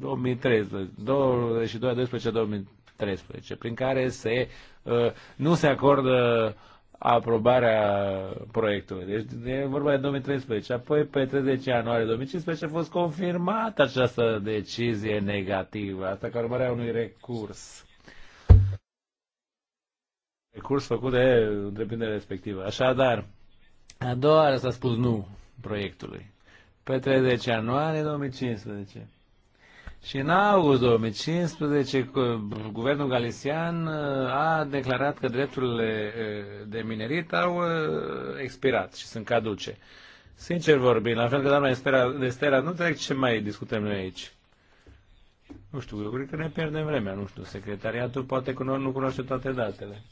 2013, 22 12 2013, prin care se, uh, nu se acordă aprobarea proiectului. Deci e vorba de 2013. Apoi pe 30 ianuarie 2015 a fost confirmată această decizie negativă, asta ca urmare a unui recurs curs făcut de întreprindere respectivă. Așadar, a doua oară s-a spus nu proiectului. Pe 30 ianuarie 2015. Și în august 2015, guvernul galician uh, a declarat că drepturile uh, de minerit au uh, expirat și sunt caduce. Sincer vorbind, la fel că doamna Estera, de Estera, nu trec ce mai discutăm noi aici. Nu știu, eu cred că ne pierdem vremea, nu știu, secretariatul poate că nu cunoaște toate datele.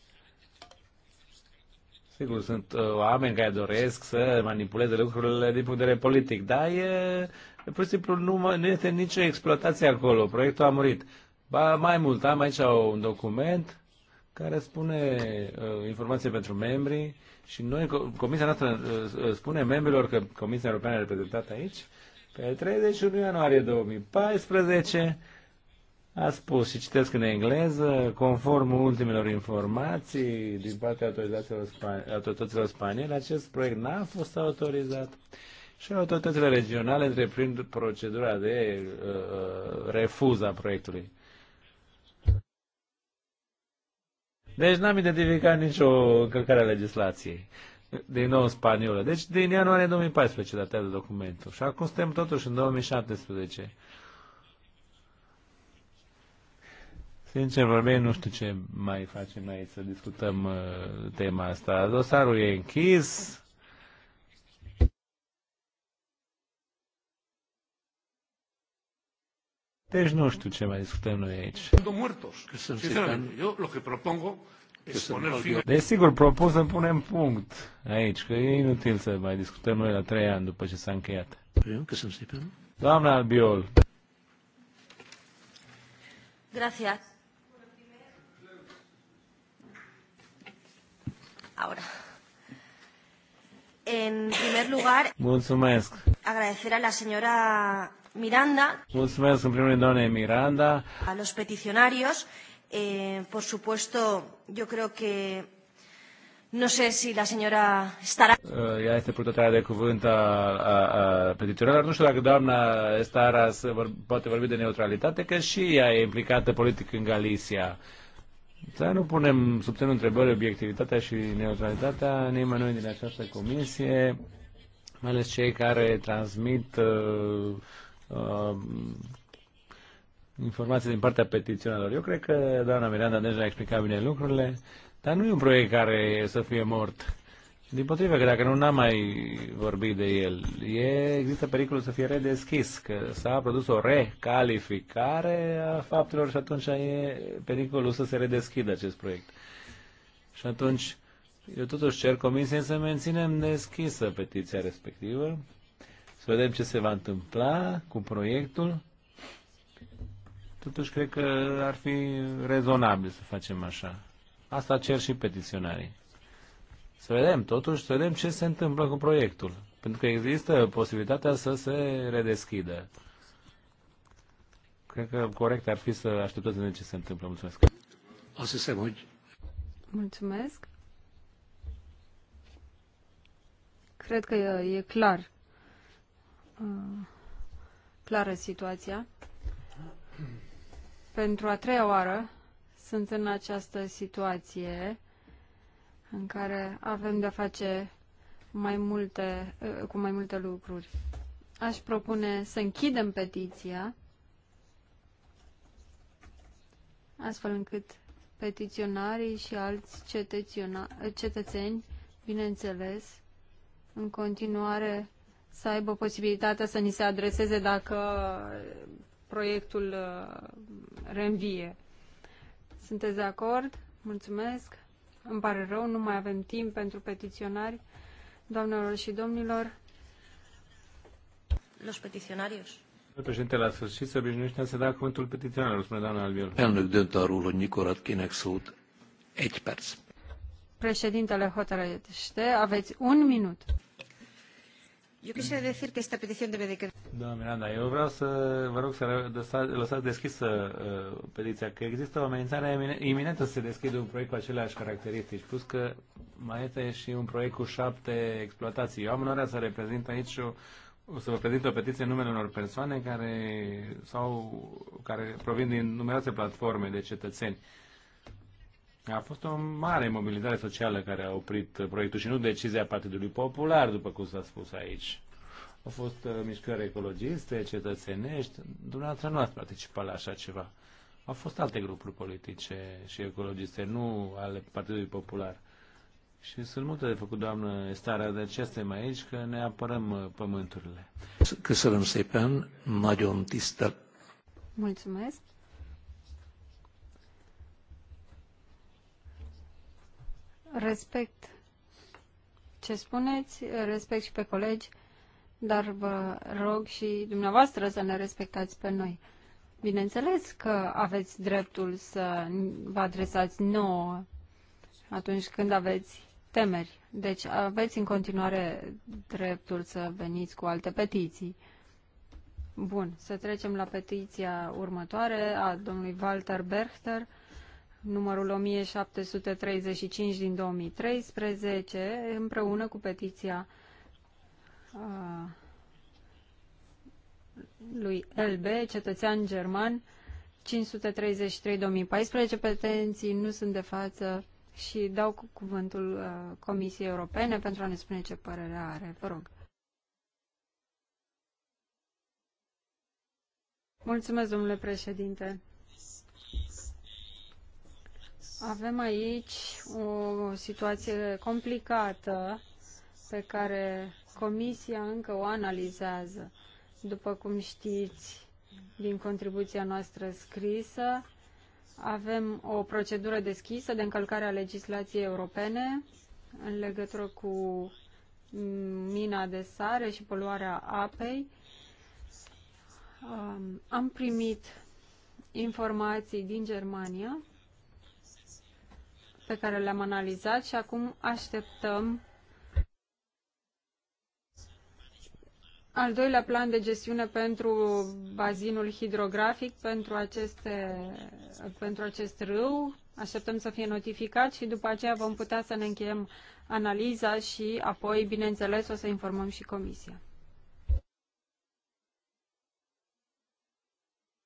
Sigur, sunt uh, oameni care doresc să manipuleze lucrurile din punct de vedere politic, dar e, pur și simplu nu, nu este nicio exploatație acolo, proiectul a murit. Ba, mai mult, am aici un document care spune uh, informații pentru membri și noi, Comisia noastră uh, uh, spune membrilor că Comisia Europeană reprezentată aici, pe 31 ianuarie 2014, a spus și citesc în engleză, conform ultimelor informații din partea autorităților, spa- autorităților spaniele, acest proiect n-a fost autorizat și autoritățile regionale întreprind procedura de uh, uh, refuz a proiectului. Deci n-am identificat nicio încălcare a legislației. Din nou în spaniolă. Deci din ianuarie 2014 datează documentul. Și acum suntem totuși în 2017. Sincer vorbind, nu știu ce mai facem aici să discutăm uh, tema asta. Dosarul e închis. Deci nu știu ce mai discutăm noi aici. Desigur, propun să punem punct aici, că e inutil să mai discutăm noi la trei ani după ce s-a încheiat. Păi, Doamna Albiol. Gracias. ahora. En primer lugar, Mulțumesc. agradecer a la señora Miranda. Mulțumesc, în primul rând, doamne Miranda. A los peticionarios. Eh, por supuesto, yo creo que no sé si la señora estará. Ya eh, este purtătoarea de cuvânt a, a, a petiționarilor. Nu știu dacă doamna Stara vor, poate de neutralidad, que sí ha implicado política en Galicia. Să nu punem sub semnul întrebării obiectivitatea și neutralitatea nimănui din această comisie, mai ales cei care transmit uh, uh, informații din partea petiționarilor. Eu cred că doamna Miranda deja a explicat bine lucrurile, dar nu e un proiect care să fie mort. Din potrivă, că dacă nu n-am mai vorbit de el, e, există pericolul să fie redeschis, că s-a produs o recalificare a faptelor și atunci e pericolul să se redeschidă acest proiect. Și atunci, eu totuși cer comisiei să menținem deschisă petiția respectivă, să vedem ce se va întâmpla cu proiectul. Totuși, cred că ar fi rezonabil să facem așa. Asta cer și petiționarii. Să vedem, totuși, să vedem ce se întâmplă cu proiectul. Pentru că există posibilitatea să se redeschidă. Cred că corect ar fi să așteptăm să vedem ce se întâmplă. Mulțumesc. O să se voi. Mulțumesc. Cred că e, e clar. Uh, clară situația. Pentru a treia oară sunt în această situație în care avem de-a face mai multe, eh, cu mai multe lucruri. Aș propune să închidem petiția, astfel încât petiționarii și alți cetățeni, bineînțeles, în continuare să aibă posibilitatea să ni se adreseze dacă proiectul eh, reînvie. Sunteți de acord? Mulțumesc! Îmi pare rău, nu mai avem timp pentru petiționari. Doamnelor și domnilor. Los petiționarios. Președinte, la sfârșit se obișnuiește să dea cuvântul petiționarilor, spune doamna Albiol. Elnök dönt arról, hogy mikor ad kinek szót. Egy perc. Președintele hotărăște, aveți un minut. Eu quisiera decir que esta petición debe de quedar... Doamna Miranda, eu vreau să vă rog să lăsați deschisă uh, petiția, că există o amenințare iminentă să se deschidă un proiect cu aceleași caracteristici, plus că mai este și un proiect cu șapte exploatații. Eu am onoarea să reprezint aici o, o să vă prezint o petiție în numele unor persoane care, sau, care provin din numeroase platforme de cetățeni. Uh, a fost o mare mobilizare socială care a oprit proiectul și nu decizia Partidului Popular, după cum s-a spus aici. Au fost uh, mișcări ecologiste, cetățenești, dumneavoastră nu ați participat la așa ceva. Au fost alte grupuri politice și ecologiste, nu ale Partidului Popular. Și sunt multe de făcut, doamnă starea de ce suntem aici, că ne apărăm uh, pământurile. Köszönöm szépen, Mulțumesc. Respect ce spuneți, respect și pe colegi, dar vă rog și dumneavoastră să ne respectați pe noi. Bineînțeles că aveți dreptul să vă adresați nouă atunci când aveți temeri. Deci aveți în continuare dreptul să veniți cu alte petiții. Bun, să trecem la petiția următoare a domnului Walter Berchter numărul 1735 din 2013, împreună cu petiția lui LB, cetățean german, 533-2014. Petenții nu sunt de față și dau cu cuvântul uh, Comisiei Europene pentru a ne spune ce părere are. Vă rog. Mulțumesc, domnule președinte. Avem aici o situație complicată pe care Comisia încă o analizează. După cum știți din contribuția noastră scrisă, avem o procedură deschisă de încălcare a legislației europene în legătură cu mina de sare și poluarea apei. Am primit informații din Germania pe care le-am analizat și acum așteptăm al doilea plan de gestiune pentru bazinul hidrografic, pentru, aceste, pentru acest râu. Așteptăm să fie notificat și după aceea vom putea să ne încheiem analiza și apoi, bineînțeles, o să informăm și Comisia.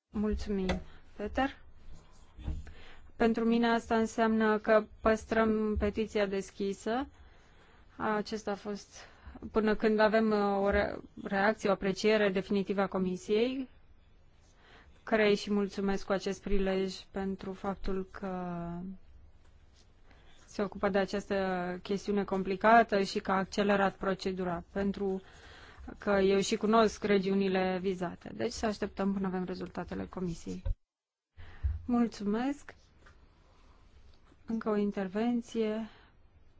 Mulțumim, Peter. Pentru mine asta înseamnă că păstrăm petiția deschisă. Acesta a fost până când avem uh, o reacție, o apreciere definitivă a Comisiei, care și mulțumesc cu acest prilej pentru faptul că se ocupă de această chestiune complicată și că a accelerat procedura, pentru că eu și cunosc regiunile vizate. Deci să așteptăm până avem rezultatele comisiei. Mulțumesc. Încă o intervenție?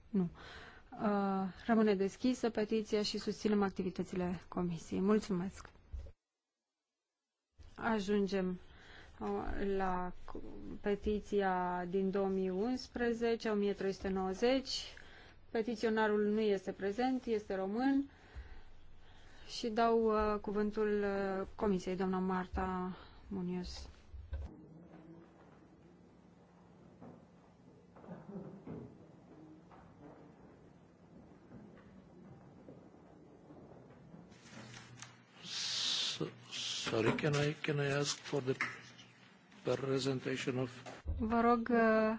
Nu. Uh, rămâne deschisă petiția și susținem activitățile comisiei. Mulțumesc! Ajungem uh, la petiția din 2011, 1390. Petiționarul nu este prezent, este român și dau uh, cuvântul comisiei, doamna Marta Munius. Sorry, can I, can I ask for the presentation of... Vă rog, uh,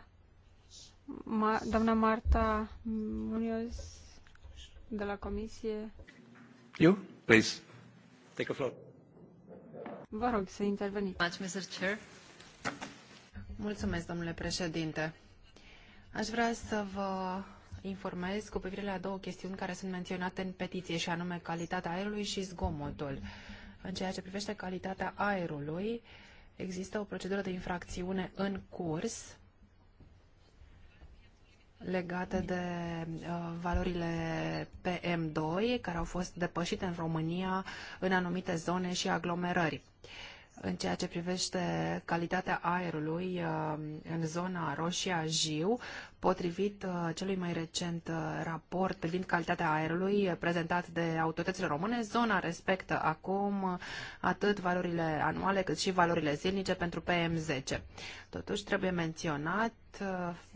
ma, doamna Marta Munoz de la Comisie. You, please, take a floor. Vă rog să interveniți. Mulțumesc, domnule președinte. Aș vrea să vă informez cu privire la două chestiuni care sunt menționate în petiție, și anume calitatea aerului și zgomotul. Uh, în ceea ce privește calitatea aerului, există o procedură de infracțiune în curs legată de uh, valorile PM2 care au fost depășite în România în anumite zone și aglomerări în ceea ce privește calitatea aerului uh, în zona Roșia-Jiu, potrivit uh, celui mai recent uh, raport privind calitatea aerului prezentat de autoritățile române, zona respectă acum atât valorile anuale cât și valorile zilnice pentru PM10. Totuși trebuie menționat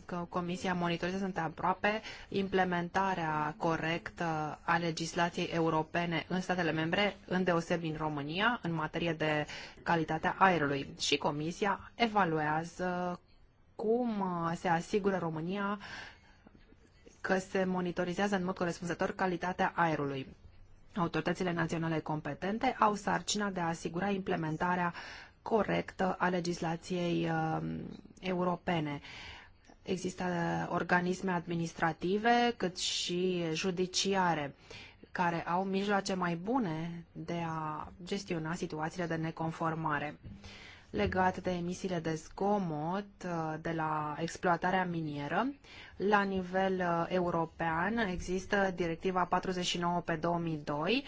că Comisia monitorizează sunt aproape implementarea corectă a legislației europene în statele membre, îndeosebi în România, în materie de calitatea aerului. Și Comisia evaluează cum se asigură România că se monitorizează în mod corespunzător calitatea aerului. Autoritățile naționale competente au sarcina de a asigura implementarea corectă a legislației uh, europene. Există organisme administrative cât și judiciare care au mijloace mai bune de a gestiona situațiile de neconformare legat de emisiile de zgomot uh, de la exploatarea minieră. La nivel uh, european există directiva 49 pe 2002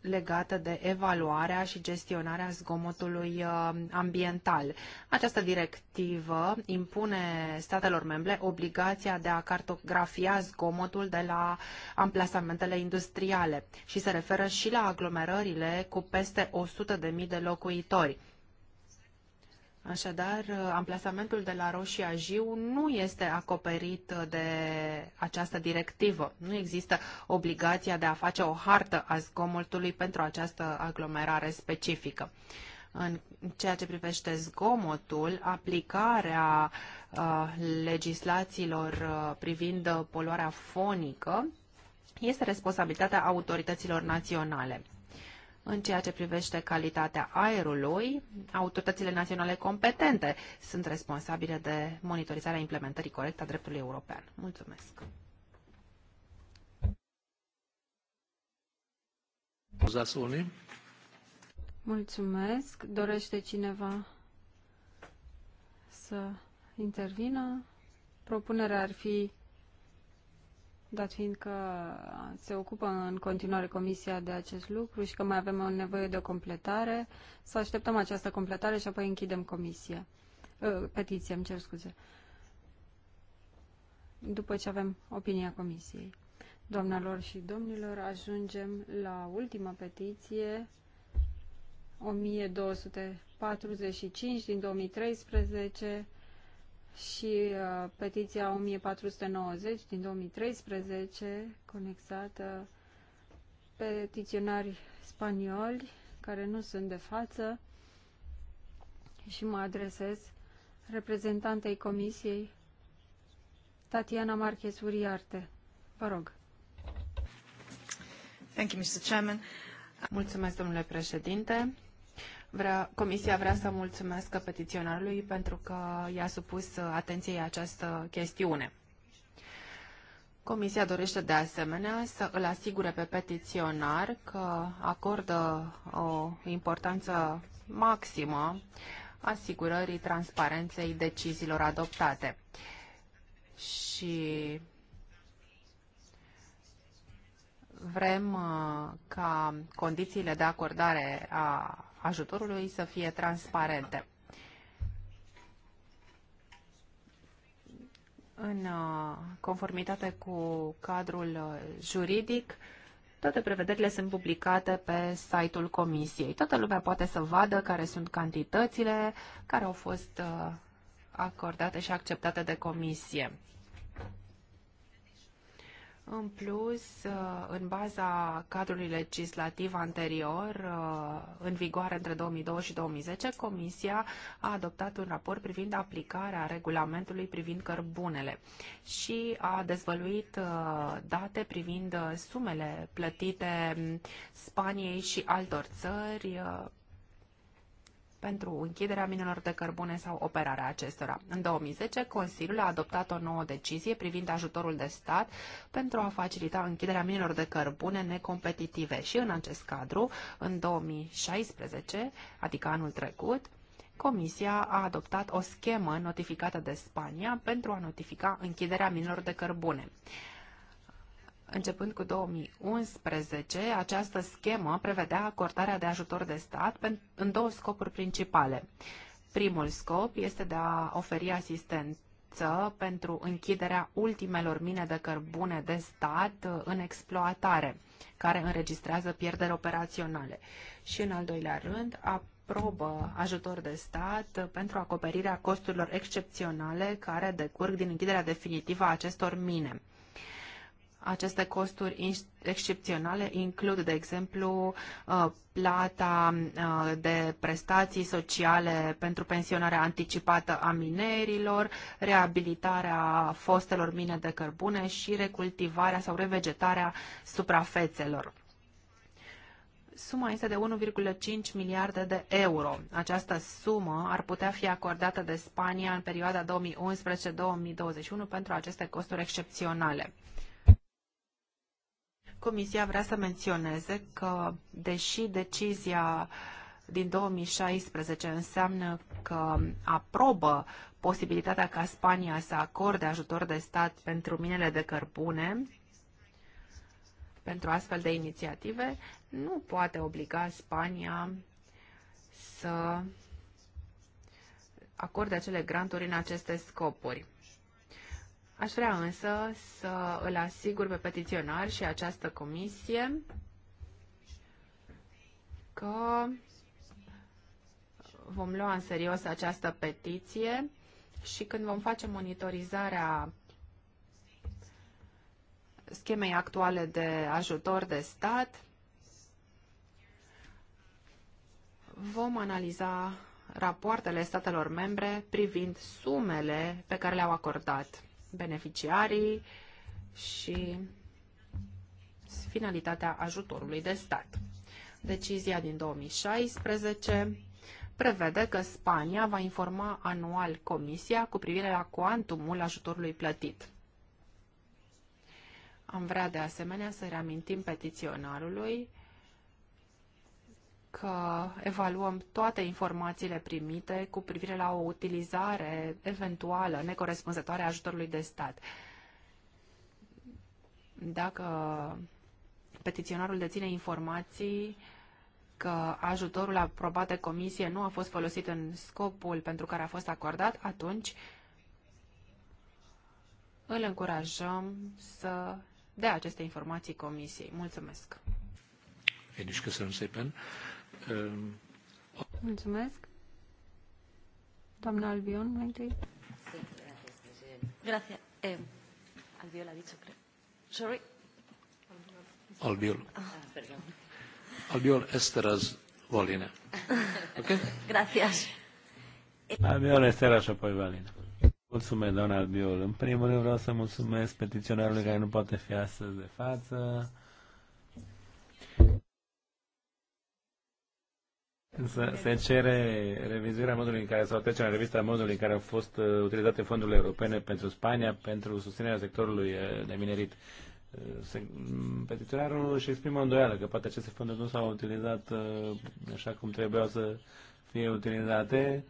legată de evaluarea și gestionarea zgomotului uh, ambiental. Această directivă impune statelor membre obligația de a cartografia zgomotul de la amplasamentele industriale și se referă și la aglomerările cu peste 100.000 de locuitori. Așadar, amplasamentul de la Roșia Jiu nu este acoperit de această directivă. Nu există obligația de a face o hartă a zgomotului pentru această aglomerare specifică. În ceea ce privește zgomotul, aplicarea uh, legislațiilor uh, privind poluarea fonică este responsabilitatea autorităților naționale. În ceea ce privește calitatea aerului, autoritățile naționale competente sunt responsabile de monitorizarea implementării corecte a dreptului european. Mulțumesc! Mulțumesc. Dorește cineva să intervină? Propunerea ar fi dat fiind că se ocupă în continuare comisia de acest lucru și că mai avem o nevoie de o completare, să așteptăm această completare și apoi închidem comisia. Uh, petiție, îmi cer scuze. După ce avem opinia comisiei. Doamnelor și domnilor, ajungem la ultima petiție 1245 din 2013 și uh, petiția 1490 din 2013, conexată petiționari spanioli care nu sunt de față și mă adresez reprezentantei comisiei Tatiana Marquez Uriarte. Vă rog. Thank you, Mr. Chairman. Mulțumesc, domnule președinte. Vrea, Comisia vrea să mulțumesc petiționarului pentru că i-a supus atenției această chestiune. Comisia dorește de asemenea să îl asigure pe petiționar că acordă o importanță maximă asigurării transparenței deciziilor adoptate. Și vrem uh, ca condițiile de acordare a ajutorului să fie transparente. În uh, conformitate cu cadrul uh, juridic, toate prevederile sunt publicate pe site-ul comisiei. Toată lumea poate să vadă care sunt cantitățile care au fost uh, acordate și acceptate de comisie. În plus, uh, în baza cadrului legislativ anterior, uh, în vigoare între 2002 și 2010, Comisia a adoptat un raport privind aplicarea regulamentului privind cărbunele și a dezvăluit uh, date privind sumele plătite mm, Spaniei și altor țări pentru închiderea minelor de cărbune sau operarea acestora. În 2010, Consiliul a adoptat o nouă decizie privind ajutorul de stat pentru a facilita închiderea minelor de cărbune necompetitive și în acest cadru, în 2016, adică anul trecut, Comisia a adoptat o schemă notificată de Spania pentru a notifica închiderea minelor de cărbune. Începând cu 2011, această schemă prevedea acordarea de ajutor de stat în două scopuri principale. Primul scop este de a oferi asistență pentru închiderea ultimelor mine de cărbune de stat uh, în exploatare, care înregistrează pierderi operaționale. Și în al doilea rând, aprobă ajutor de stat uh, pentru acoperirea costurilor excepționale care decurg din închiderea definitivă a acestor mine. Aceste costuri excepționale includ, de exemplu, uh, plata uh, de prestații sociale pentru pensionarea anticipată a minerilor, reabilitarea fostelor mine de cărbune și recultivarea sau revegetarea suprafețelor suma este de 1,5 miliarde de euro. Această sumă ar putea fi acordată de Spania în perioada 2011-2021 pentru aceste costuri excepționale. Comisia vrea să menționeze că, deși decizia din 2016 înseamnă că aprobă posibilitatea ca Spania să acorde ajutor de stat pentru minele de cărbune, pentru astfel de inițiative, nu poate obliga Spania să acorde acele granturi în aceste scopuri. Aș vrea însă să îl asigur pe petiționar și această comisie că vom lua în serios această petiție și când vom face monitorizarea schemei actuale de ajutor de stat, vom analiza rapoartele statelor membre privind sumele pe care le-au acordat beneficiarii și finalitatea ajutorului de stat. Decizia din 2016 prevede că Spania va informa anual Comisia cu privire la cuantumul ajutorului plătit. Am vrea de asemenea să reamintim petiționarului că evaluăm toate informațiile primite cu privire la o utilizare eventuală necorespunzătoare a ajutorului de stat. Dacă petiționarul deține informații că ajutorul aprobat de comisie nu a fost folosit în scopul pentru care a fost acordat, atunci îl încurajăm să dea aceste informații comisiei. Mulțumesc! Én is köszönöm szépen. Um, mulțumesc. Doamna Albion, mai întâi. Gracias. Eh, Albiol ha dicho, creo. Sorry. Albiol. Ah, Albiol Esteras Valina. Ok? Gracias. Albiol Esteras apoi Valina. Mulțumesc, doamna Albiol. În primul rând vreau să mulțumesc petiționarului care nu poate fi astăzi de față Însă se cere revizuirea modului în care sau trecerea în revista modului în care au fost uh, utilizate fondurile europene pentru Spania pentru susținerea sectorului uh, de minerit. Uh, mm, petiționarul își exprimă îndoială că poate aceste fonduri nu s-au utilizat așa cum trebuiau să fie utilizate,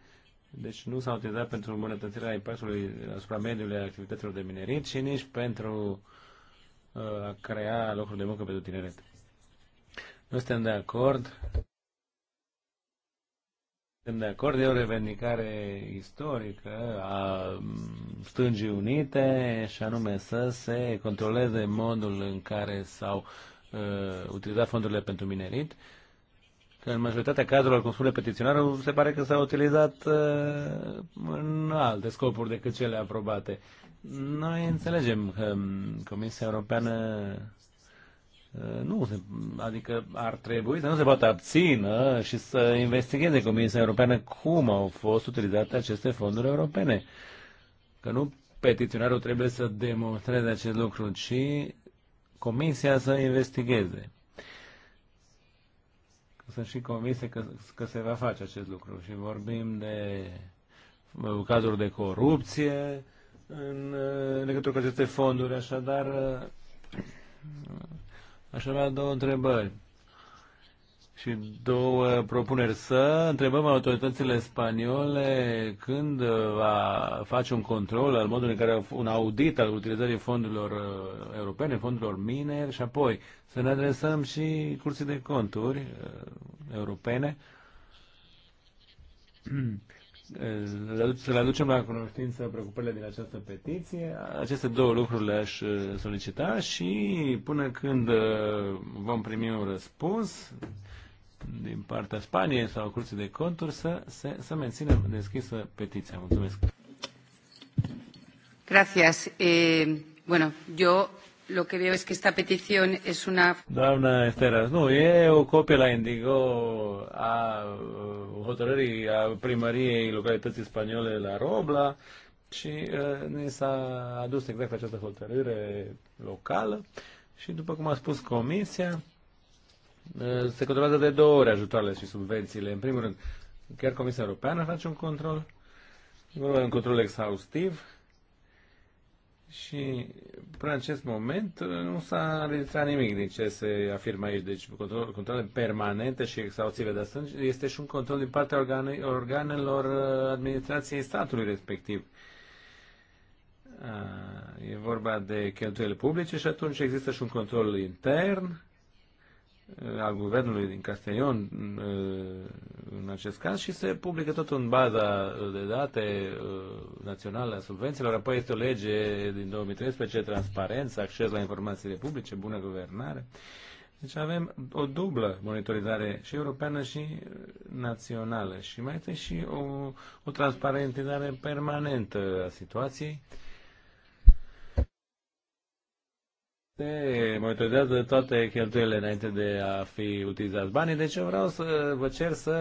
deci nu s-au utilizat pentru îmbunătățirea impactului asupra mediului activităților de minerit și nici pentru a crea locuri de muncă pentru tineret. Nu suntem de acord sunt de acord, e o revendicare istorică a mm, Stângii Unite și anume să se controleze modul în care s-au uh, utilizat fondurile pentru minerit, că în majoritatea cazurilor, cum spune petiționarul, se pare că s-au utilizat uh, în alte scopuri decât cele aprobate. Noi înțelegem că mm, Comisia Europeană Eh, nu, se, adică ar trebui să nu se poată abțină și să investigheze Comisia Europeană cum au fost utilizate aceste fonduri europene. Că nu petiționarul trebuie să demonstreze acest lucru, ci Comisia să investigheze. Sunt și convinse că, că se va face acest lucru și vorbim de cazuri de corupție în legătură cu aceste fonduri, așadar Aș avea două întrebări și două propuneri. Să întrebăm autoritățile spaniole când va face un control al modului în care un audit al utilizării fondurilor uh, europene, fondurilor mineri și apoi să ne adresăm și curții de conturi uh, europene să le aducem la cunoștință preocupările din această petiție. Aceste două lucruri le-aș uh, solicita și până când uh, vom primi un răspuns din partea Spaniei sau a Curții de Conturi să, să, să menținem deschisă petiția. Mulțumesc! Gracias. Eh, bueno, yo lo que veo es que esta petición es una... Doamna Esteras, nu, e o copie la Indigo a uh, hotărârii a primăriei localității spaniole la Robla și uh, ne s-a adus exact această hotărâre locală și după cum a spus comisia, uh, se controlează de două ori ajutoarele și subvențiile. În primul rând, chiar Comisia Europeană face un control, un control exhaustiv, și până în acest moment uh, nu s-a înregistrat nimic din ce se afirmă aici. Deci control, controle permanente și exhaustive, sânge este și un control din partea organe, organelor uh, administrației statului respectiv. Uh, e vorba de cheltuieli publice și atunci există și un control intern al guvernului din Castellon în acest caz și se publică tot în baza de date uh, naționale a subvențiilor. Apoi este o lege din 2013, transparență, acces la informațiile publice, bună guvernare. Deci avem o dublă monitorizare și europeană și națională și mai este și o, o transparentizare permanentă a situației Te monitorizează toate cheltuielile înainte de a fi utilizați banii, deci eu vreau să vă cer să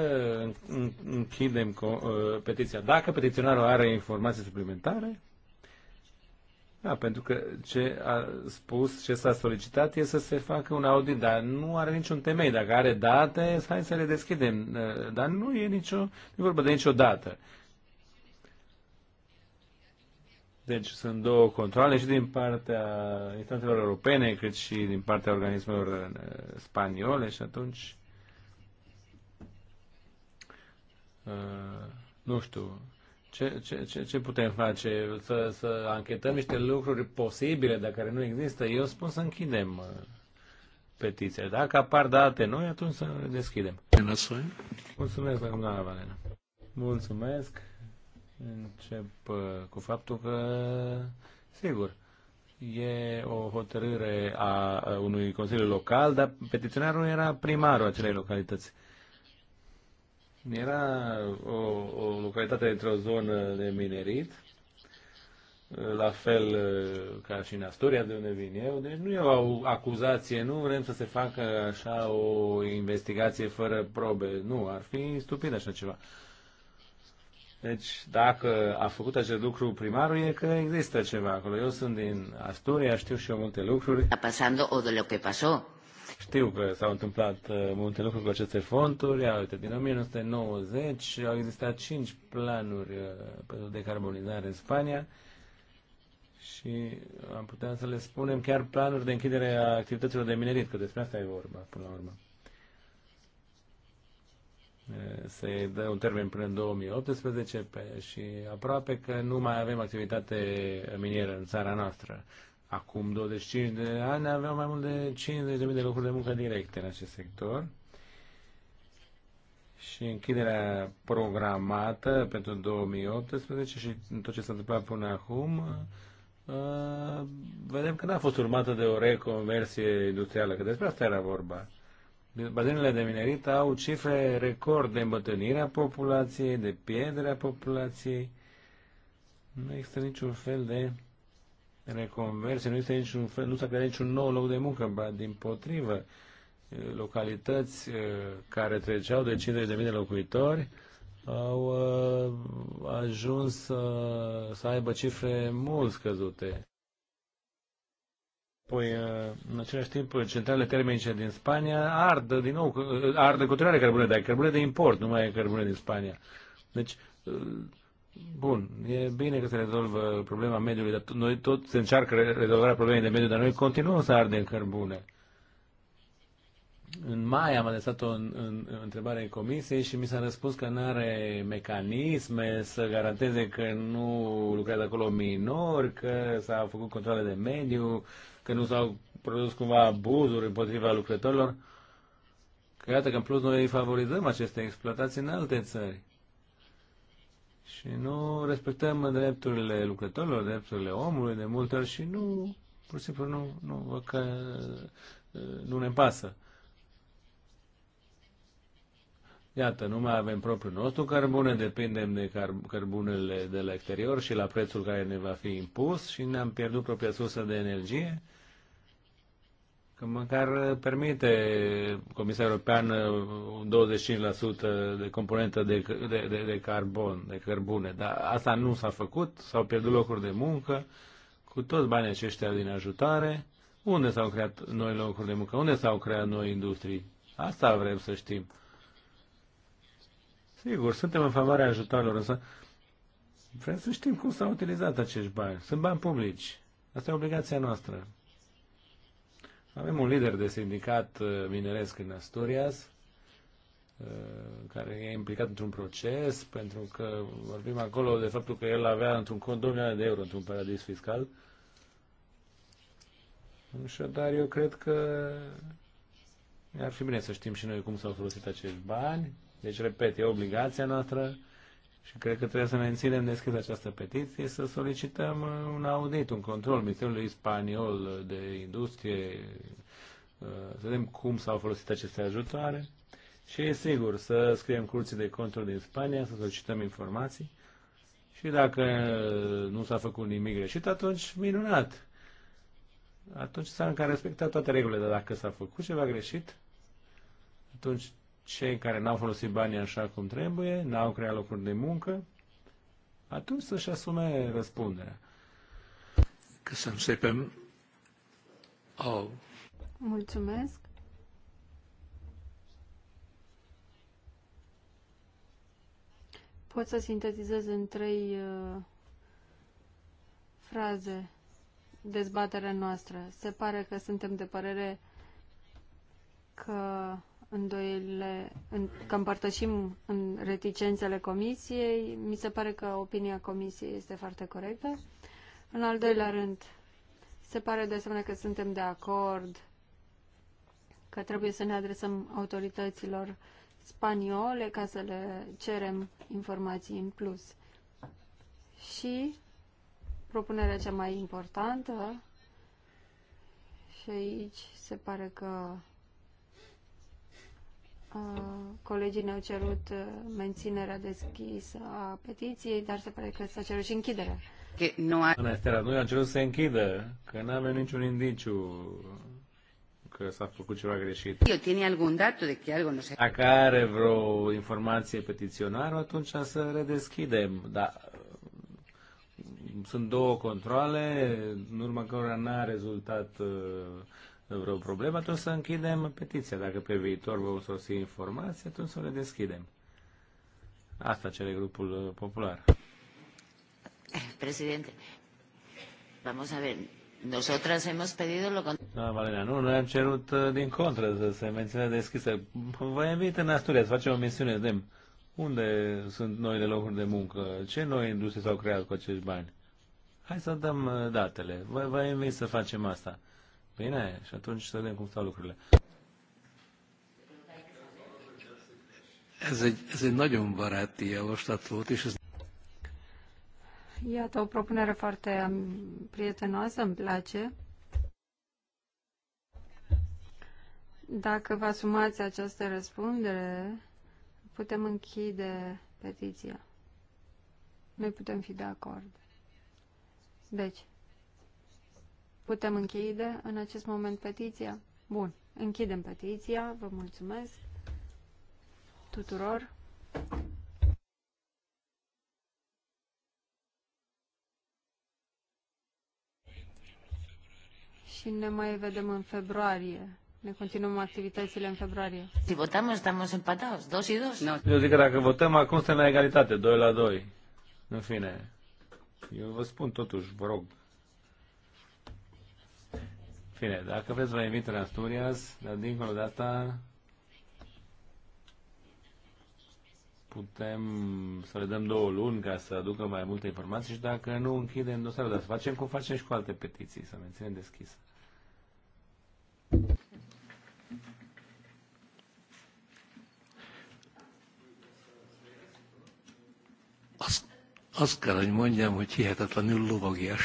închidem uh, petiția. Dacă petiționarul are informații suplimentare, da, pentru că ce a spus, ce s-a solicitat e să se facă un audit, dar nu are niciun temei. Dacă are date, hai să le deschidem. Uh, dar nu e nicio, nu e vorba de nicio dată. Deci sunt două controle și din partea instanțelor europene, cât și din partea organismelor uh, spaniole și atunci uh, nu știu, ce, ce, ce, ce putem face? Să, să anchetăm niște lucruri posibile, dar care nu există? Eu spun să închidem uh, petiția. Dacă apar date noi, atunci să deschidem. Mulțumesc, doamna Valena. Mulțumesc. Încep uh, cu faptul că, sigur, e o hotărâre a unui consiliu local, dar petiționarul era primarul acelei localități. Era o, o localitate într-o zonă de minerit, la fel uh, ca și în Asturia, de unde vin eu. Deci nu e o acuzație, nu vrem să se facă așa o investigație fără probe. Nu, ar fi stupid așa ceva. Deci, dacă a făcut acest lucru primarul, e că există ceva acolo. Eu sunt din Asturia, știu și eu multe lucruri. A pasando o de lo que pasó. Știu că s-au întâmplat uh, multe lucruri cu aceste fonduri. Ia uite, din 1990 au existat cinci planuri uh, pentru decarbonizare în Spania și am putea să le spunem chiar planuri de închidere a activităților de minerit, că despre asta e vorba, până la urmă se dă un termen până în 2018 pe, și aproape că nu mai avem activitate minieră în țara noastră. Acum 25 de ani aveam mai mult de 50.000 de locuri de muncă directe în acest sector și închiderea programată pentru 2018 și tot ce s-a întâmplat până acum, uh, vedem că n-a fost urmată de o reconversie industrială, că despre asta era vorba. Bazinele de minerit au cifre record de îmbătrânire a populației, de pierdere a populației. Nu există niciun fel de reconversie, nu există niciun fel, nu s-a creat niciun nou loc de muncă, ba din potrivă, localități uh, care treceau de 50.000 de locuitori au uh, ajuns să aibă cifre mult scăzute. Păi, uh, în același timp, centrale termice din Spania ard din nou, uh, ard cu continuare cărbune, dar cărbune de import, nu mai e cărbune din Spania. Deci, uh, bun, e bine că se rezolvă problema mediului, dar noi tot se încearcă rezolvarea problemei de mediu, dar noi continuăm să ardem cărbune. În mai am adresat o întrebare în comisie și mi s-a răspuns că nu are mecanisme să garanteze că nu lucrează acolo minori, că s-au făcut controle de mediu, că nu s-au produs cumva abuzuri împotriva lucrătorilor, că iată că în plus noi favorizăm aceste exploatații în alte țări. Și nu respectăm drepturile lucrătorilor, drepturile omului de multe ori și nu, pur și simplu, nu, nu, că, nu ne pasă. Iată, nu mai avem propriul nostru cărbune, depindem de cărbunele de la exterior și la prețul care ne va fi impus și ne-am pierdut propria sursă de energie că măcar permite Comisia Europeană 25% de componentă de, de, de, de carbon, de cărbune. Dar asta nu s-a făcut, s-au pierdut locuri de muncă cu toți banii aceștia din ajutare. Unde s-au creat noi locuri de muncă? Unde s-au creat noi industrii? Asta vrem să știm. Sigur, suntem în favoarea ajutorilor, însă vrem să știm cum s-au utilizat acești bani. Sunt bani publici. Asta e obligația noastră. Avem un lider de sindicat uh, mineresc în Asturias, uh, care e implicat într-un proces, pentru că vorbim acolo de faptul că el avea într-un cont 2 milioane de euro într-un paradis fiscal. dar eu cred că ar fi bine să știm și noi cum s-au folosit acești bani. Deci, repet, e obligația noastră și cred că trebuie să menținem deschis această petiție, să solicităm uh, un audit, un control Ministerului Spaniol de Industrie, uh, să vedem cum s-au folosit aceste ajutoare și, sigur, să scriem curții de control din Spania, să solicităm informații și dacă nu s-a făcut nimic greșit, atunci minunat. Atunci s-a încă respectat toate regulile, dar dacă s-a făcut ceva greșit, atunci cei care n-au folosit banii așa cum trebuie, n-au creat locuri de muncă, atunci să-și asume răspunderea. Că să începem. Oh. Mulțumesc. Pot să sintetizez în trei uh, fraze dezbaterea noastră. Se pare că suntem de părere că îndoielile, în, că împărtășim în reticențele comisiei. Mi se pare că opinia comisiei este foarte corectă. În al doilea rând, se pare de asemenea că suntem de acord că trebuie să ne adresăm autorităților spaniole ca să le cerem informații în plus. Și propunerea cea mai importantă, și aici se pare că Colegii ne-au cerut menținerea deschisă a petiției, dar se pare că s-a cerut și închiderea. Doamna Estera, noi am cerut să se închidă, că nu avem niciun indiciu că s-a făcut ceva greșit. Eu tiene algún dato de que algo no se... Dacă are vreo informație petiționară, atunci să redeschidem. Da, sunt două controle, în urma cărora n-a rezultat uh, vreo problemă, atunci să închidem petiția. Dacă pe viitor să sosi informații, atunci să le deschidem. Asta cere grupul uh, popular. Eh, Președinte, vamos a ver, nosotras hemos pedido lo contrario. Da, Valeria, nu, noi am cerut uh, din contră să se menține deschisă. Vă invit în Asturia să facem o misiune, de unde sunt de locuri de muncă, ce noi industrie s-au creat cu acești bani. Hai să dăm uh, datele. Vă, vă invit să facem asta. Bine, și atunci să vedem cum stau lucrurile. Ez egy, ez egy nagyon baráti javaslat volt, és ez... Iată, o propunere foarte prietenoasă, îmi place. Dacă vă asumați această răspundere, putem închide petiția. Noi putem fi de acord. Deci, Putem închide în acest moment petiția? Bun, închidem petiția. Vă mulțumesc tuturor. Și ne mai vedem în februarie. Ne continuăm activitățile în februarie. Si votăm, suntem empatados, dos și dos. No. Eu zic că dacă votăm, acum suntem la egalitate, doi la doi. În fine, eu vă spun totuși, vă rog. Fine, dacă vreți vă invit în Asturias, dar dincolo de asta putem să le dăm două luni ca să aducă mai multe informații și dacă nu închidem dosarul, dar să facem cum facem și cu alte petiții, să menținem deschisă. Azt, kell, hogy mondjam, hogy hihetetlenül lovagias.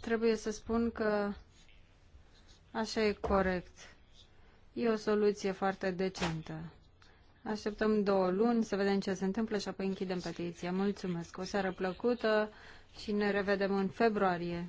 Trebuie să spun că Așa e corect. E o soluție foarte decentă. Așteptăm două luni să vedem ce se întâmplă și apoi închidem petiția. Mulțumesc. O seară plăcută și ne revedem în februarie.